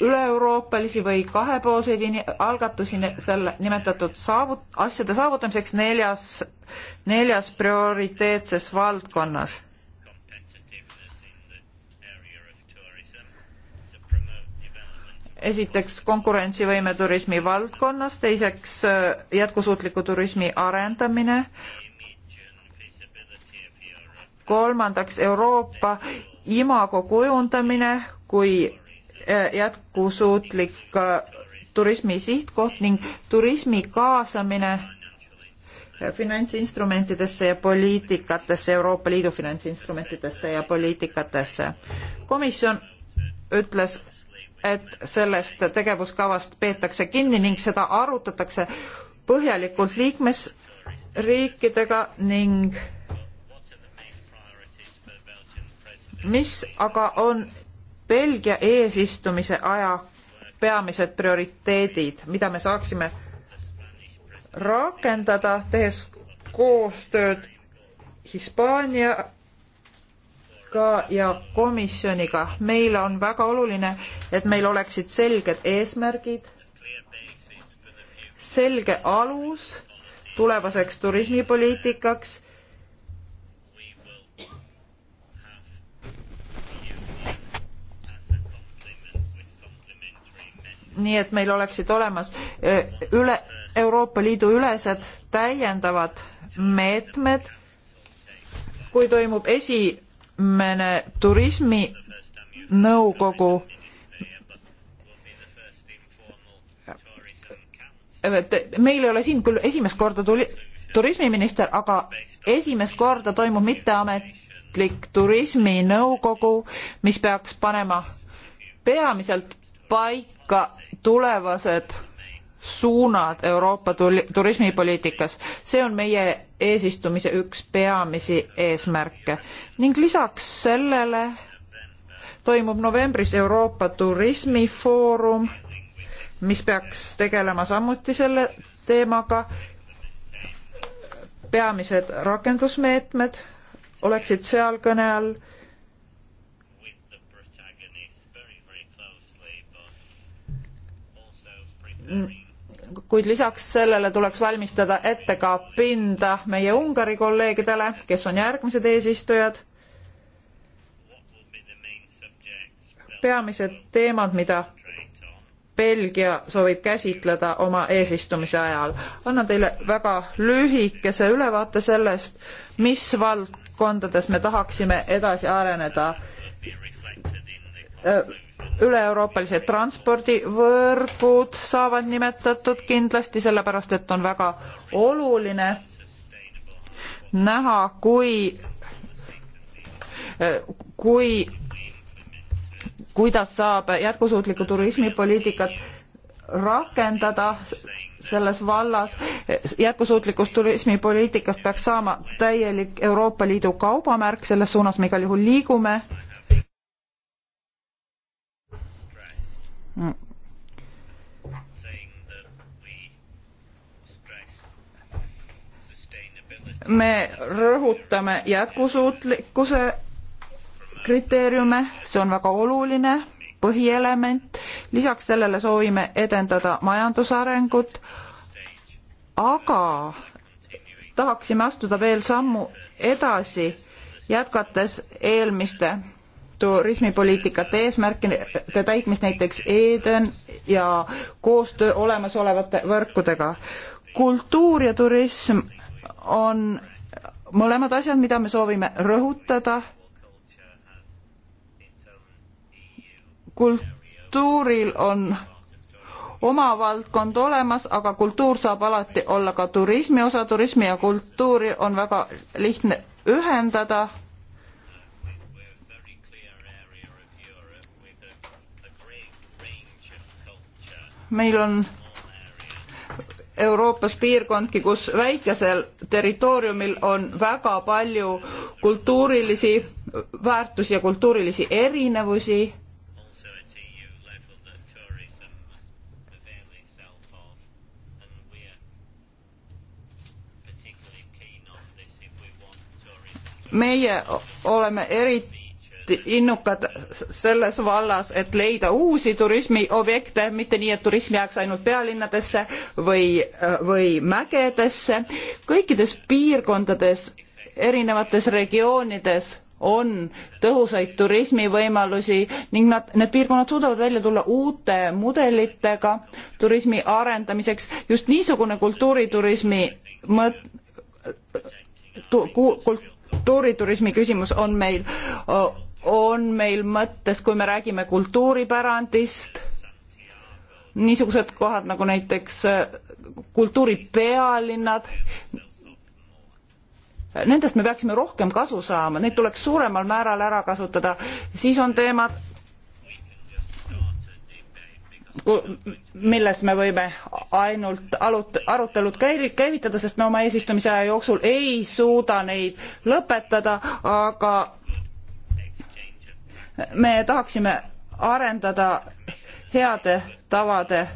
üle-euroopalisi või kahepoolseid algatusi selle nimetatud saavut-, asjade saavutamiseks neljas, neljas prioriteetses valdkonnas. esiteks konkurentsivõime turismi valdkonnas, teiseks äh, jätkusuutliku turismi arendamine, kolmandaks Euroopa imago kujundamine kui jätkusuutlik turismi sihtkoht ning turismi kaasamine finantsinstrumentidesse ja poliitikatesse, Euroopa Liidu finantsinstrumentidesse ja poliitikatesse. komisjon ütles, et sellest tegevuskavast peetakse kinni ning seda arutatakse põhjalikult liikmesriikidega ning mis aga on Belgia eesistumise aja peamised prioriteedid, mida me saaksime rakendada, tehes koostööd Hispaaniaga ja komisjoniga. meile on väga oluline, et meil oleksid selged eesmärgid, selge alus tulevaseks turismipoliitikaks nii et meil oleksid olemas eh, üle Euroopa Liidu ülesed täiendavad meetmed, kui toimub esimene turisminõukogu meil ei ole siin küll esimest korda tuli, turismiminister, aga esimest korda toimub mitteametlik turisminõukogu, mis peaks panema peamiselt paika tulevased suunad Euroopa turismipoliitikas. see on meie eesistumise üks peamisi eesmärke ning lisaks sellele toimub novembris Euroopa turismifoorum, mis peaks tegelema samuti selle teemaga. peamised rakendusmeetmed oleksid seal kõne all kuid lisaks sellele tuleks valmistada ette ka pinda meie Ungari kolleegidele, kes on järgmised eesistujad. peamised teemad, mida Belgia soovib käsitleda oma eesistumise ajal. annan teile väga lühikese ülevaate sellest, mis valdkondades me tahaksime edasi areneda äh, üle-euroopalised transpordivõrgud saavad nimetatud kindlasti sellepärast, et on väga oluline näha, kui, kui, kuidas saab jätkusuutlikku turismipoliitikat rakendada selles vallas. jätkusuutlikust turismipoliitikast peaks saama täielik Euroopa Liidu kaubamärk, selles suunas me igal juhul liigume me rõhutame jätkusuutlikkuse kriteeriume, see on väga oluline põhielement, lisaks sellele soovime edendada majandusarengut, aga tahaksime astuda veel sammu edasi, jätkates eelmiste turismipoliitikate eesmärkide täitmist näiteks Eden ja koostöö olemasolevate võrkudega. kultuur ja turism on mõlemad asjad, mida me soovime rõhutada. kultuuril on oma valdkond olemas, aga kultuur saab alati olla ka turismi osa, turismi ja kultuuri on väga lihtne ühendada meil on Euroopas piirkondki, kus väikesel territooriumil on väga palju kultuurilisi väärtusi ja kultuurilisi erinevusi. meie oleme eriti innukad selles vallas, et leida uusi turismiobjekte, mitte nii, et turism jääks ainult pealinnadesse või, või mägedesse. kõikides piirkondades, erinevates regioonides on tõhusaid turismivõimalusi ning nad, need piirkonnad suudavad välja tulla uute mudelitega turismi arendamiseks. just niisugune kultuuriturismi mõt-, tu, ku, kultuuriturismi küsimus on meil uh, on meil mõttes, kui me räägime kultuuripärandist, niisugused kohad nagu näiteks äh, kultuuripealinnad, nendest me peaksime rohkem kasu saama, neid tuleks suuremal määral ära kasutada, siis on teemad, milles me võime ainult alut-, arutelud käi-, käivitada, sest me oma eesistumise aja jooksul ei suuda neid lõpetada, aga me tahaksime arendada heade tavade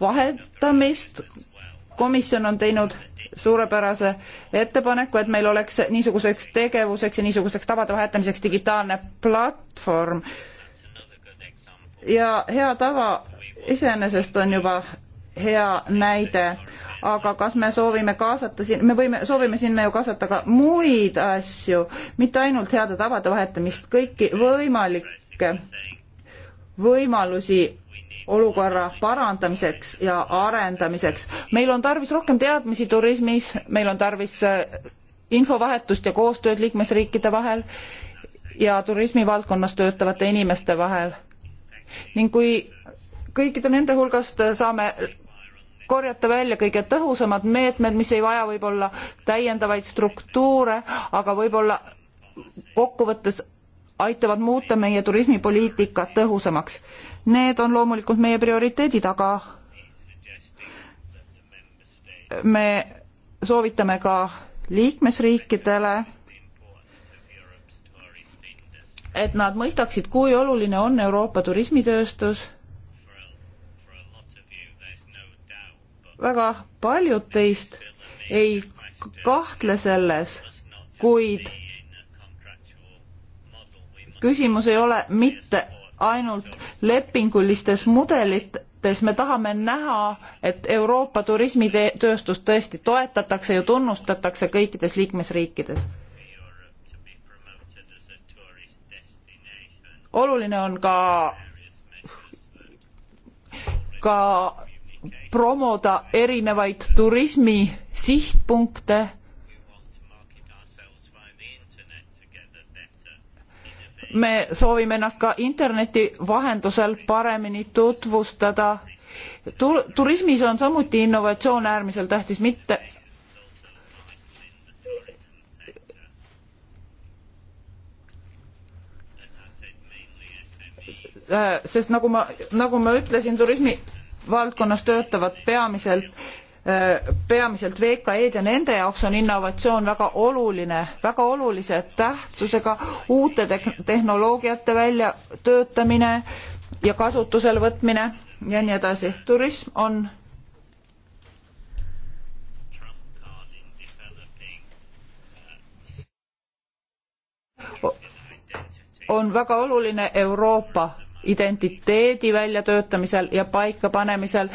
vahetamist. komisjon on teinud suurepärase ettepaneku, et meil oleks niisuguseks tegevuseks ja niisuguseks tavade vahetamiseks digitaalne platvorm. ja hea tava iseenesest on juba hea näide aga kas me soovime kaasata siin, me võime, soovime sinna ju kaasata ka muid asju, mitte ainult heade tavade vahetamist, kõiki võimalikke võimalusi olukorra parandamiseks ja arendamiseks. meil on tarvis rohkem teadmisi turismis, meil on tarvis äh, infovahetust ja koostööd liikmesriikide vahel ja turismivaldkonnas töötavate inimeste vahel. ning kui kõikide nende hulgast saame korjata välja kõige tõhusamad meetmed, mis ei vaja võib-olla täiendavaid struktuure, aga võib-olla kokkuvõttes aitavad muuta meie turismipoliitikat tõhusamaks. Need on loomulikult meie prioriteedid, aga me soovitame ka liikmesriikidele, et nad mõistaksid, kui oluline on Euroopa turismitööstus väga paljud teist ei kahtle selles, kuid küsimus ei ole mitte ainult lepingulistes mudelites, me tahame näha, et Euroopa turismitööstust tõesti toetatakse ja tunnustatakse kõikides liikmesriikides. oluline on ka, ka promoda erinevaid turismi sihtpunkte. me soovime ennast ka interneti vahendusel paremini tutvustada. turismis on samuti innovatsioon äärmiselt tähtis, mitte äh, sest nagu ma, nagu ma ütlesin, turismi valdkonnas töötavad peamiselt peamiselt VKE-d ja nende jaoks on innovatsioon väga oluline, väga olulise tähtsusega uute tehnoloogiate väljatöötamine ja kasutusele võtmine ja nii edasi. turism on on väga oluline Euroopa identiteedi väljatöötamisel ja paikapanemisel.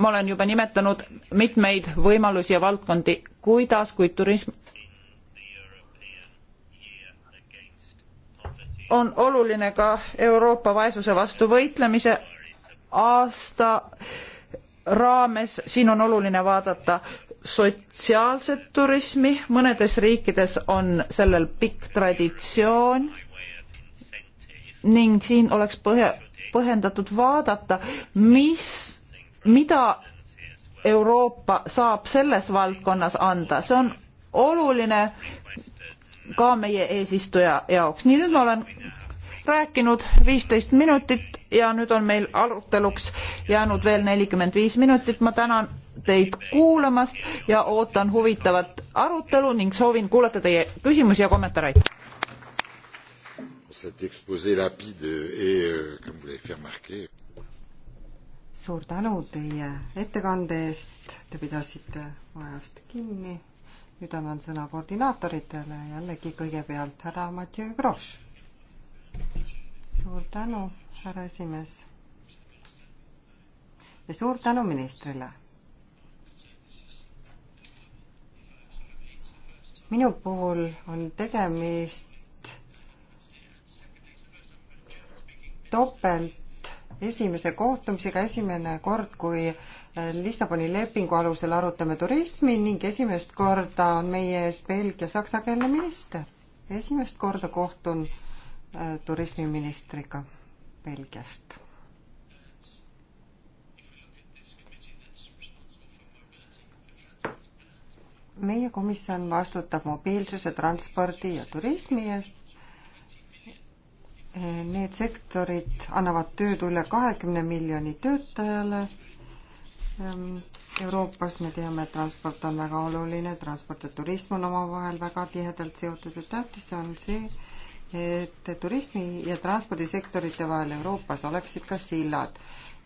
ma olen juba nimetanud mitmeid võimalusi ja valdkondi, kuidas kulturism on oluline ka Euroopa vaesuse vastu võitlemise aasta raames, siin on oluline vaadata sotsiaalset turismi, mõnedes riikides on sellel pikk traditsioon ning siin oleks põhja, põhjendatud vaadata, mis, mida Euroopa saab selles valdkonnas anda, see on oluline ka meie eesistuja jaoks. nii, nüüd ma olen rääkinud viisteist minutit ja nüüd on meil aruteluks jäänud veel nelikümmend viis minutit. ma tänan teid kuulamast ja ootan huvitavat arutelu ning soovin kuulata teie küsimusi ja kommentaareid cet exposé rapide et euh, comme vous l'avez fait remarquer. suur tänu teie ettekande eest, te pidasite ajast kinni. nüüd annan sõna koordinaatoritele, jällegi kõigepealt härra Mathieu Grosch. suur tänu, härra esimees. ja suur tänu ministrile. minu puhul on tegemist topelt esimese kohtumisega, esimene kord, kui äh, Lissaboni lepingu alusel arutame turismi ning esimest korda on meie ees Belgia saksakeelne minister. esimest korda kohtun äh, turismiministriga Belgiast meie komisjon vastutab mobiilsuse, transpordi ja turismi eest need sektorid annavad tööd üle kahekümne miljoni töötajale. Ehm, Euroopas me teame, et transport on väga oluline, transport ja turism on omavahel väga tihedalt seotud ja tähtis on see, et turismi ja transpordisektorite vahel Euroopas oleksid ka sillad.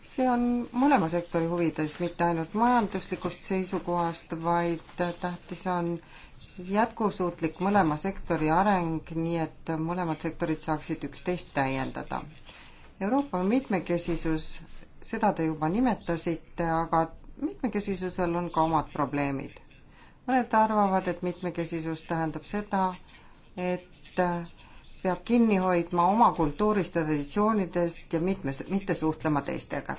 see on mõlema sektori huvides, mitte ainult majanduslikust seisukohast, vaid tähtis on äh, jätkusuutlik mõlema sektori areng, nii et mõlemad sektorid saaksid üksteist täiendada. Euroopa mitmekesisus, seda te juba nimetasite, aga mitmekesisusel on ka omad probleemid. mõned arvavad, et mitmekesisus tähendab seda, et peab kinni hoidma oma kultuurist ja traditsioonidest ja mitmes, mitte suhtlema teistega.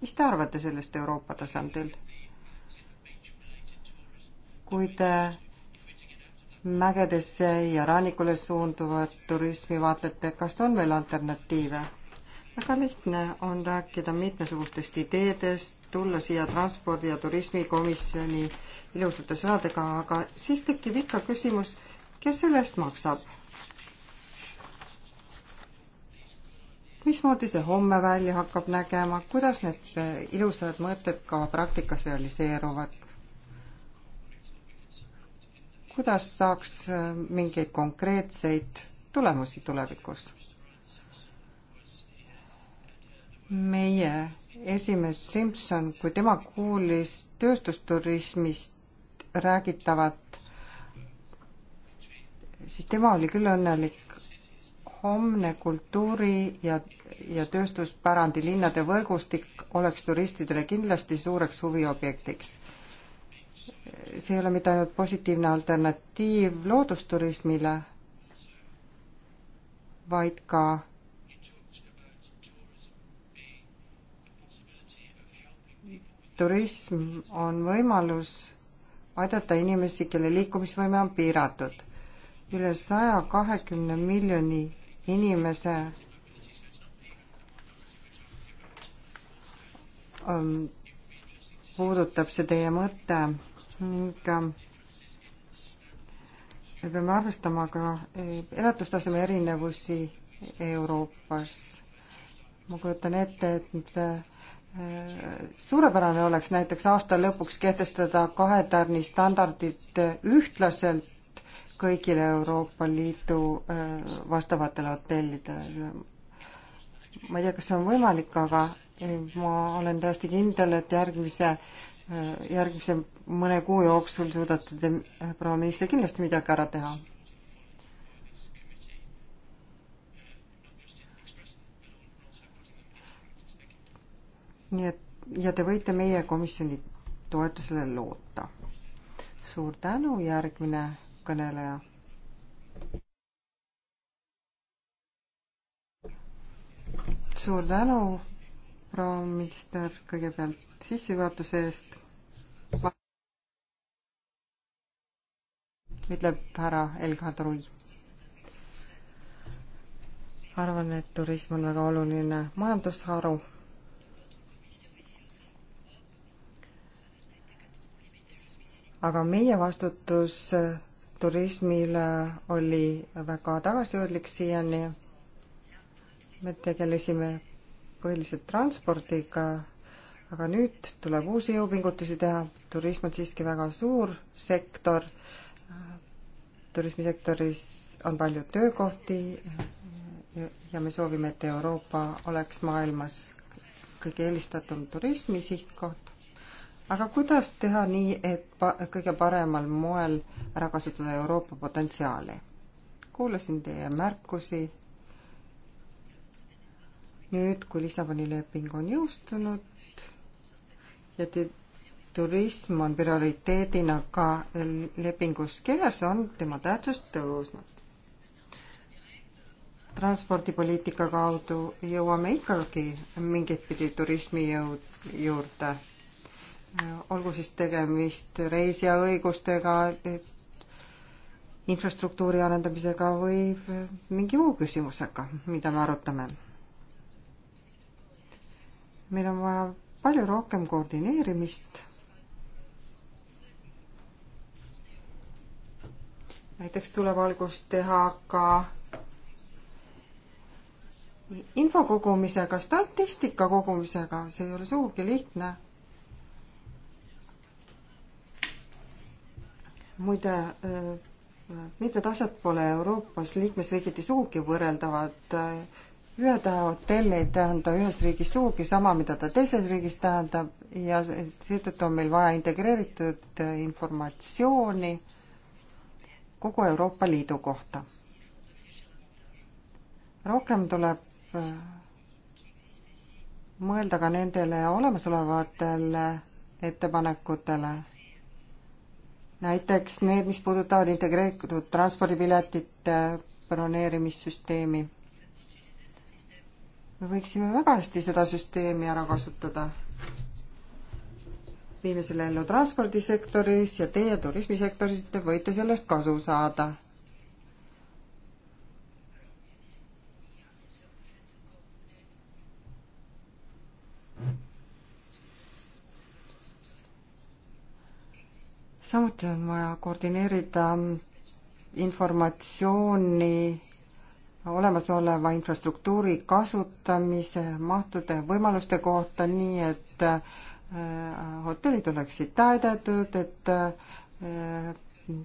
mis te arvate sellest Euroopa tasandil? kui te mägedesse ja rannikule suunduvat turismi vaatlete, kas on veel alternatiive? väga lihtne on rääkida mitmesugustest ideedest, tulla siia transpordi- ja turismikomisjoni ilusate sõnadega, aga siis tekib ikka küsimus, kes selle eest maksab? mismoodi see homme välja hakkab nägema, kuidas need ilusad mõtted ka praktikas realiseeruvad? kuidas saaks äh, mingeid konkreetseid tulemusi tulevikus? meie esimees Simson, kui tema kuulis tööstusturismist räägitavat, siis tema oli küll õnnelik. homne kultuuri ja, ja tööstuspärandi linnade võrgustik oleks turistidele kindlasti suureks huviobjektiks see ei ole mitte ainult positiivne alternatiiv loodusturismile, vaid ka turism on võimalus aidata inimesi, kelle liikumisvõime on piiratud. üle saja kahekümne miljoni inimese ähm, puudutab see teie mõte ning äh, me peame arvestama ka äh, elatustaseme erinevusi Euroopas. ma kujutan ette, et äh, suurepärane oleks näiteks aasta lõpuks kehtestada kahetarni standardid ühtlaselt kõigile Euroopa Liidu vastavatele hotellidele. ma ei tea, kas see on võimalik, aga ma olen täiesti kindel, et järgmise Äh, järgmise mõne kuu jooksul suudate te, äh, proua minister, kindlasti midagi ära teha. nii et ja te võite meie komisjoni toetusele loota. suur tänu, järgmine kõneleja. suur tänu proua minister, kõigepealt sissejuhatuse eest. ütleb härra Elga Trui. arvan, et turism on väga oluline majandusharu. aga meie vastutus turismile oli väga tagasihoidlik siiani. me tegelesime põhiliselt transpordiga, aga nüüd tuleb uusi jõupingutusi teha, turism on siiski väga suur sektor, turismisektoris on palju töökohti ja me soovime, et Euroopa oleks maailmas kõige eelistatum turismi sihtkoht. aga kuidas teha nii, et pa-, kõige paremal moel ära kasutada Euroopa potentsiaali? kuulasin teie märkusi nüüd, kui Lissaboni leping on jõustunud ja turism on prioriteedina ka lepingus kirjas, on tema tähtsus tõusnud. transpordipoliitika kaudu jõuame ikkagi mingit pidi turismi jõud, juurde. olgu siis tegemist reisija õigustega, infrastruktuuri arendamisega või mingi muu küsimusega, mida me arutame meil on vaja palju rohkem koordineerimist. näiteks tuleb algust teha ka info kogumisega, statistika kogumisega, see ei ole sugugi lihtne. muide, äh, mitmed asjad pole Euroopas liikmesriigiti sugugi võrreldavad ühe tähe hotell ei tähenda ühes riigis sugugi sama, mida ta teises riigis tähendab ja seetõttu on meil vaja integreeritud informatsiooni kogu Euroopa Liidu kohta. rohkem tuleb äh, mõelda ka nendele olemasolevatele ettepanekutele. näiteks need, mis puudutavad integreeritud transpordipiletite broneerimissüsteemi me võiksime väga hästi seda süsteemi ära kasutada. viime selle ellu transpordisektoris ja teie turismisektoris, te võite sellest kasu saada. samuti on vaja koordineerida informatsiooni olemasoleva infrastruktuuri kasutamise mahtude võimaluste kohta, nii et äh, hotellid oleksid täidetud, et äh,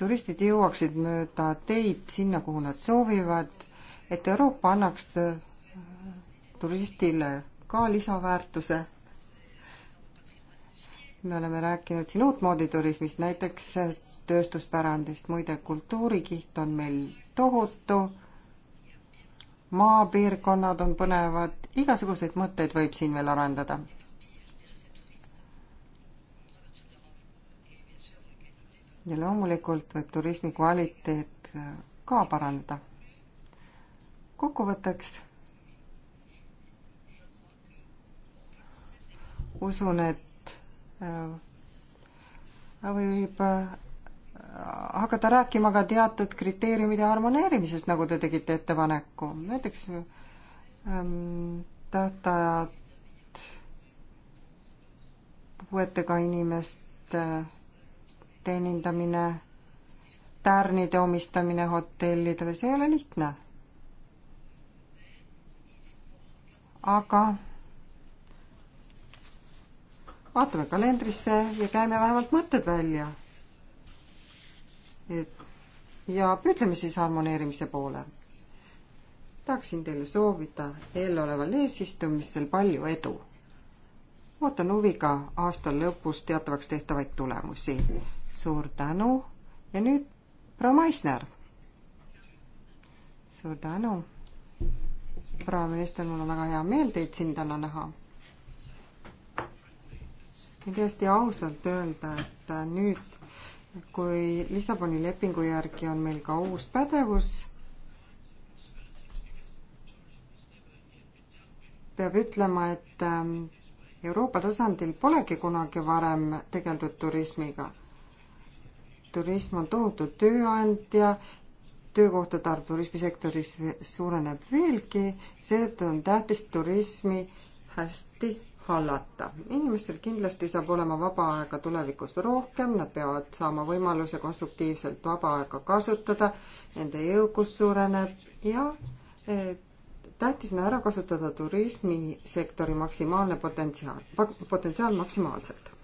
turistid jõuaksid mööda teid sinna, kuhu nad soovivad, et Euroopa annaks äh, turistile ka lisaväärtuse. me oleme rääkinud siin uutmoodi turismist, näiteks tööstuspärandist, muide kultuurikiht on meil tohutu, maapiirkonnad on põnevad, igasuguseid mõtteid võib siin veel arendada. ja loomulikult võib turismi kvaliteet ka paraneda. kokkuvõtteks usun, et äh, võib hakata rääkima ka teatud kriteeriumide harmoneerimisest, nagu te tegite ettepaneku, näiteks ähm, tähtajad, puuetega inimeste teenindamine, tärnide omistamine hotellidele, see ei ole lihtne. aga vaatame kalendrisse ja käime vähemalt mõtted välja ja püüdleme siis harmoneerimise poole. tahaksin teile soovida eeloleval eesistumisel palju edu. ootan huviga aasta lõpus teatavaks tehtavaid tulemusi. suur tänu ja nüüd proua Maisner. suur tänu. proua minister, mul on väga hea meel teid siin täna näha ja tõesti ausalt öelda, et nüüd kui Lissaboni lepingu järgi on meil ka uus pädevus, peab ütlema, et ähm, Euroopa tasandil polegi kunagi varem tegeldud turismiga. turism on tohutu tööandja, töökohtade arv turismisektoris suureneb veelgi, seetõttu on tähtis turismi hästi hallata. inimestel kindlasti saab olema vaba aega tulevikus rohkem, nad peavad saama võimaluse konstruktiivselt vaba aega kasutada, nende jõukus suureneb ja tähtis on ära kasutada turismisektori maksimaalne potentsiaal, potentsiaal maksimaalselt.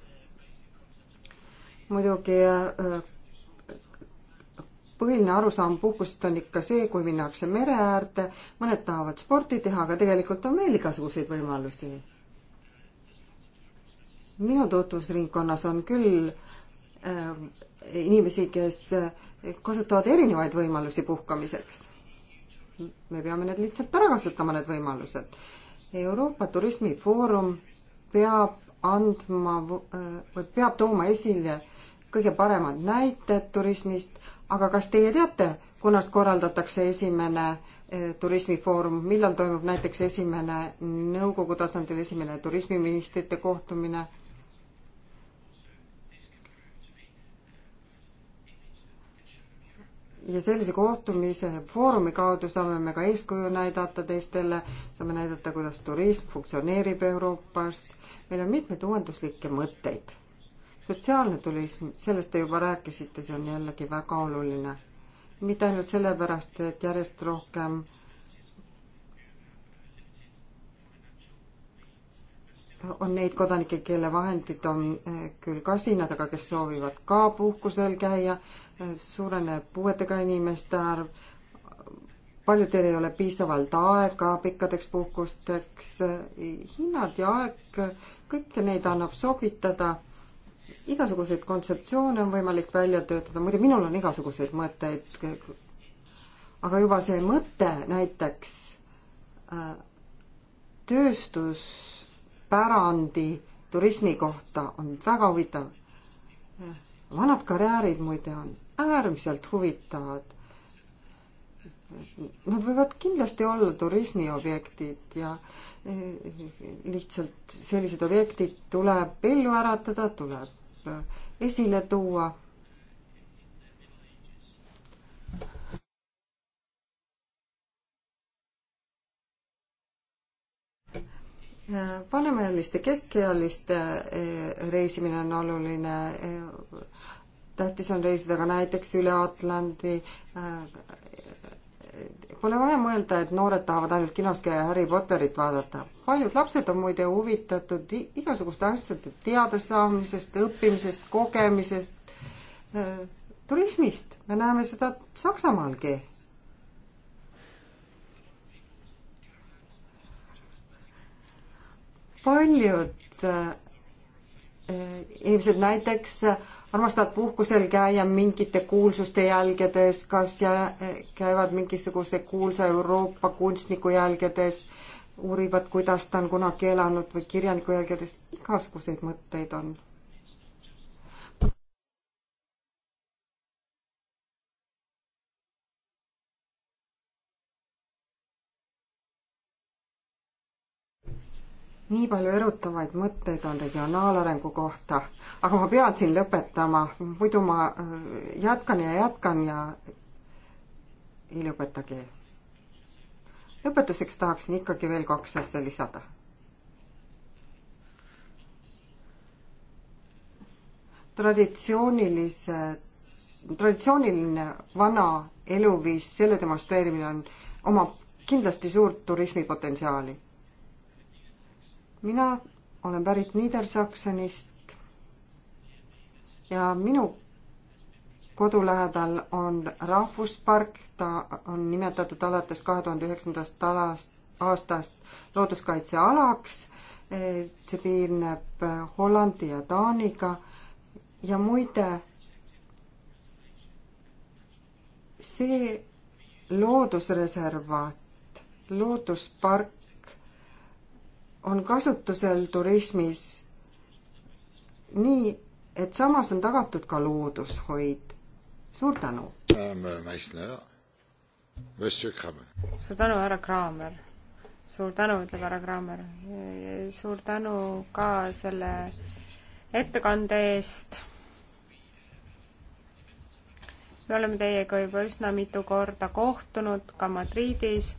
muidugi äh, põhiline arusaam puhkusest on ikka see, kui minnakse mere äärde, mõned tahavad sporti teha, aga tegelikult on veel igasuguseid võimalusi minu tutvusringkonnas on küll ähm, inimesi, kes äh, kasutavad erinevaid võimalusi puhkamiseks. me peame need lihtsalt ära kasutama, need võimalused. Euroopa Turismifoorum peab andma äh, või peab tooma esile kõige paremad näited turismist, aga kas teie teate, kunas korraldatakse esimene äh, turismifoorum, millal toimub näiteks esimene nõukogu tasandil esimene turismiministrite kohtumine ja sellise kohtumise foorumi kaudu saame me ka eeskuju näidata teistele, saame näidata, kuidas turism funktsioneerib Euroopas. meil on mitmeid uuenduslikke mõtteid. sotsiaalne turism, sellest te juba rääkisite, see on jällegi väga oluline. mitte ainult sellepärast, et järjest rohkem äh, on neid kodanikke, kelle vahendid on eh, küll kasinad, aga kes soovivad ka puhkusel käia, eh, suureneb puuetega inimeste arv, paljudel ei ole piisavalt aega pikkadeks puhkusteks, eh, hinnad ja aeg, kõike neid annab sobitada. igasuguseid kontseptsioone on võimalik välja töötada, muide minul on igasuguseid mõtteid, aga juba see mõte näiteks tööstus pärandi turismi kohta on väga huvitav. vanad karjäärid muide on äärmiselt huvitavad. Nad võivad kindlasti olla turismiobjektid ja eh, lihtsalt sellised objektid tuleb ellu äratada, tuleb eh, esile tuua vanemaealiste, keskealiste eh, reisimine on oluline. Eh, tähtis on reisida ka näiteks üle Atlandi. Eh, pole vaja mõelda, et noored tahavad ainult kinos käia Harry Potterit vaadata. paljud lapsed on muide huvitatud igasuguste asjade teadasaamisest, õppimisest, kogemisest, turismist. me näeme seda Saksamaalgi paljud eh, inimesed näiteks armastavad puhkusel käia mingite kuulsuste jälgedes, kas jä, käivad mingisuguse kuulsa Euroopa kunstniku jälgedes, uurivad, kuidas ta on kunagi elanud või kirjaniku jälgedes, igasuguseid mõtteid on. nii palju erutavaid mõtteid on regionaalarengu kohta, aga ma pean siin lõpetama, muidu ma äh, jätkan ja jätkan ja ei lõpetagi. lõpetuseks tahaksin ikkagi veel kaks asja lisada. traditsioonilise, traditsiooniline vana eluviis, selle demonstreerimine on, omab kindlasti suurt turismipotentsiaali mina olen pärit Niedersaksenist ja minu kodu lähedal on rahvuspark, ta on nimetatud alates kahe tuhande üheksandast alast, aastast looduskaitsealaks. see piirneb Hollandi ja Taaniga ja muide, see loodusreservaat, looduspark on kasutusel turismis nii, et samas on tagatud ka loodushoid. suur tänu! Äh, suur tänu, härra Kraamer! suur tänu, ütleb härra Kraamer. suur tänu ka selle ettekande eest. me oleme teiega juba üsna mitu korda kohtunud ka Madridis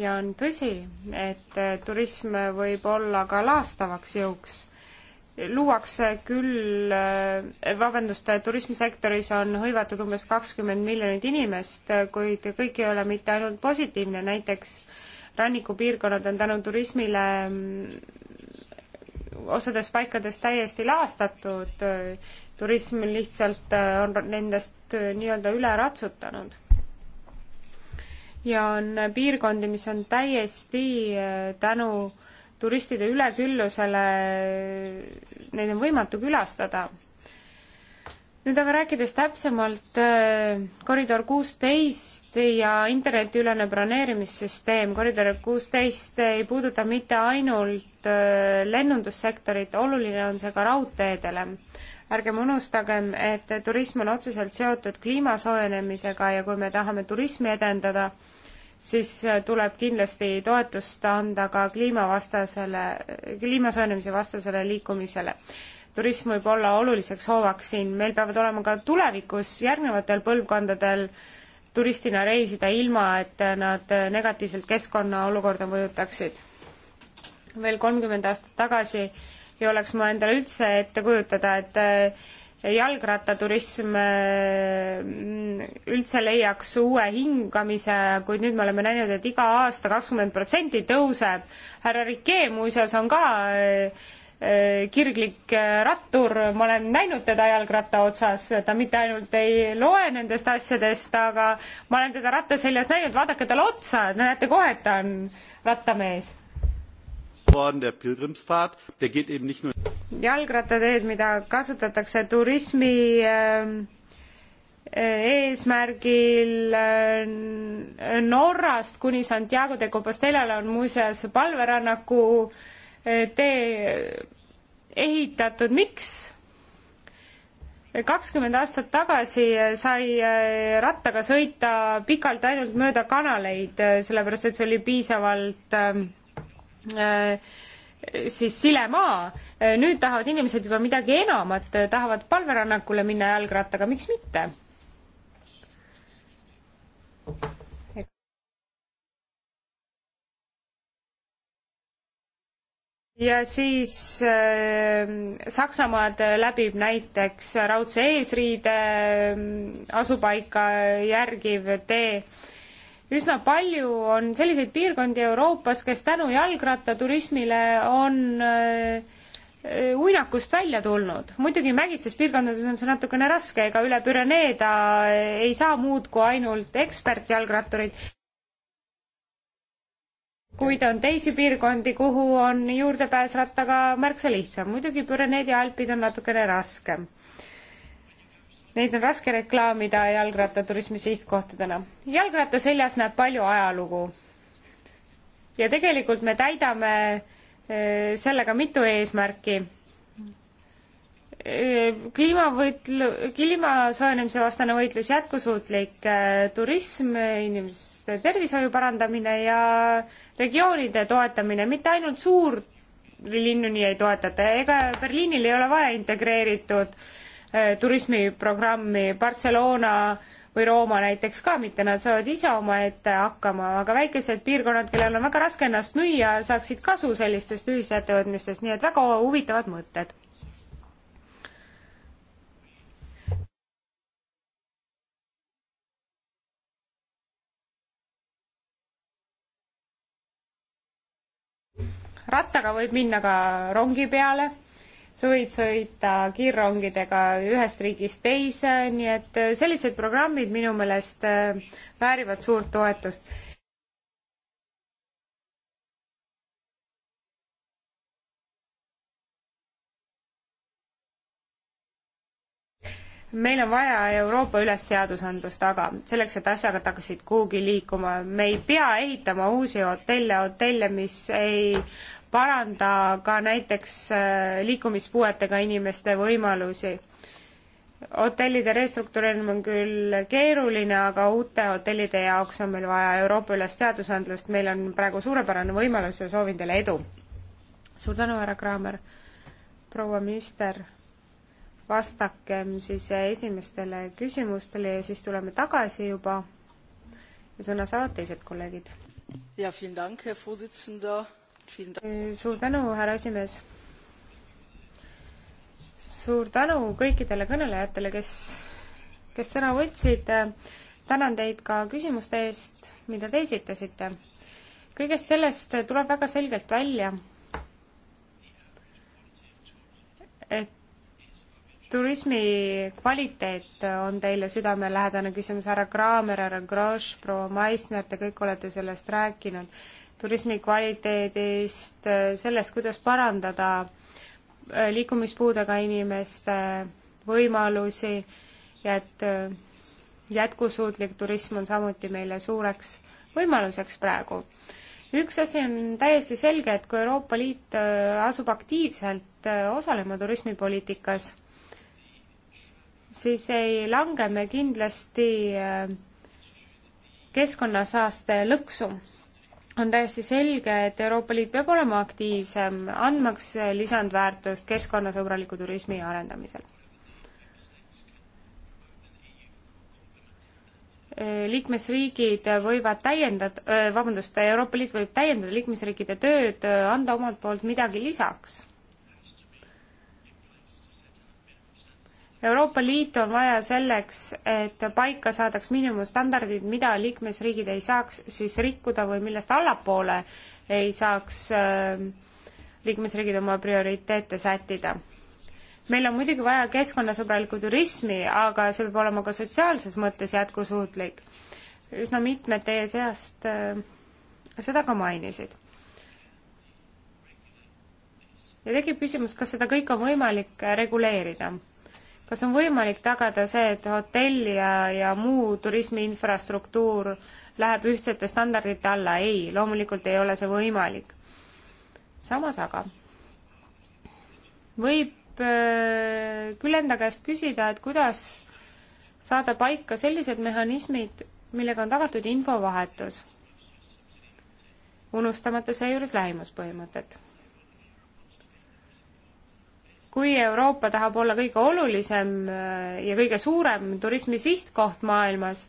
ja on tõsi, et äh, turism võib olla ka laastavaks jõuks. luuakse küll, äh, vabandust, äh, turismisektoris on hõivatud umbes kakskümmend miljonit inimest, kuid kõik ei ole mitte ainult positiivne, näiteks rannikupiirkonnad on tänu turismile mm, osades paikades täiesti laastatud, turism lihtsalt on nendest nii-öelda üle ratsutanud ja on piirkondi, mis on täiesti äh, tänu turistide üleküllusele, neid on võimatu külastada. nüüd aga rääkides täpsemalt, äh, koridor kuusteist ja internetiülene broneerimissüsteem, koridor kuusteist ei puuduta mitte ainult äh, lennundussektorit, oluline on see ka raudteedele ärgem unustagem, et turism on otseselt seotud kliima soojenemisega ja kui me tahame turismi edendada, siis tuleb kindlasti toetust anda ka kliimavastasele, kliima soojenemise vastasele liikumisele turism võib olla oluliseks hoovaks siin, meil peavad olema ka tulevikus järgnevatel põlvkondadel turistina reisida, ilma et nad negatiivselt keskkonna olukorda mõjutaksid. veel kolmkümmend aastat tagasi ei oleks ma endale üldse ette kujutada, et äh, jalgrattaturism äh, üldse leiaks uue hingamise, kuid nüüd me oleme näinud, et iga aasta kakskümmend protsenti tõuseb. härra Rikee muuseas on ka äh, kirglik rattur, ma olen näinud teda jalgratta otsas, ta mitte ainult ei loe nendest asjadest, aga ma olen teda ratta seljas näinud, vaadake talle otsa, te näete kohe, et ta on rattamees jalgrattateed, mida kasutatakse turismi ähm, äh, eesmärgil äh, Norrast kuni Santiago de Compostelale on muuseas palverännaku äh, tee ehitatud, miks? kakskümmend aastat tagasi sai rattaga sõita pikalt ainult mööda kanaleid, sellepärast et see oli piisavalt äh, Äh, siis silemaa, äh, nüüd tahavad inimesed juba midagi enamat, äh, tahavad palverännakule minna jalgrattaga, miks mitte? ja siis äh, Saksamaad läbib näiteks raudse eesriide äh, asupaika järgiv tee üsna palju on selliseid piirkondi Euroopas, kes tänu jalgrattaturismile on äh, äh, uinakust välja tulnud. muidugi mägistes piirkondades on see natukene raske, ega üle Püreneeda äh, ei saa muud kui ainult ekspertjalgratturid kuid on teisi piirkondi, kuhu on juurdepääs rattaga märksa lihtsam. muidugi Püreneedi alpid on natukene raskem. Neid on raske reklaamida jalgrattaturismi sihtkohtadena. jalgratta seljas näeb palju ajalugu. ja tegelikult me täidame eh, sellega mitu eesmärki eh, kliimavõitl-, kliima soojenemise vastane võitlus, jätkusuutlik eh, turism, inimeste tervishoiu parandamine ja regioonide toetamine, mitte ainult suurlinnu nii ei toetata, ega Berliinil ei ole vaja integreeritud äh, Äh, turismiprogrammi Barcelona või Rooma näiteks ka mitte, nad saavad ise omaette hakkama, aga väikesed piirkonnad, kellel on väga raske ennast müüa, saaksid kasu sellistest ühisettevõtmistest, nii et väga huvitavad mõtted. rattaga võib minna ka rongi peale võid sõita kiirrongidega ühest riigist teise, nii et äh, sellised programmid minu meelest äh, väärivad suurt toetust. meil on vaja Euroopa üles seadusandlust, aga selleks, et asjad hakkasid kuhugi liikuma, me ei pea ehitama uusi hotelle, hotelle, mis ei paranda ka näiteks äh, liikumispuuetega inimeste võimalusi. hotellide restruktureerimine on küll keeruline, aga uute hotellide jaoks on meil vaja Euroopa üles teadusandlust, meil on praegu suurepärane võimalus ja soovin teile edu. suur tänu, härra Kraamer. proua minister, vastakem siis esimestele küsimustele ja siis tuleme tagasi juba ja sõna saavad teised kolleegid. ja, vielen Dank, Herr Vorsitzender Eh, suur tänu, härra esimees. suur tänu kõikidele kõnelejatele, kes, kes sõna võtsid. tänan teid ka küsimuste eest, mida te esitasite. kõigest sellest tuleb väga selgelt välja, et turismi kvaliteet on teile südamelähedane küsimus, härra Kraamer, härra Grosch, proua Maisner, te kõik olete sellest rääkinud turismi kvaliteedist, sellest, kuidas parandada äh, liikumispuudega inimeste võimalusi ja et äh, jätkusuutlik turism on samuti meile suureks võimaluseks praegu. üks asi on täiesti selge, et kui Euroopa Liit äh, asub aktiivselt osalema turismipoliitikas, siis ei lange me kindlasti keskkonnasaaste lõksu on täiesti selge, et Euroopa Liit peab olema aktiivsem, andmaks lisandväärtust keskkonnasõbraliku turismi arendamisel. liikmesriigid võivad täiendada, vabandust, Euroopa Liit võib täiendada liikmesriikide tööd, anda omalt poolt midagi lisaks Euroopa Liitu on vaja selleks, et paika saadaks miinimumstandardid, mida liikmesriigid ei saaks siis rikkuda või millest allapoole ei saaks äh, liikmesriigid oma prioriteete sättida. meil on muidugi vaja keskkonnasõbralikku turismi, aga see peab olema ka sotsiaalses mõttes jätkusuutlik. üsna mitmed teie seast äh, seda ka mainisid ja tekib küsimus, kas seda kõike on võimalik reguleerida kas on võimalik tagada see, et hotell ja, ja muu turismi infrastruktuur läheb ühtsete standardite alla? ei, loomulikult ei ole see võimalik. samas aga võib äh, küll enda käest küsida, et kuidas saada paika sellised mehhanismid, millega on tagatud infovahetus, unustamata seejuures lähimuspõhimõtet kui Euroopa tahab olla kõige olulisem äh, ja kõige suurem turismi sihtkoht maailmas,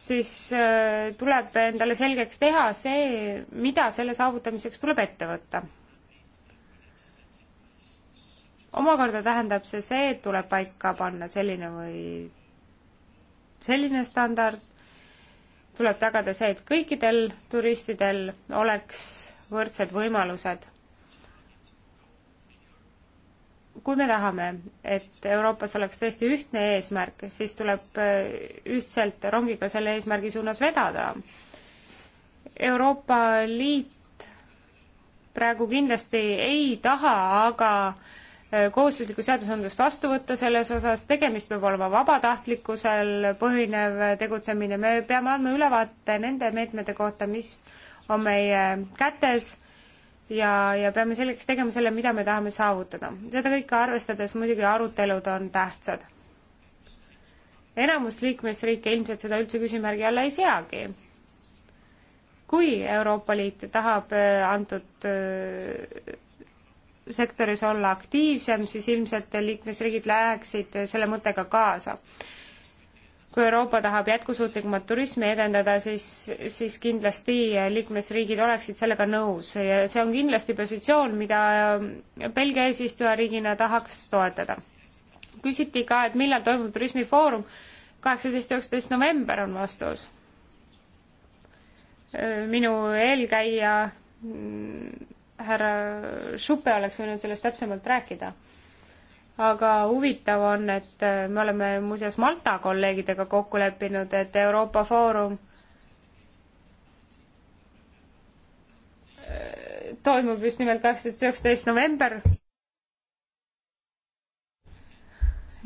siis äh, tuleb endale selgeks teha see, mida selle saavutamiseks tuleb ette võtta. omakorda tähendab see see, et tuleb paika panna selline või selline standard, tuleb tagada see, et kõikidel turistidel oleks võrdsed võimalused kui me tahame, et Euroopas oleks tõesti ühtne eesmärk, siis tuleb äh, ühtselt rongiga selle eesmärgi suunas vedada. Euroopa Liit praegu kindlasti ei taha aga äh, kohustuslikku seadusandlust vastu võtta selles osas, tegemist peab olema vabatahtlikkusel põhinev tegutsemine, me peame andma ülevaate nende meetmete kohta, mis on meie kätes ja, ja peame selgeks tegema selle, mida me tahame saavutada. seda kõike arvestades muidugi arutelud on tähtsad. enamus liikmesriike ilmselt seda üldse küsimärgi alla ei seagi. kui Euroopa Liit tahab äh, antud äh, sektoris olla aktiivsem, siis ilmselt liikmesriigid läheksid selle mõttega kaasa kui Euroopa tahab jätkusuutlikumat turismi edendada, siis, siis kindlasti liikmesriigid oleksid sellega nõus ja see on kindlasti positsioon, mida Belgia eesistujariigina tahaks toetada. küsiti ka, et millal toimub turismifoorum, kaheksateist, üheksateist november on vastus. minu eelkäija mm, härra Šupe oleks võinud sellest täpsemalt rääkida aga huvitav on, et äh, me oleme muuseas Malta kolleegidega kokku leppinud, et Euroopa Foorum äh, toimub just nimelt kaksteist, üheksateist november.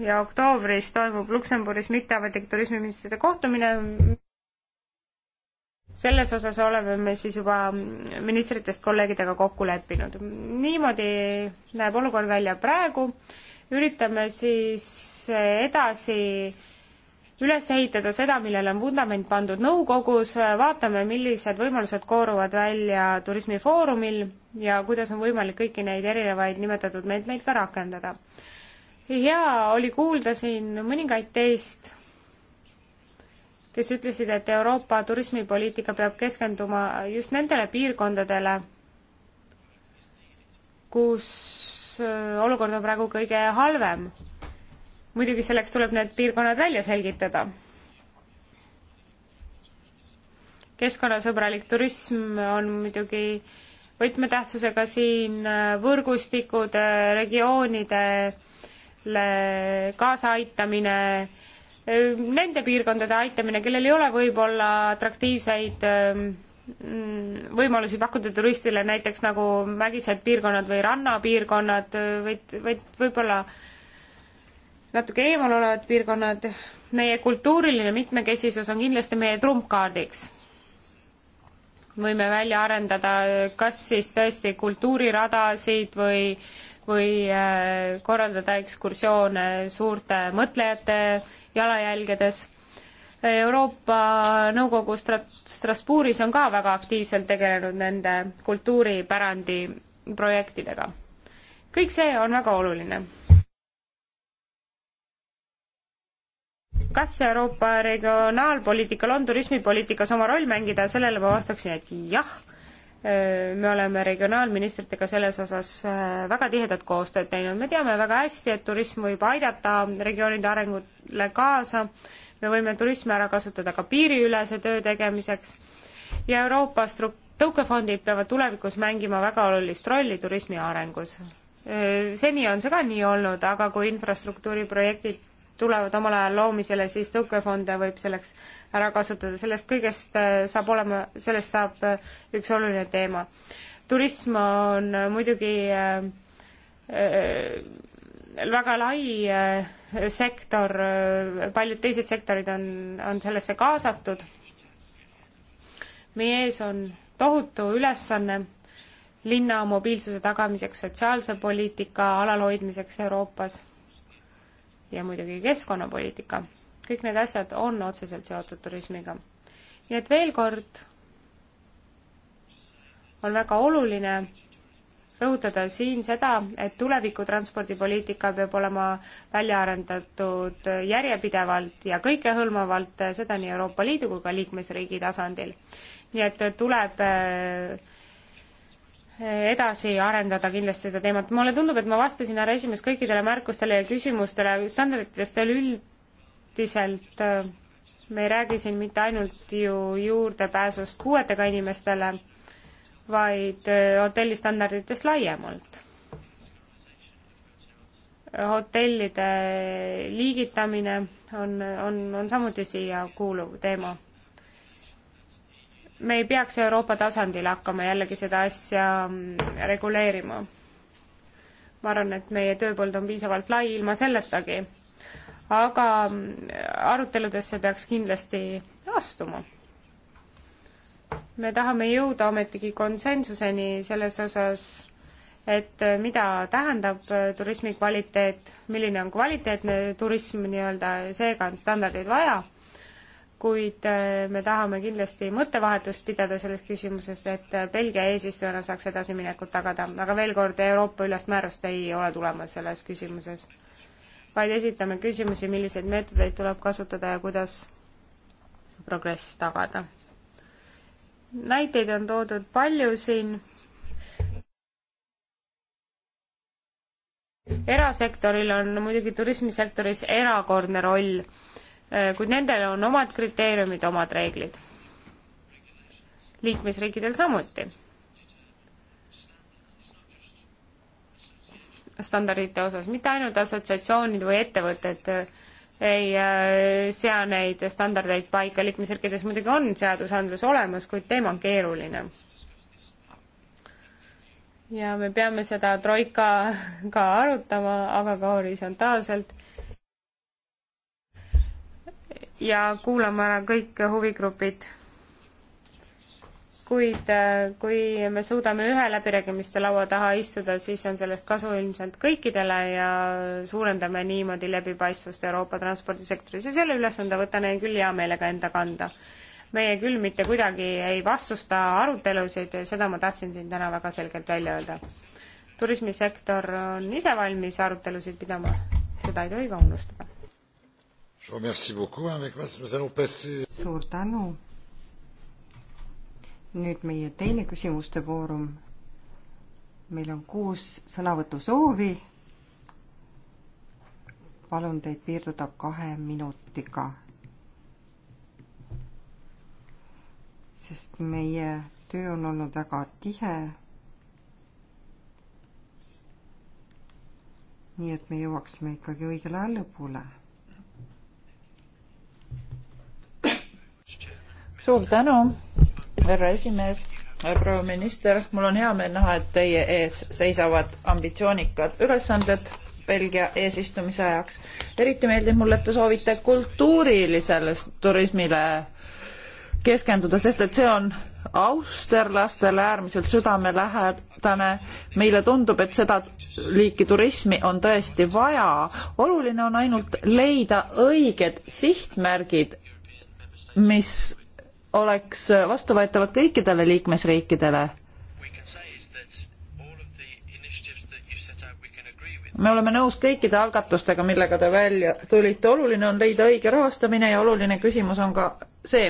ja oktoobris toimub Luksemburgis mitteametlik turismiministrite kohtumine. selles osas oleme me siis juba ministritest kolleegidega kokku leppinud. niimoodi näeb olukord välja praegu üritame siis edasi üles ehitada seda, millele on vundament pandud nõukogus, vaatame, millised võimalused kooruvad välja turismifoorumil ja kuidas on võimalik kõiki neid erinevaid nimetatud meetmeid ka rakendada. hea oli kuulda siin mõningaid teist, kes ütlesid, et Euroopa turismipoliitika peab keskenduma just nendele piirkondadele, kus kus äh, olukord on praegu kõige halvem. muidugi selleks tuleb need piirkonnad välja selgitada. keskkonnasõbralik turism on muidugi võtmetähtsusega siin äh, võrgustikud, äh, regioonidele kaasaaitamine, nende piirkondade aitamine, kellel ei ole võib-olla atraktiivseid ähm, Mm, võimalusi pakkuda turistile, näiteks nagu mägised piirkonnad või rannapiirkonnad või, või võib-olla natuke eemal olevad piirkonnad. meie kultuuriline mitmekesisus on kindlasti meie trumpkaardiks. võime välja arendada kas siis tõesti kultuuriradasid või, või äh, korraldada ekskursioone suurte mõtlejate jalajälgedes Euroopa Nõukogu Strasbourgis on ka väga aktiivselt tegelenud nende kultuuripärandi projektidega. kõik see on väga oluline. kas Euroopa regionaalpoliitikal on turismipoliitikas oma roll mängida, sellele ma vastaksin, et jah me oleme regionaalministritega selles osas äh, väga tihedat koostööd teinud, me teame väga hästi, et turism võib aidata regioonide arengule kaasa me võime turismi ära kasutada ka piiriülese töö tegemiseks ja Euroopa struk-, tõukefondid peavad tulevikus mängima väga olulist rolli turismi arengus. seni on see ka nii olnud, aga kui infrastruktuuriprojektid tulevad omal ajal loomisele, siis tõukefonde võib selleks ära kasutada, sellest kõigest saab olema, sellest saab üks oluline teema. turism on muidugi äh, äh, väga lai äh, sektor, äh, paljud teised sektorid on, on sellesse kaasatud. meie ees on tohutu ülesanne linna mobiilsuse tagamiseks, sotsiaalse poliitika alalhoidmiseks Euroopas ja muidugi keskkonnapoliitika. kõik need asjad on otseselt seotud turismiga. nii et veel kord, on väga oluline rõhutada siin seda, et tuleviku transpordipoliitika peab olema välja arendatud järjepidevalt ja kõikehõlmavalt, seda nii Euroopa Liidu kui ka liikmesriigi tasandil. nii et tuleb eh, edasi arendada kindlasti seda teemat. mulle tundub, et ma vastasin, härra esimees, kõikidele märkustele ja küsimustele, standarditest veel üldiselt eh, me ei räägi siin mitte ainult ju juurdepääsust puuetega inimestele vaid äh, hotellistandarditest laiemalt. hotellide liigitamine on, on, on samuti siia kuuluv teema. me ei peaks Euroopa tasandil hakkama jällegi seda asja mm, reguleerima. ma arvan, et meie tööpõld on piisavalt lai ilma selletagi, aga mm, aruteludesse peaks kindlasti astuma me tahame jõuda ometigi konsensuseni selles osas, et mida tähendab äh, turismi kvaliteet, milline on kvaliteetne turism nii-öelda, seega on standardeid vaja, kuid äh, me tahame kindlasti mõttevahetust pidada selles küsimuses, et äh, Belgia eesistujana saaks edasiminekut tagada, aga veel kord, Euroopa ülest määrust ei ole tulemas selles küsimuses. vaid esitame küsimusi, milliseid meetodeid tuleb kasutada ja kuidas progress tagada näiteid on toodud palju siin. erasektoril on muidugi turismisektoris erakordne roll, kuid nendel on omad kriteeriumid, omad reeglid. liikmesriikidel samuti. standardite osas, mitte ainult assotsiatsioonid või ettevõtted et ei äh, sea neid standardeid paika, liikmesriikides muidugi on seadusandlus olemas, kuid teema on keeruline. ja me peame seda troika ka arutama, aga ka horisontaalselt. ja kuulama ära kõik huvigrupid kuid äh, kui me suudame ühe läbirääkimiste laua taha istuda, siis on sellest kasu ilmselt kõikidele ja suurendame niimoodi läbipaistvust Euroopa transpordisektoris ja selle ülesande võtan küll hea meelega enda kanda. meie küll mitte kuidagi ei vastusta arutelusid ja seda ma tahtsin siin täna väga selgelt välja öelda. turismisektor on ise valmis arutelusid pidama, seda ei tohi ka unustada. suur tänu nüüd meie teine küsimuste foorum. meil on kuus sõnavõtusoovi. palun teid piirduda kahe minutiga. sest meie töö on olnud väga tihe. nii et me jõuaksime ikkagi õigel ajal lõpule suur tänu, härra esimees, proua minister, mul on hea meel näha, et teie ees seisavad ambitsioonikad ülesanded Belgia eesistumise ajaks. eriti meeldib mulle, et te soovite kultuurilisele turismile keskenduda, sest et see on austerlastele äärmiselt südamelähedane. meile tundub, et seda liiki turismi on tõesti vaja. oluline on ainult leida õiged sihtmärgid, mis oleks vastuvõetavad kõikidele liikmesriikidele. me oleme nõus kõikide algatustega, millega te välja tulite, oluline on leida õige rahastamine ja oluline küsimus on ka see,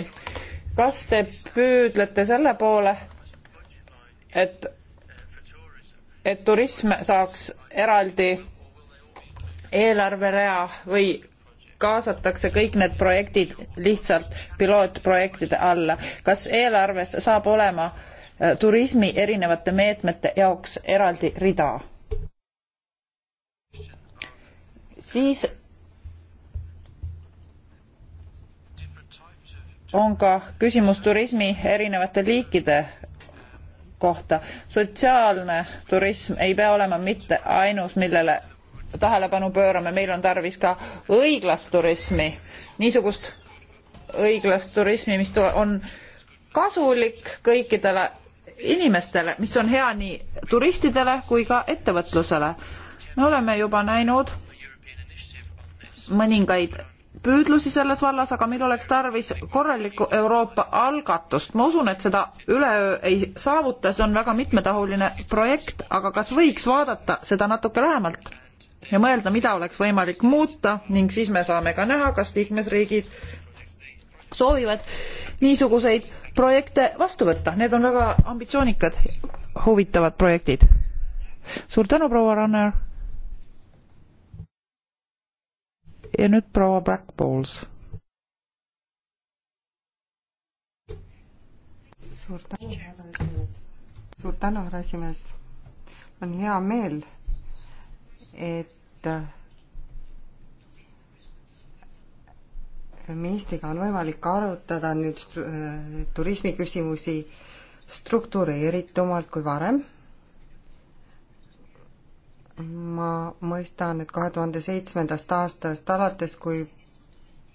kas te püüdlete selle poole, et, et turism saaks eraldi eelarverea või kaasatakse kõik need projektid lihtsalt pilootprojektide alla. kas eelarves saab olema äh, turismi erinevate meetmete jaoks eraldi rida? siis on ka küsimus turismi erinevate liikide kohta. sotsiaalne turism ei pea olema mitte ainus, millele tähelepanu pöörame, meil on tarvis ka õiglast turismi, niisugust õiglast turismi, mis on kasulik kõikidele inimestele, mis on hea nii turistidele kui ka ettevõtlusele. me oleme juba näinud mõningaid püüdlusi selles vallas, aga meil oleks tarvis korralikku Euroopa algatust. ma usun, et seda üleöö ei saavuta, see on väga mitmetahuline projekt, aga kas võiks vaadata seda natuke lähemalt? ja mõelda, mida oleks võimalik muuta ning siis me saame ka näha, kas liikmesriigid soovivad niisuguseid projekte vastu võtta. Need on väga ambitsioonikad, huvitavad projektid. suur tänu, proua Ranner. ja nüüd proua Blackballs suur tänu, härra esimees. suur tänu, härra esimees. on hea meel et ministriga on võimalik arutada nüüd stru turismiküsimusi struktureeritumalt kui varem. ma mõistan, et kahe tuhande seitsmendast aastast alates, kui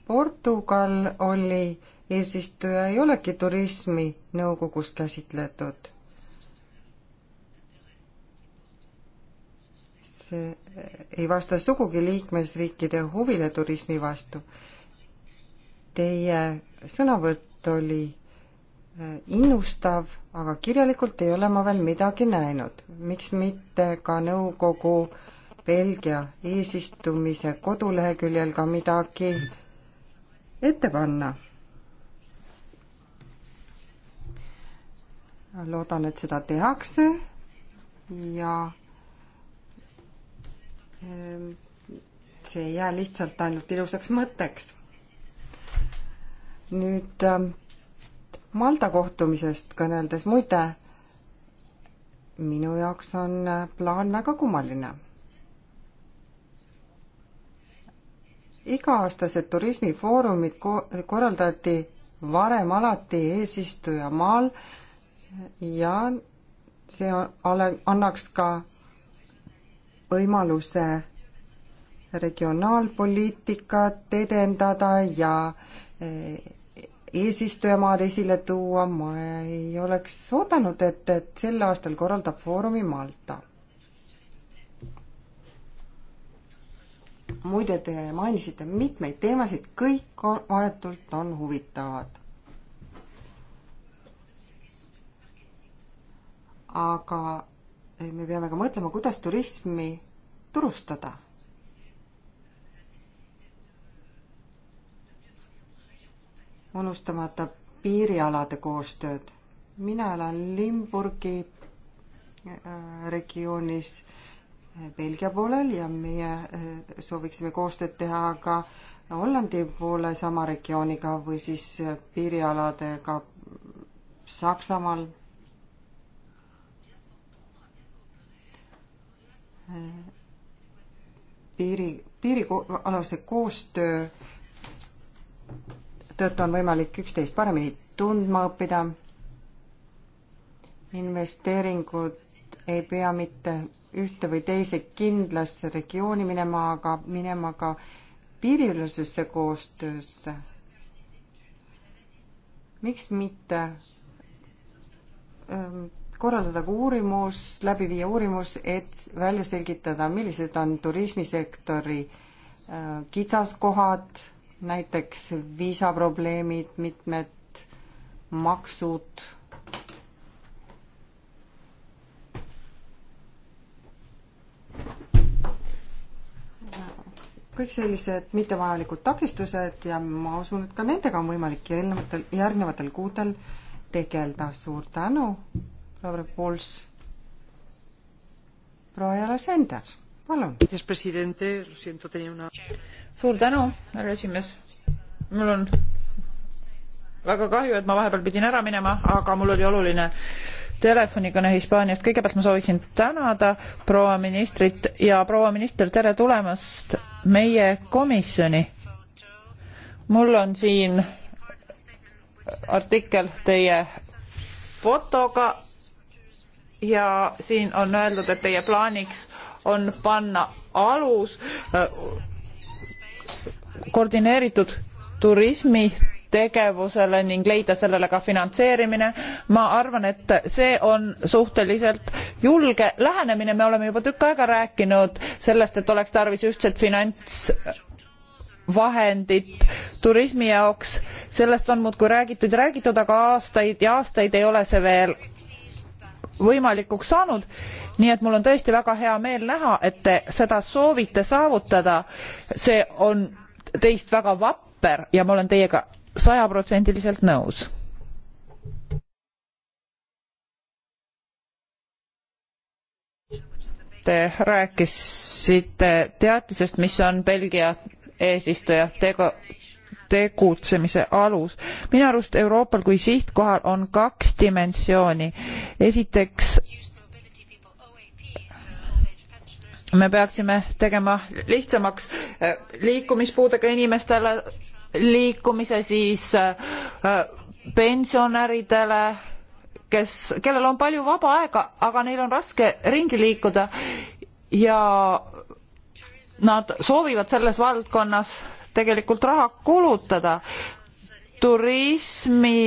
Portugal oli eesistuja, ei olegi turismi nõukogus käsitletud see eh, ei vasta sugugi liikmesriikide huvile turismi vastu. Teie sõnavõtt oli eh, innustav, aga kirjalikult ei ole ma veel midagi näinud. miks mitte ka nõukogu Belgia eesistumise koduleheküljel ka midagi ette panna? loodan, et seda tehakse ja Ehm, see ei jää lihtsalt ainult ilusaks mõtteks. nüüd ähm, Malta kohtumisest kõneldes, muide, minu jaoks on äh, plaan väga kummaline. iga-aastased turismifoorumid ko-, korraldati varem alati eesistujamaal ja see ole, annaks ka võimaluse regionaalpoliitikat edendada ja eh, eesistujamaad esile tuua, ma ei oleks oodanud, et, et sel aastal korraldab Foorumi Malta. muide, te mainisite mitmeid teemasid, kõik on, vahetult on huvitavad. aga me peame ka mõtlema, kuidas turismi turustada. unustamata piirialade koostööd. mina elan Limburgi äh, regioonis äh, Belgia poolel ja meie äh, sooviksime koostööd teha ka Hollandi poole sama regiooniga või siis piirialadega Saksamaal piiri, piirialase koostöö tõttu on võimalik üksteist paremini tundma õppida. investeeringud ei pea mitte ühte või teise kindlasse regiooni minema, aga minema ka piiriülesesse koostöösse. miks mitte ähm, korraldada ka uurimus, läbi viia uurimus, et välja selgitada, millised on turismisektori äh, kitsaskohad, näiteks viisaprobleemid, mitmed maksud. kõik sellised mittevajalikud takistused ja ma usun, et ka nendega on võimalik eelnevatel, järgnevatel kuudel tegeleda. suur tänu! Laura Pools. proua Jala Sender, palun. suur tänu, härra esimees. mul on väga kahju, et ma vahepeal pidin ära minema, aga mul oli oluline telefonikõne Hispaaniast. kõigepealt ma sooviksin tänada proua ministrit ja proua minister, tere tulemast meie komisjoni. mul on siin artikkel teie fotoga ja siin on öeldud, et teie plaaniks on panna alus äh, koordineeritud turismi tegevusele ning leida sellele ka finantseerimine. ma arvan, et see on suhteliselt julge lähenemine, me oleme juba tükk aega rääkinud sellest, et oleks tarvis ühtset finantsvahendit turismi jaoks, sellest on muudkui räägitud ja räägitud, aga aastaid ja aastaid ei ole see veel võimalikuks saanud nii et mul on tõesti väga hea meel näha et te seda soovite saavutada see on teist väga vapper ja ma olen teiega sajaprotsendiliselt nõus te rääkisite teatisest mis on belgia eesistuja tegu tegutsemise alus. minu arust Euroopal kui sihtkohal on kaks dimensiooni. esiteks me peaksime tegema lihtsamaks eh, liikumispuudega inimestele liikumise siis eh, pensionäridele kes kellel on palju vaba aega aga neil on raske ringi liikuda ja nad soovivad selles valdkonnas tegelikult raha kulutada. turismi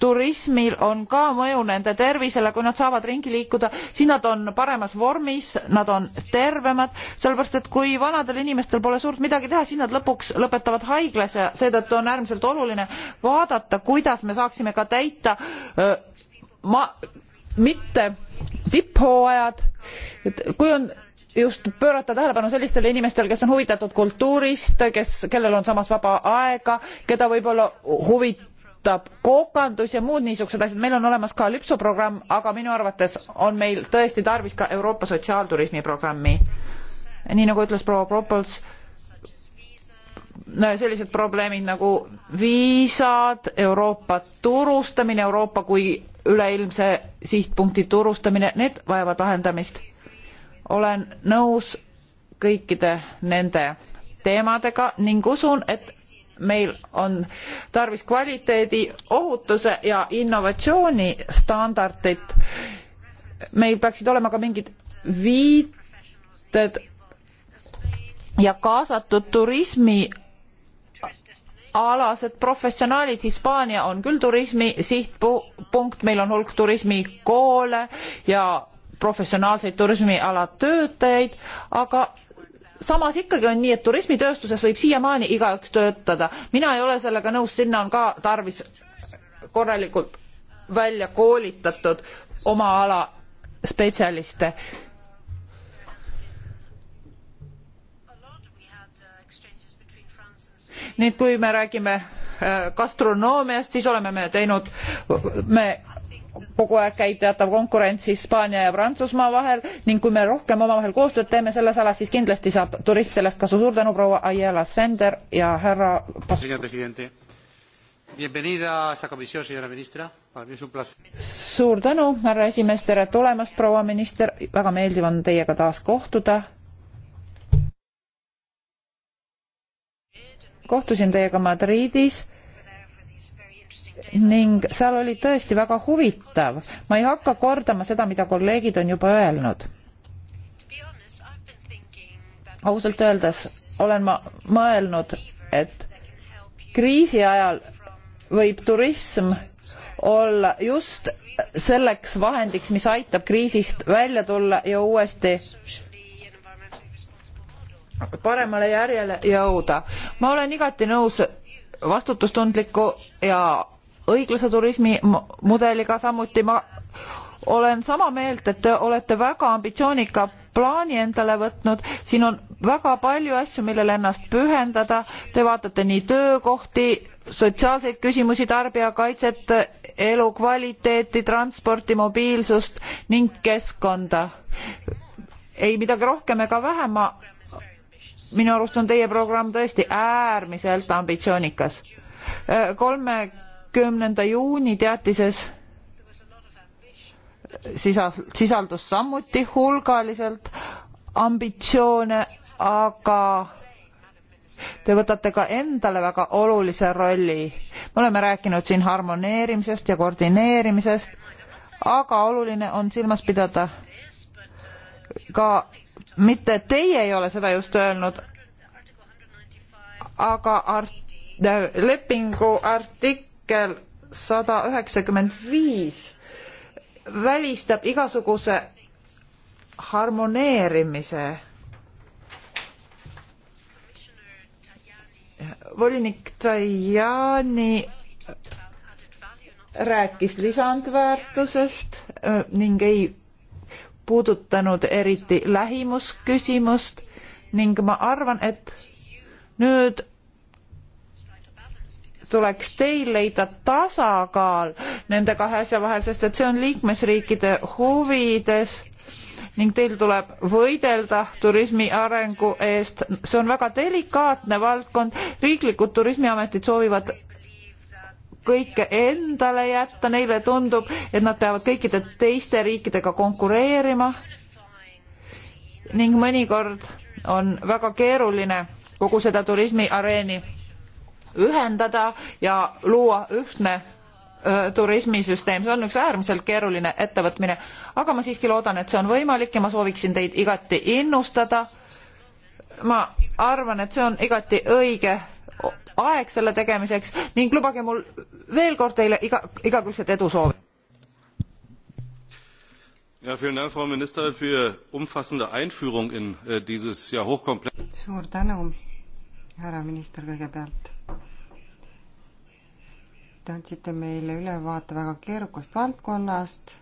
turismil on ka mõju nende tervisele kui nad saavad ringi liikuda siis nad on paremas vormis nad on tervemad sellepärast et kui vanadel inimestel pole suurt midagi teha siis nad lõpuks lõpetavad haiglas ja seetõttu on äärmiselt oluline vaadata kuidas me saaksime ka täita ma mitte tipphooajad et kui on just pöörata tähelepanu sellistele inimestele kes on huvitatud kultuurist kes kellel on samas vaba aega keda võibolla huvitab kokandus ja muud niisugused asjad meil on olemas ka lüpsuprogramm aga minu arvates on meil tõesti tarvis ka euroopa sotsiaalturismi programmi nii nagu ütles proua Propols sellised probleemid nagu viisad euroopa turustamine euroopa kui üleilmse sihtpunkti turustamine need vajavad lahendamist olen nõus kõikide nende teemadega ning usun, et meil on tarvis kvaliteedi, ohutuse ja innovatsiooni standardit. meil peaksid olema ka mingid viited ja kaasatud turismi alased professionaalid hispaania on küll turismi sihtpunkt meil on hulk turismikoole ja professionaalseid turismiala töötajaid, aga samas ikkagi on nii, et turismitööstuses võib siiamaani igaüks töötada. mina ei ole sellega nõus, sinna on ka tarvis korralikult välja koolitatud oma ala spetsialiste. nii et kui me räägime äh, gastronoomiast, siis oleme me teinud, me kogu aeg käib teatav konkurents Hispaania ja Prantsusmaa vahel ning kui me rohkem omavahel koostööd teeme selles alas, siis kindlasti saab turism sellest kasu. suur tänu, proua Ayala Sender ja härra suur tänu, härra esimees, tere tulemast, proua minister, väga meeldiv on teiega taas kohtuda. kohtusin teiega Madridis ning seal oli tõesti väga huvitav. ma ei hakka kordama seda, mida kolleegid on juba öelnud. ausalt öeldes olen ma mõelnud, et kriisi ajal võib turism olla just selleks vahendiks, mis aitab kriisist välja tulla ja uuesti paremale järjele jõuda. ma olen igati nõus vastutustundliku ja õiglase turismi mudeliga, samuti ma olen sama meelt, et te olete väga ambitsioonika plaani endale võtnud, siin on väga palju asju, millele ennast pühendada, te vaatate nii töökohti, sotsiaalseid küsimusi, tarbijakaitset, elukvaliteeti, transporti, mobiilsust ning keskkonda. ei midagi rohkem ega vähem, ma minu arust on teie programm tõesti äärmiselt ambitsioonikas. kolmekümnenda juuni teatises sisaldus samuti hulgaliselt ambitsioone, aga Te võtate ka endale väga olulise rolli. Me oleme rääkinud siin harmoneerimisest ja koordineerimisest, aga oluline on silmas pidada ka mitte teie ei ole seda just öelnud, aga art-, lepingu artikkel sada üheksakümmend viis välistab igasuguse harmoneerimise. volinik Tajani rääkis lisandväärtusest ning ei puudutanud eriti lähimusküsimust ning ma arvan, et nüüd tuleks teil leida tasakaal nende kahe asja vahel, sest et see on liikmesriikide huvides ning teil tuleb võidelda turismi arengu eest. see on väga delikaatne valdkond, riiklikud turismiametid soovivad kõike endale jätta, neile tundub, et nad peavad kõikide teiste riikidega konkureerima ning mõnikord on väga keeruline kogu seda turismiareeni ühendada ja luua ühtne turismisüsteem, see on üks äärmiselt keeruline ettevõtmine, aga ma siiski loodan, et see on võimalik ja ma sooviksin teid igati innustada. ma arvan, et see on igati õige aeg selle tegemiseks ning lubage mul veel kord teile iga, igakülgset edu soovida. Ja, vielen Dank, Frau Ministerin, für Ihre umfassende Einführung in äh, dieses ja hochkomplexe. Suur tänu, härra minister, kõigepealt. Te andsite meile ülevaate väga keerukast valdkonnast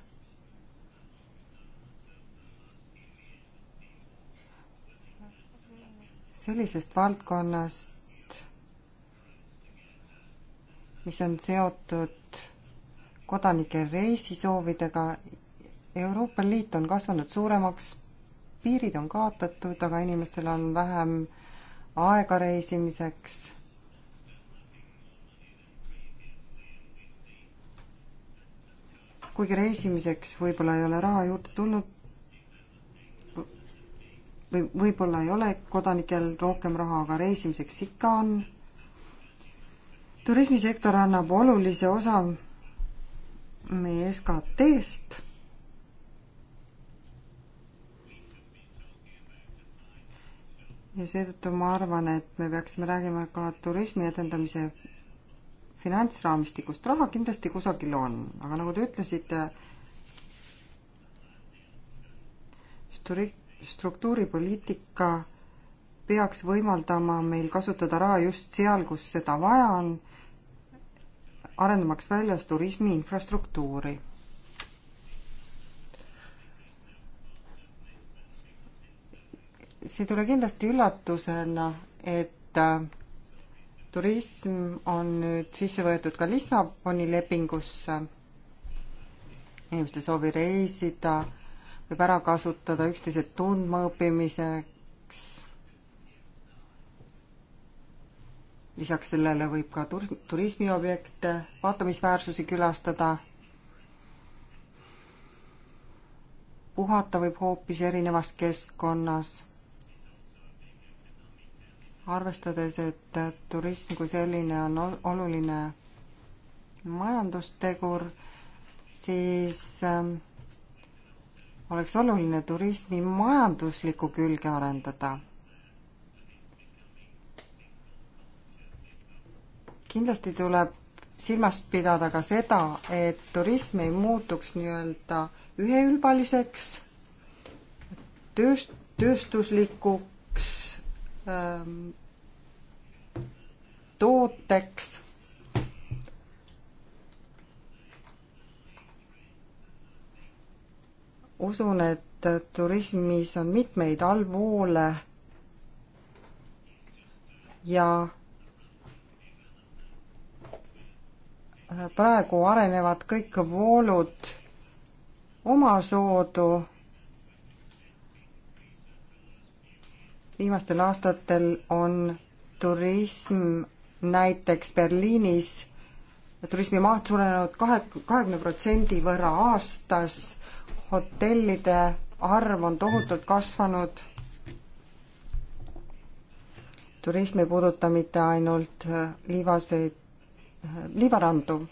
sellisest valdkonnast, mis on seotud kodanike reisisoovidega. Euroopa Liit on kasvanud suuremaks, piirid on kaotatud, aga inimestel on vähem aega reisimiseks. kuigi reisimiseks võib-olla ei ole raha juurde tulnud, või võib-olla ei ole kodanikel rohkem raha, aga reisimiseks ikka on turismisektor annab olulise osa meie SKT-st. ja seetõttu ma arvan, et me peaksime räägima ka turismi edendamise finantsraamistikust. raha kindlasti kusagil on, aga nagu te ütlesite, struktuuripoliitika peaks võimaldama meil kasutada raha just seal, kus seda vaja on arendamaks väljas turismi infrastruktuuri. see ei tule kindlasti üllatusena, et äh, turism on nüüd sisse võetud ka Lissaboni lepingusse. inimeste soovi reisida võib ära kasutada üksteise tundmaõppimise lisaks sellele võib ka tur-, turismiobjekte, vaatamisväärsusi külastada, puhata võib hoopis erinevas keskkonnas, arvestades, et turism kui selline on oluline majandustegur, siis ähm, oleks oluline turismi majanduslikku külge arendada kindlasti tuleb silmas pidada ka seda, et turism ei muutuks nii-öelda üheülbaliseks, tööst-, tööstuslikuks ähm, tooteks usun, et turismis on mitmeid allvoole ja praegu arenevad kõik voolud omasoodu. viimastel aastatel on turism näiteks Berliinis, turismimaht suurenenud kahe, kahekümne protsendi võrra aastas, hotellide arv on tohutult kasvanud turism ei puuduta mitte ainult liivaseid liivarandum.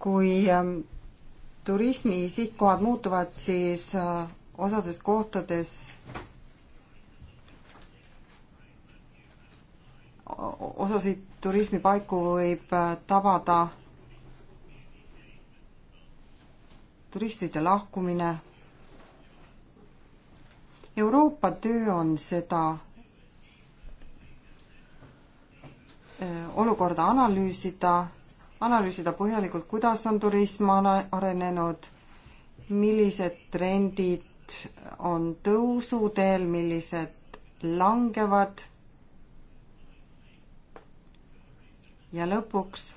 kui ähm, turismi sihtkohad muutuvad, siis äh, osades kohtades osasid turismipaiku võib äh, tabada turistide lahkumine. Euroopa töö on seda eh, olukorda analüüsida, analüüsida põhjalikult, kuidas on turism arenenud, millised trendid on tõusuteel, millised langevad. ja lõpuks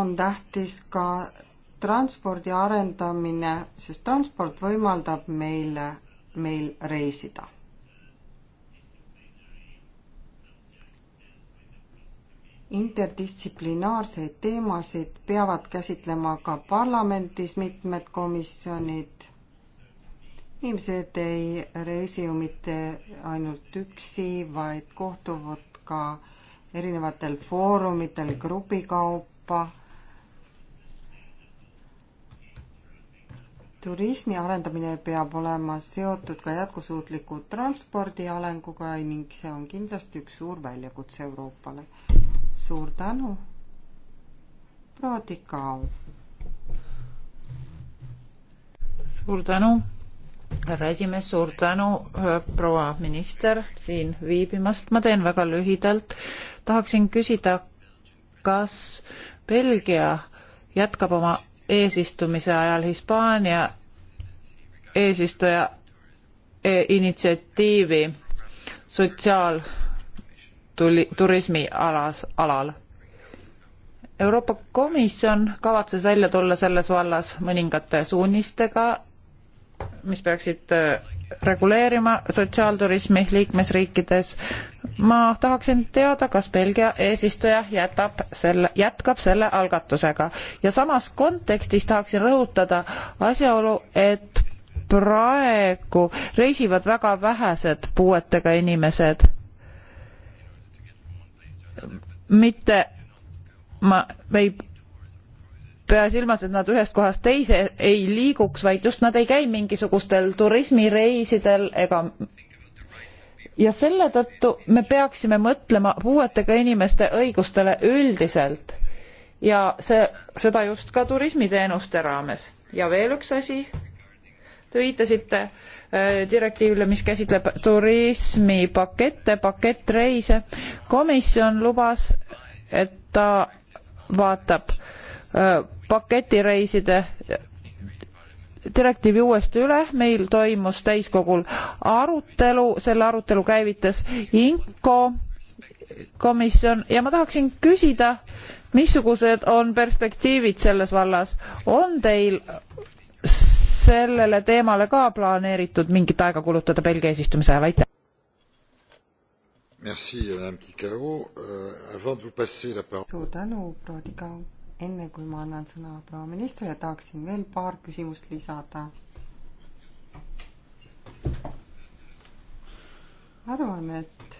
on tähtis ka transpordi arendamine, sest transport võimaldab meile, meil reisida. interdistsiplinaarseid teemasid peavad käsitlema ka parlamendis mitmed komisjonid. inimesed ei reisi ju mitte ainult üksi, vaid kohtuvad ka erinevatel foorumitel grupikaupa turismi arendamine peab olema seotud ka jätkusuutliku transpordi arenguga ning see on kindlasti üks suur väljakutse Euroopale. suur tänu, proua Tikau. suur tänu, härra esimees, suur tänu, äh, proua minister siin viibimast. ma teen väga lühidalt. tahaksin küsida, kas Belgia jätkab oma eesistumise ajal Hispaania eesistuja e, initsiatiivi sotsiaalturismi alas, alal. Euroopa Komisjon kavatses välja tulla selles vallas mõningate suunistega, mis peaksid reguleerima sotsiaalturismi liikmesriikides. ma tahaksin teada, kas Belgia eesistuja jätab selle, jätkab selle algatusega ja samas kontekstis tahaksin rõhutada asjaolu, et praegu reisivad väga vähesed puuetega inimesed. mitte ma, me ei pea silmas, et nad ühest kohast teise ei liiguks, vaid just nad ei käi mingisugustel turismireisidel ega ja selle tõttu me peaksime mõtlema puuetega inimeste õigustele üldiselt ja see, seda just ka turismiteenuste raames. ja veel üks asi, te viitasite äh, direktiivile, mis käsitleb turismipakette, pakettreise. komisjon lubas, et ta vaatab äh, paketireiside direktiivi uuesti üle, meil toimus täiskogul arutelu, selle arutelu käivitas INCO komisjon ja ma tahaksin küsida, missugused on perspektiivid selles vallas, on teil sellele teemale ka planeeritud mingit aega kulutada Belgia eesistumise ajal, aitäh! Euh, suur tänu, proua Tikau! enne kui ma annan sõna proua ministrile, tahaksin veel paar küsimust lisada. arvan, et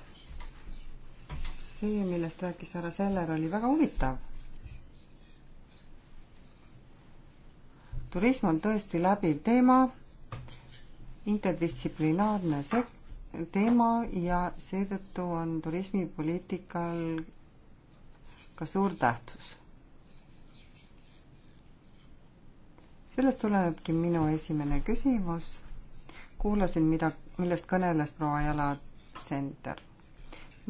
see, millest rääkis härra Seller, oli väga huvitav. turism on tõesti läbiv teema, interdistsiplinaarne sek-, teema ja seetõttu on turismipoliitikal ka suur tähtsus sellest tulenebki minu esimene küsimus. kuulasin, mida, millest kõneles proua Jala Center.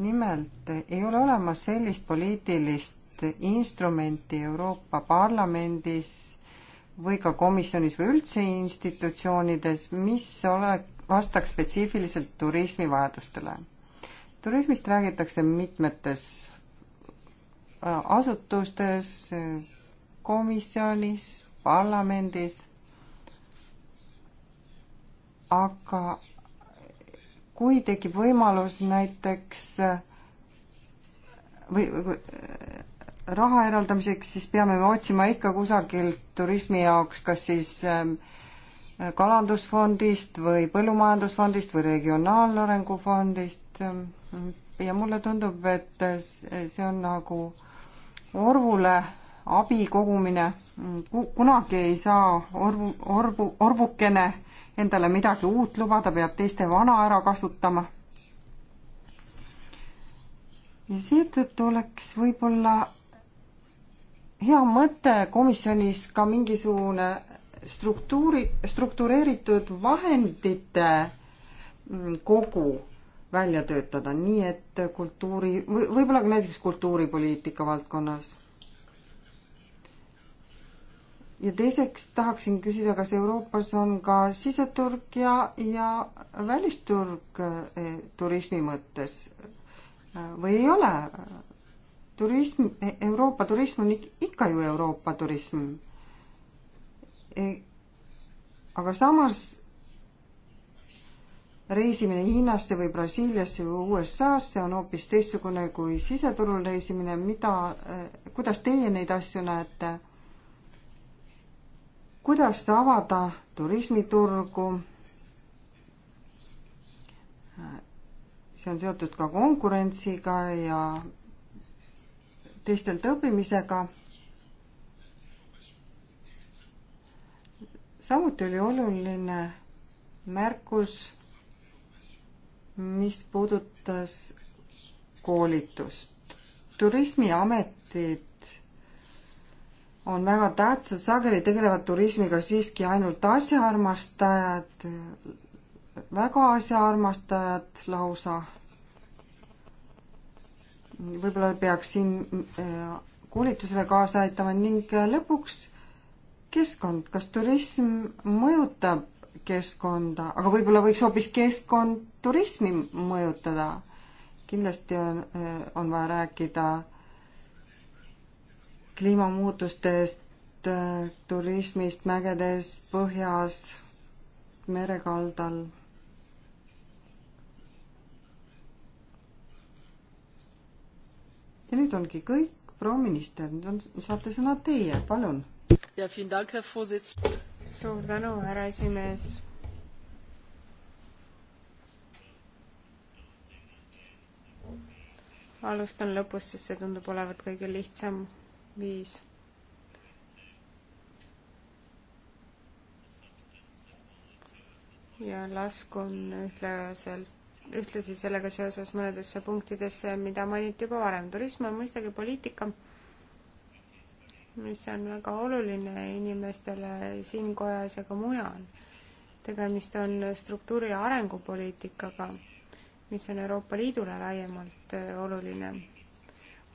nimelt ei ole olemas sellist poliitilist instrumenti Euroopa Parlamendis või ka komisjonis või üldse institutsioonides, mis ole, vastaks spetsiifiliselt turismi vajadustele. turismist räägitakse mitmetes äh, asutustes, äh, komisjonis, parlamendis. aga kui tekib võimalus näiteks või, või raha eraldamiseks, siis peame me otsima ikka kusagilt turismi jaoks, kas siis ähm, kalandusfondist või põllumajandusfondist või regionaalarengu fondist. ja mulle tundub, et see on nagu orvule abi kogumine, kunagi ei saa orvu, orvu, orvukene endale midagi uut lubada, peab teiste vana ära kasutama. ja seetõttu oleks võib-olla hea mõte komisjonis ka mingisugune struktuuri, struktureeritud vahendite mm, kogu välja töötada, nii et kultuuri, võib-olla ka näiteks kultuuripoliitika valdkonnas ja teiseks tahaksin küsida, kas Euroopas on ka siseturg ja, ja välisturg eh, turismi mõttes või ei ole? turism, eh, Euroopa turism on ikka ju Euroopa turism e,. aga samas reisimine Hiinasse või Brasiiliasse või USA-sse on hoopis teistsugune kui siseturul reisimine, mida, kuidas teie neid asju näete? kuidas avada turismiturgu. see on seotud ka konkurentsiga ja teistelt õppimisega. samuti oli oluline märkus, mis puudutas koolitust. turismiameti on väga tähtsad, sageli tegelevad turismiga siiski ainult asjaarmastajad, väga asjaarmastajad lausa. võib-olla peaks siin eh, koolitusele kaasa aitama ning eh, lõpuks keskkond, kas turism mõjutab keskkonda, aga võib-olla võiks hoopis keskkond turismi mõjutada. kindlasti on, eh, on vaja rääkida kliimamuutustest, turismist, mägedes, põhjas, merekaldal. ja nüüd ongi kõik, proua minister, nüüd on, saate sõna teie, palun. suur tänu, härra esimees alustan lõpust, sest see tundub olevat kõige lihtsam viis. ja laskun ühtlaselt, ühtlasi sellega seoses mõnedesse punktidesse, mida mainiti juba varem. turism on mõistagi poliitika, mis on väga oluline inimestele siin kojas ja ka mujal. tegemist on struktuuri ja arengupoliitikaga, mis on Euroopa Liidule laiemalt oluline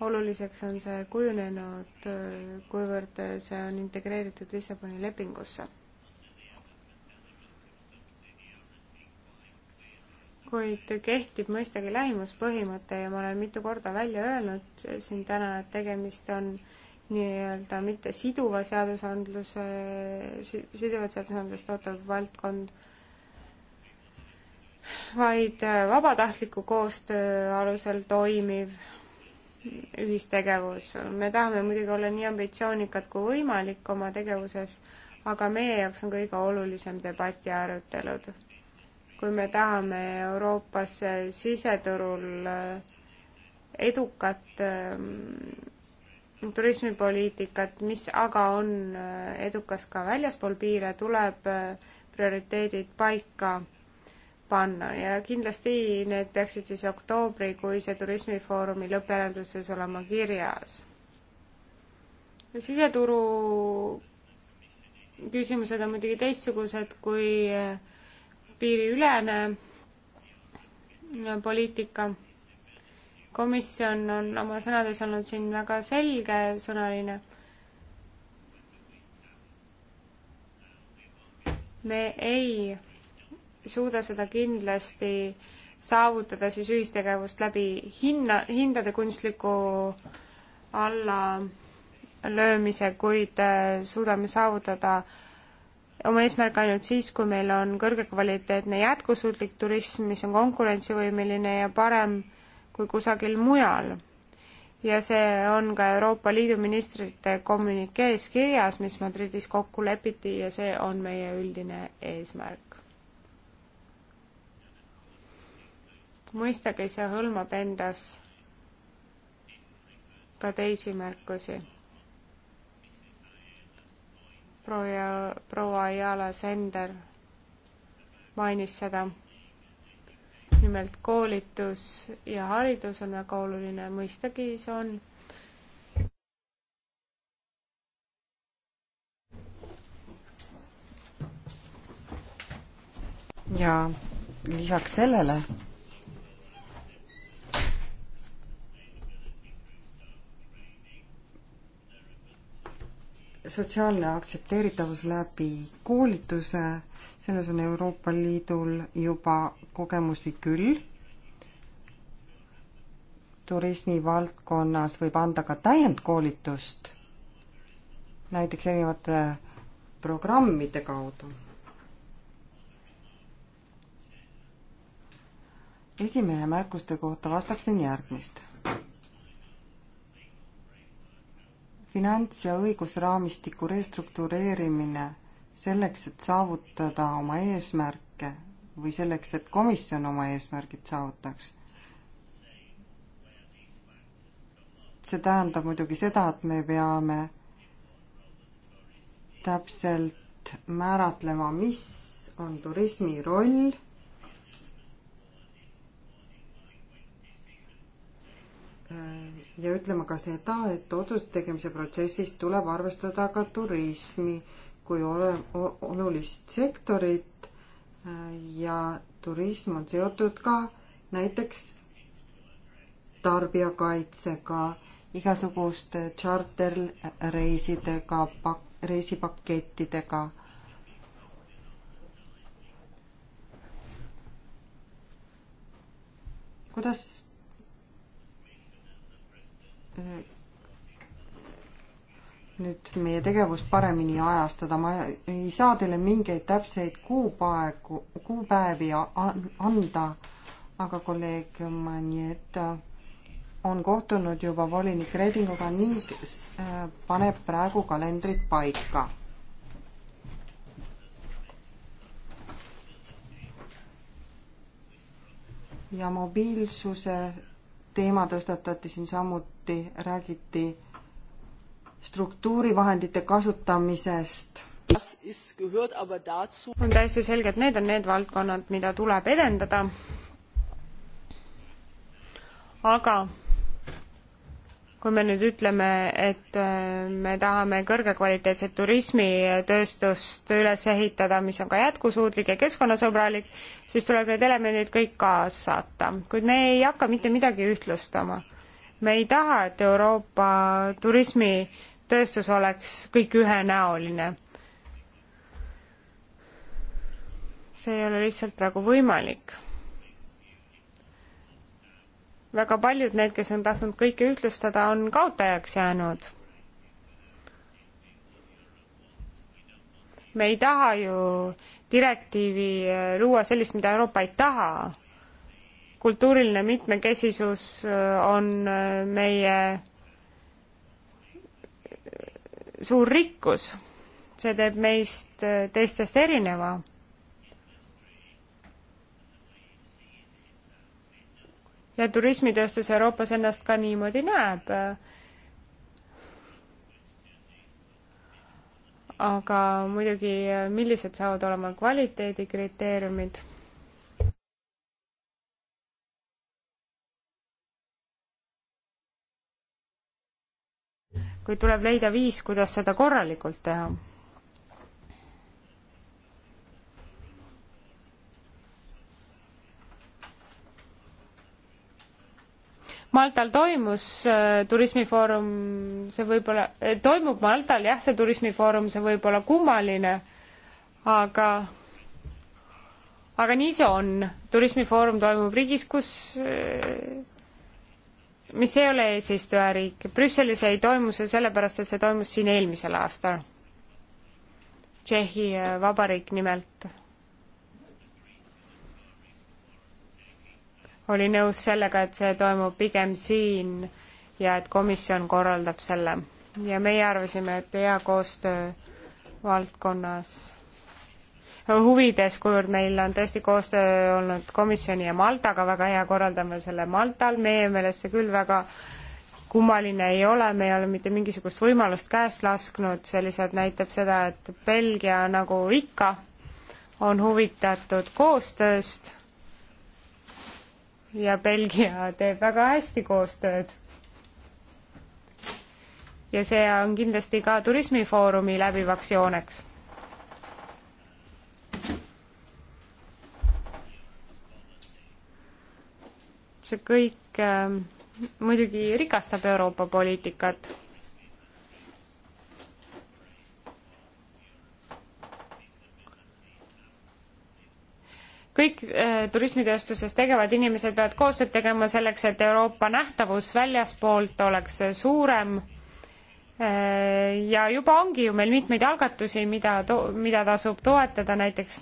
oluliseks on see kujunenud, kuivõrd see on integreeritud Lissaboni lepingusse. kuid kehtib mõistagi lähimuspõhimõte ja ma olen mitu korda välja öelnud siin täna, et tegemist on nii-öelda mitte siduva seadusandluse, siduvat seadusandlust ootav valdkond, vaid vabatahtliku koostöö alusel toimiv ühistegevus. me tahame muidugi olla nii ambitsioonikad kui võimalik oma tegevuses, aga meie jaoks on kõige olulisem debatt ja arutelud. kui me tahame Euroopas siseturul äh, edukat ähm, turismipoliitikat, mis aga on äh, edukas ka väljaspool piire, tuleb äh, prioriteedid paika panna ja kindlasti need peaksid siis oktoobrikuise turismifoorumi lõppjäreldustes olema kirjas. siseturu küsimused on muidugi teistsugused kui eh, piiriülene eh, poliitika. komisjon on oma sõnades olnud siin väga selgesõnaline me ei suuda seda kindlasti saavutada siis ühistegevust läbi hinna, hindade kunstliku allalöömise, kuid äh, suudame saavutada oma eesmärk ainult siis, kui meil on kõrgekvaliteetne jätkusuutlik turism, mis on konkurentsivõimeline ja parem kui kusagil mujal. ja see on ka Euroopa Liidu ministrite kommünikees kirjas, mis Madridis kokku lepiti ja see on meie üldine eesmärk. mõistagi see hõlmab endas ka teisi märkusi. proua, proua Ayala Sender mainis seda. nimelt koolitus ja haridus on väga oluline, mõistagi see on. ja lisaks sellele sotsiaalne aktsepteeritavus läbi koolituse, selles on Euroopa Liidul juba kogemusi küll. turismivaldkonnas võib anda ka täiendkoolitust, näiteks erinevate programmide kaudu. esimehe märkuste kohta vastaksin järgmist finants- ja õigusraamistiku restruktureerimine selleks, et saavutada oma eesmärke või selleks, et komisjon oma eesmärgid saavutaks. see tähendab muidugi seda, et me peame täpselt määratlema, mis on turismi roll ja ütlema ka seda, et otsuste tegemise protsessis tuleb arvestada ka turismi kui ole, olulist sektorit äh, ja turism on seotud ka näiteks tarbijakaitsega, igasuguste tšarterreisidega, reisipakettidega kuidas nüüd meie tegevust paremini ajastada, ma ei saa teile mingeid täpseid kuupaegu, kuupäevi anda, aga kolleeg Manieta äh, on kohtunud juba volinik Redinguga ning äh, paneb praegu kalendrid paika. ja mobiilsuse teema tõstatati siin samuti samuti räägiti struktuurivahendite kasutamisest. on täiesti selge, et need on need valdkonnad, mida tuleb edendada. aga kui me nüüd ütleme, et äh, me tahame kõrgekvaliteetset turismitööstust üles ehitada, mis on ka jätkusuutlik ja keskkonnasõbralik, siis tuleb need elemendid kõik kaasata, kuid me ei hakka mitte midagi ühtlustama me ei taha, et Euroopa turismitööstus oleks kõik ühenäoline. see ei ole lihtsalt praegu võimalik. väga paljud need, kes on tahtnud kõike ühtlustada, on kaotajaks jäänud me ei taha ju direktiivi luua sellist, mida Euroopa ei taha kultuuriline mitmekesisus äh, on äh, meie äh, suur rikkus, see teeb meist teistest erineva. ja turismitööstus Euroopas ennast ka niimoodi näeb. aga muidugi, millised saavad olema kvaliteedikriteeriumid kuid tuleb leida viis, kuidas seda korralikult teha. Maltal toimus äh, turismifoorum, see võib-olla, äh, toimub Maltal jah, see turismifoorum, see võib olla kummaline, aga, aga nii see on. turismifoorum toimub riigis, kus äh, mis ei ole eesistujariik. Brüsselis ei toimu see sellepärast, et see toimus siin eelmisel aastal. Tšehhi äh, Vabariik nimelt oli nõus sellega, et see toimub pigem siin ja et komisjon korraldab selle. ja meie arvasime, et hea koostöö valdkonnas huvides, kuivõrd meil on tõesti koostöö olnud komisjoni ja Maltaga väga hea, korraldame selle Maltal, meie meelest see küll väga kummaline ei ole, me ei ole mitte mingisugust võimalust käest lasknud, see lihtsalt näitab seda, et Belgia nagu ikka on huvitatud koostööst ja Belgia teeb väga hästi koostööd. ja see on kindlasti ka Turismifoorumi läbivaks jooneks see kõik äh, muidugi rikastab Euroopa poliitikat kõik eh, turismitööstuses tegevad inimesed peavad koostööd tegema selleks, et Euroopa nähtavus väljaspoolt oleks suurem eh,. ja juba ongi ju meil mitmeid algatusi, mida, mida tasub toetada, näiteks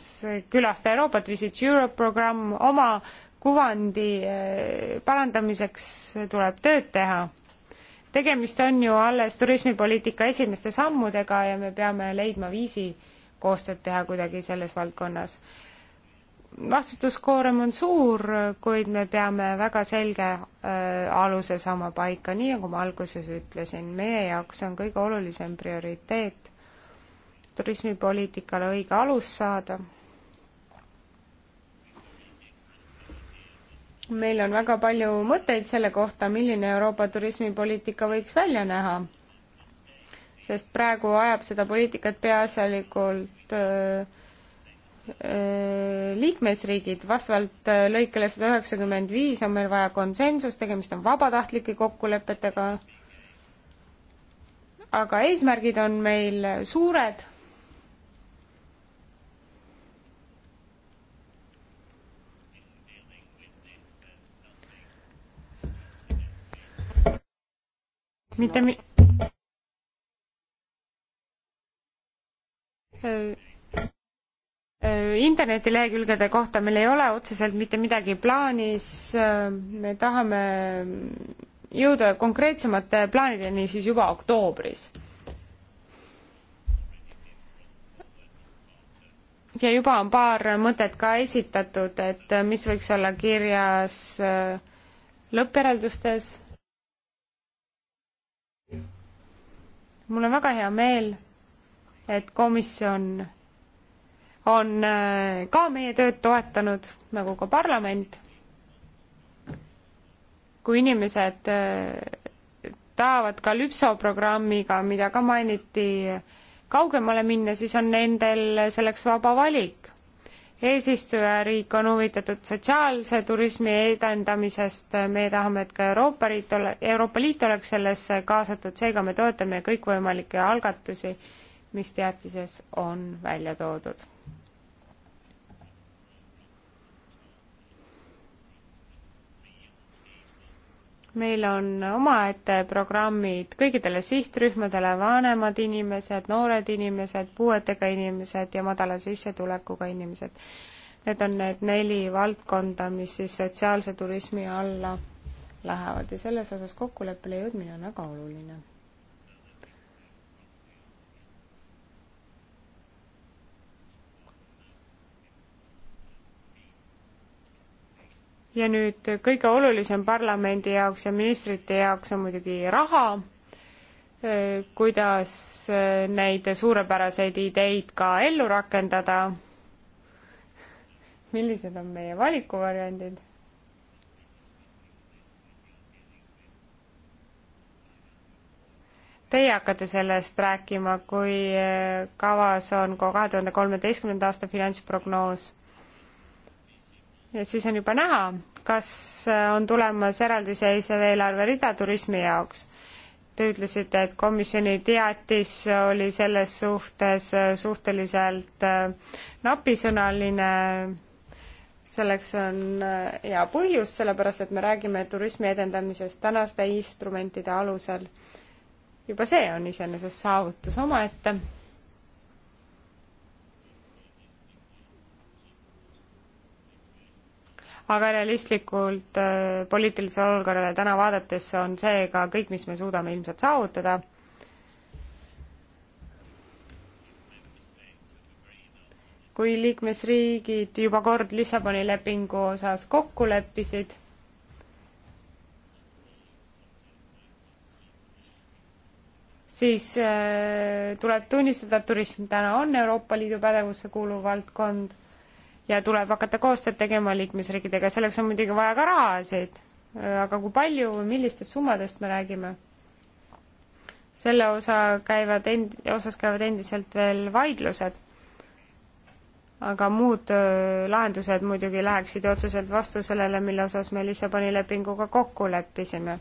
Külasta Euroopat, Visit Europe programm, oma kuvandi eh, parandamiseks tuleb tööd teha. tegemist on ju alles turismipoliitika esimeste sammudega ja me peame leidma viisi koostööd teha kuidagi selles valdkonnas. vastutuskoorem on suur, kuid me peame väga selge äh, aluse saama paika, nii nagu ma alguses ütlesin, meie jaoks on kõige olulisem prioriteet turismipoliitikale õige alus saada meil on väga palju mõtteid selle kohta, milline Euroopa turismipoliitika võiks välja näha. sest praegu ajab seda poliitikat peaasjalikult öö, äh, äh, liikmesriigid, vastavalt äh, lõikele sada üheksakümmend viis on meil vaja konsensust, tegemist on vabatahtlike kokkulepetega, aga eesmärgid on meil suured mitte mi- äh, äh, internetilehekülgede kohta meil ei ole otseselt mitte midagi plaanis, äh, me tahame jõuda konkreetsemate plaanideni siis juba oktoobris. ja juba on paar mõtet ka esitatud, et mis võiks olla kirjas lõppjäreldustes mul on väga hea meel, et komisjon on äh, ka meie tööd toetanud, nagu ka parlament. kui inimesed äh, tahavad ka lüpsoprogrammiga, mida ka mainiti, kaugemale minna, siis on nendel selleks vaba valik eesistujariik on huvitatud sotsiaalse turismi edendamisest, me tahame, et ka Euroopa Liit ole, Euroopa Liit oleks sellesse kaasatud, seega me toetame kõikvõimalikke algatusi, mis teatises on välja toodud. meil on omaette programmid kõigidele sihtrühmadele, vanemad inimesed, noored inimesed, puuetega inimesed ja madala sissetulekuga inimesed. Need on need neli valdkonda, mis siis sotsiaalse turismi alla lähevad ja selles osas kokkuleppele jõudmine on väga oluline ja nüüd kõige olulisem parlamendi jaoks ja ministrite jaoks on muidugi raha, äh, kuidas äh, neid suurepäraseid ideid ka ellu rakendada. millised on meie valikuvariandid? Teie hakkate sellest rääkima, kui äh, kavas on ka kahe tuhande kolmeteistkümnenda aasta finantsprognoos ja siis on juba näha, kas äh, on tulemas eraldiseisev eelarverida turismi jaoks. Te ütlesite, et komisjoni teatis oli selles suhtes äh, suhteliselt äh, napisõnaline. selleks on hea põhjus, sellepärast et me räägime turismi edendamisest tänaste instrumentide alusel. juba see on iseenesest saavutus omaette aga realistlikult äh, poliitilisele olukorrale täna vaadates on seega kõik, mis me suudame ilmselt saavutada. kui liikmesriigid juba kord Lissaboni lepingu osas kokku leppisid, siis äh, tuleb tunnistada, et turism täna on Euroopa Liidu pädevusse kuuluv valdkond ja tuleb hakata koostööd tegema liikmesriikidega, selleks on muidugi vaja ka rahasid, aga kui palju või millistest summadest me räägime? selle osa käivad end-, osas käivad endiselt veel vaidlused, aga muud äh, lahendused muidugi läheksid otseselt vastu sellele, mille osas me Lissaboni lepinguga kokku leppisime.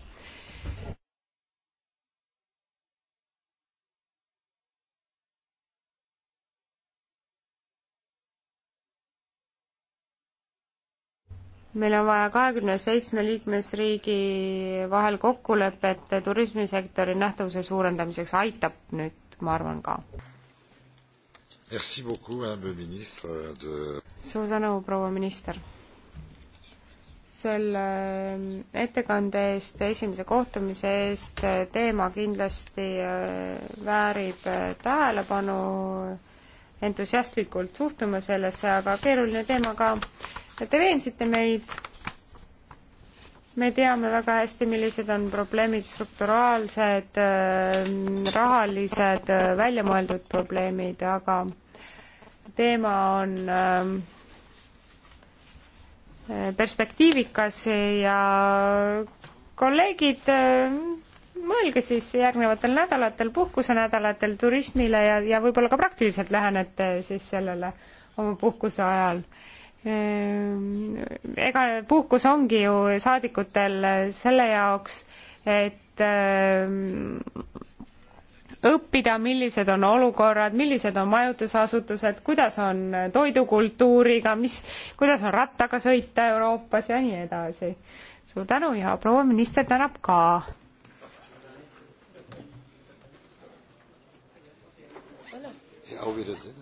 meil on vaja kahekümne seitsme liikmesriigi vahel kokkulepet turismisektori nähtavuse suurendamiseks, aitab nüüd, ma arvan, ka. suur tänu, proua minister, selle ähm, ettekande eest, esimese kohtumise eest, teema kindlasti äh, väärib äh, tähelepanu, entusiastlikult suhtume sellesse, aga keeruline teema ka ja te veensite meid. me teame väga hästi, millised on probleemid, strukturaalsed, äh, rahalised, äh, väljamõeldud probleemid, aga teema on äh, perspektiivikas ja kolleegid, mõelge siis järgnevatel nädalatel, puhkusenädalatel turismile ja, ja võib-olla ka praktiliselt lähenete siis sellele oma puhkuse ajal Ehm, ega puhkus ongi ju saadikutel selle jaoks, et ehm, õppida, millised on olukorrad, millised on majutusasutused, kuidas on toidukultuuriga, mis, kuidas on rattaga sõita Euroopas ja nii edasi. suur tänu ja proua minister tänab ka. ja, kuidas see?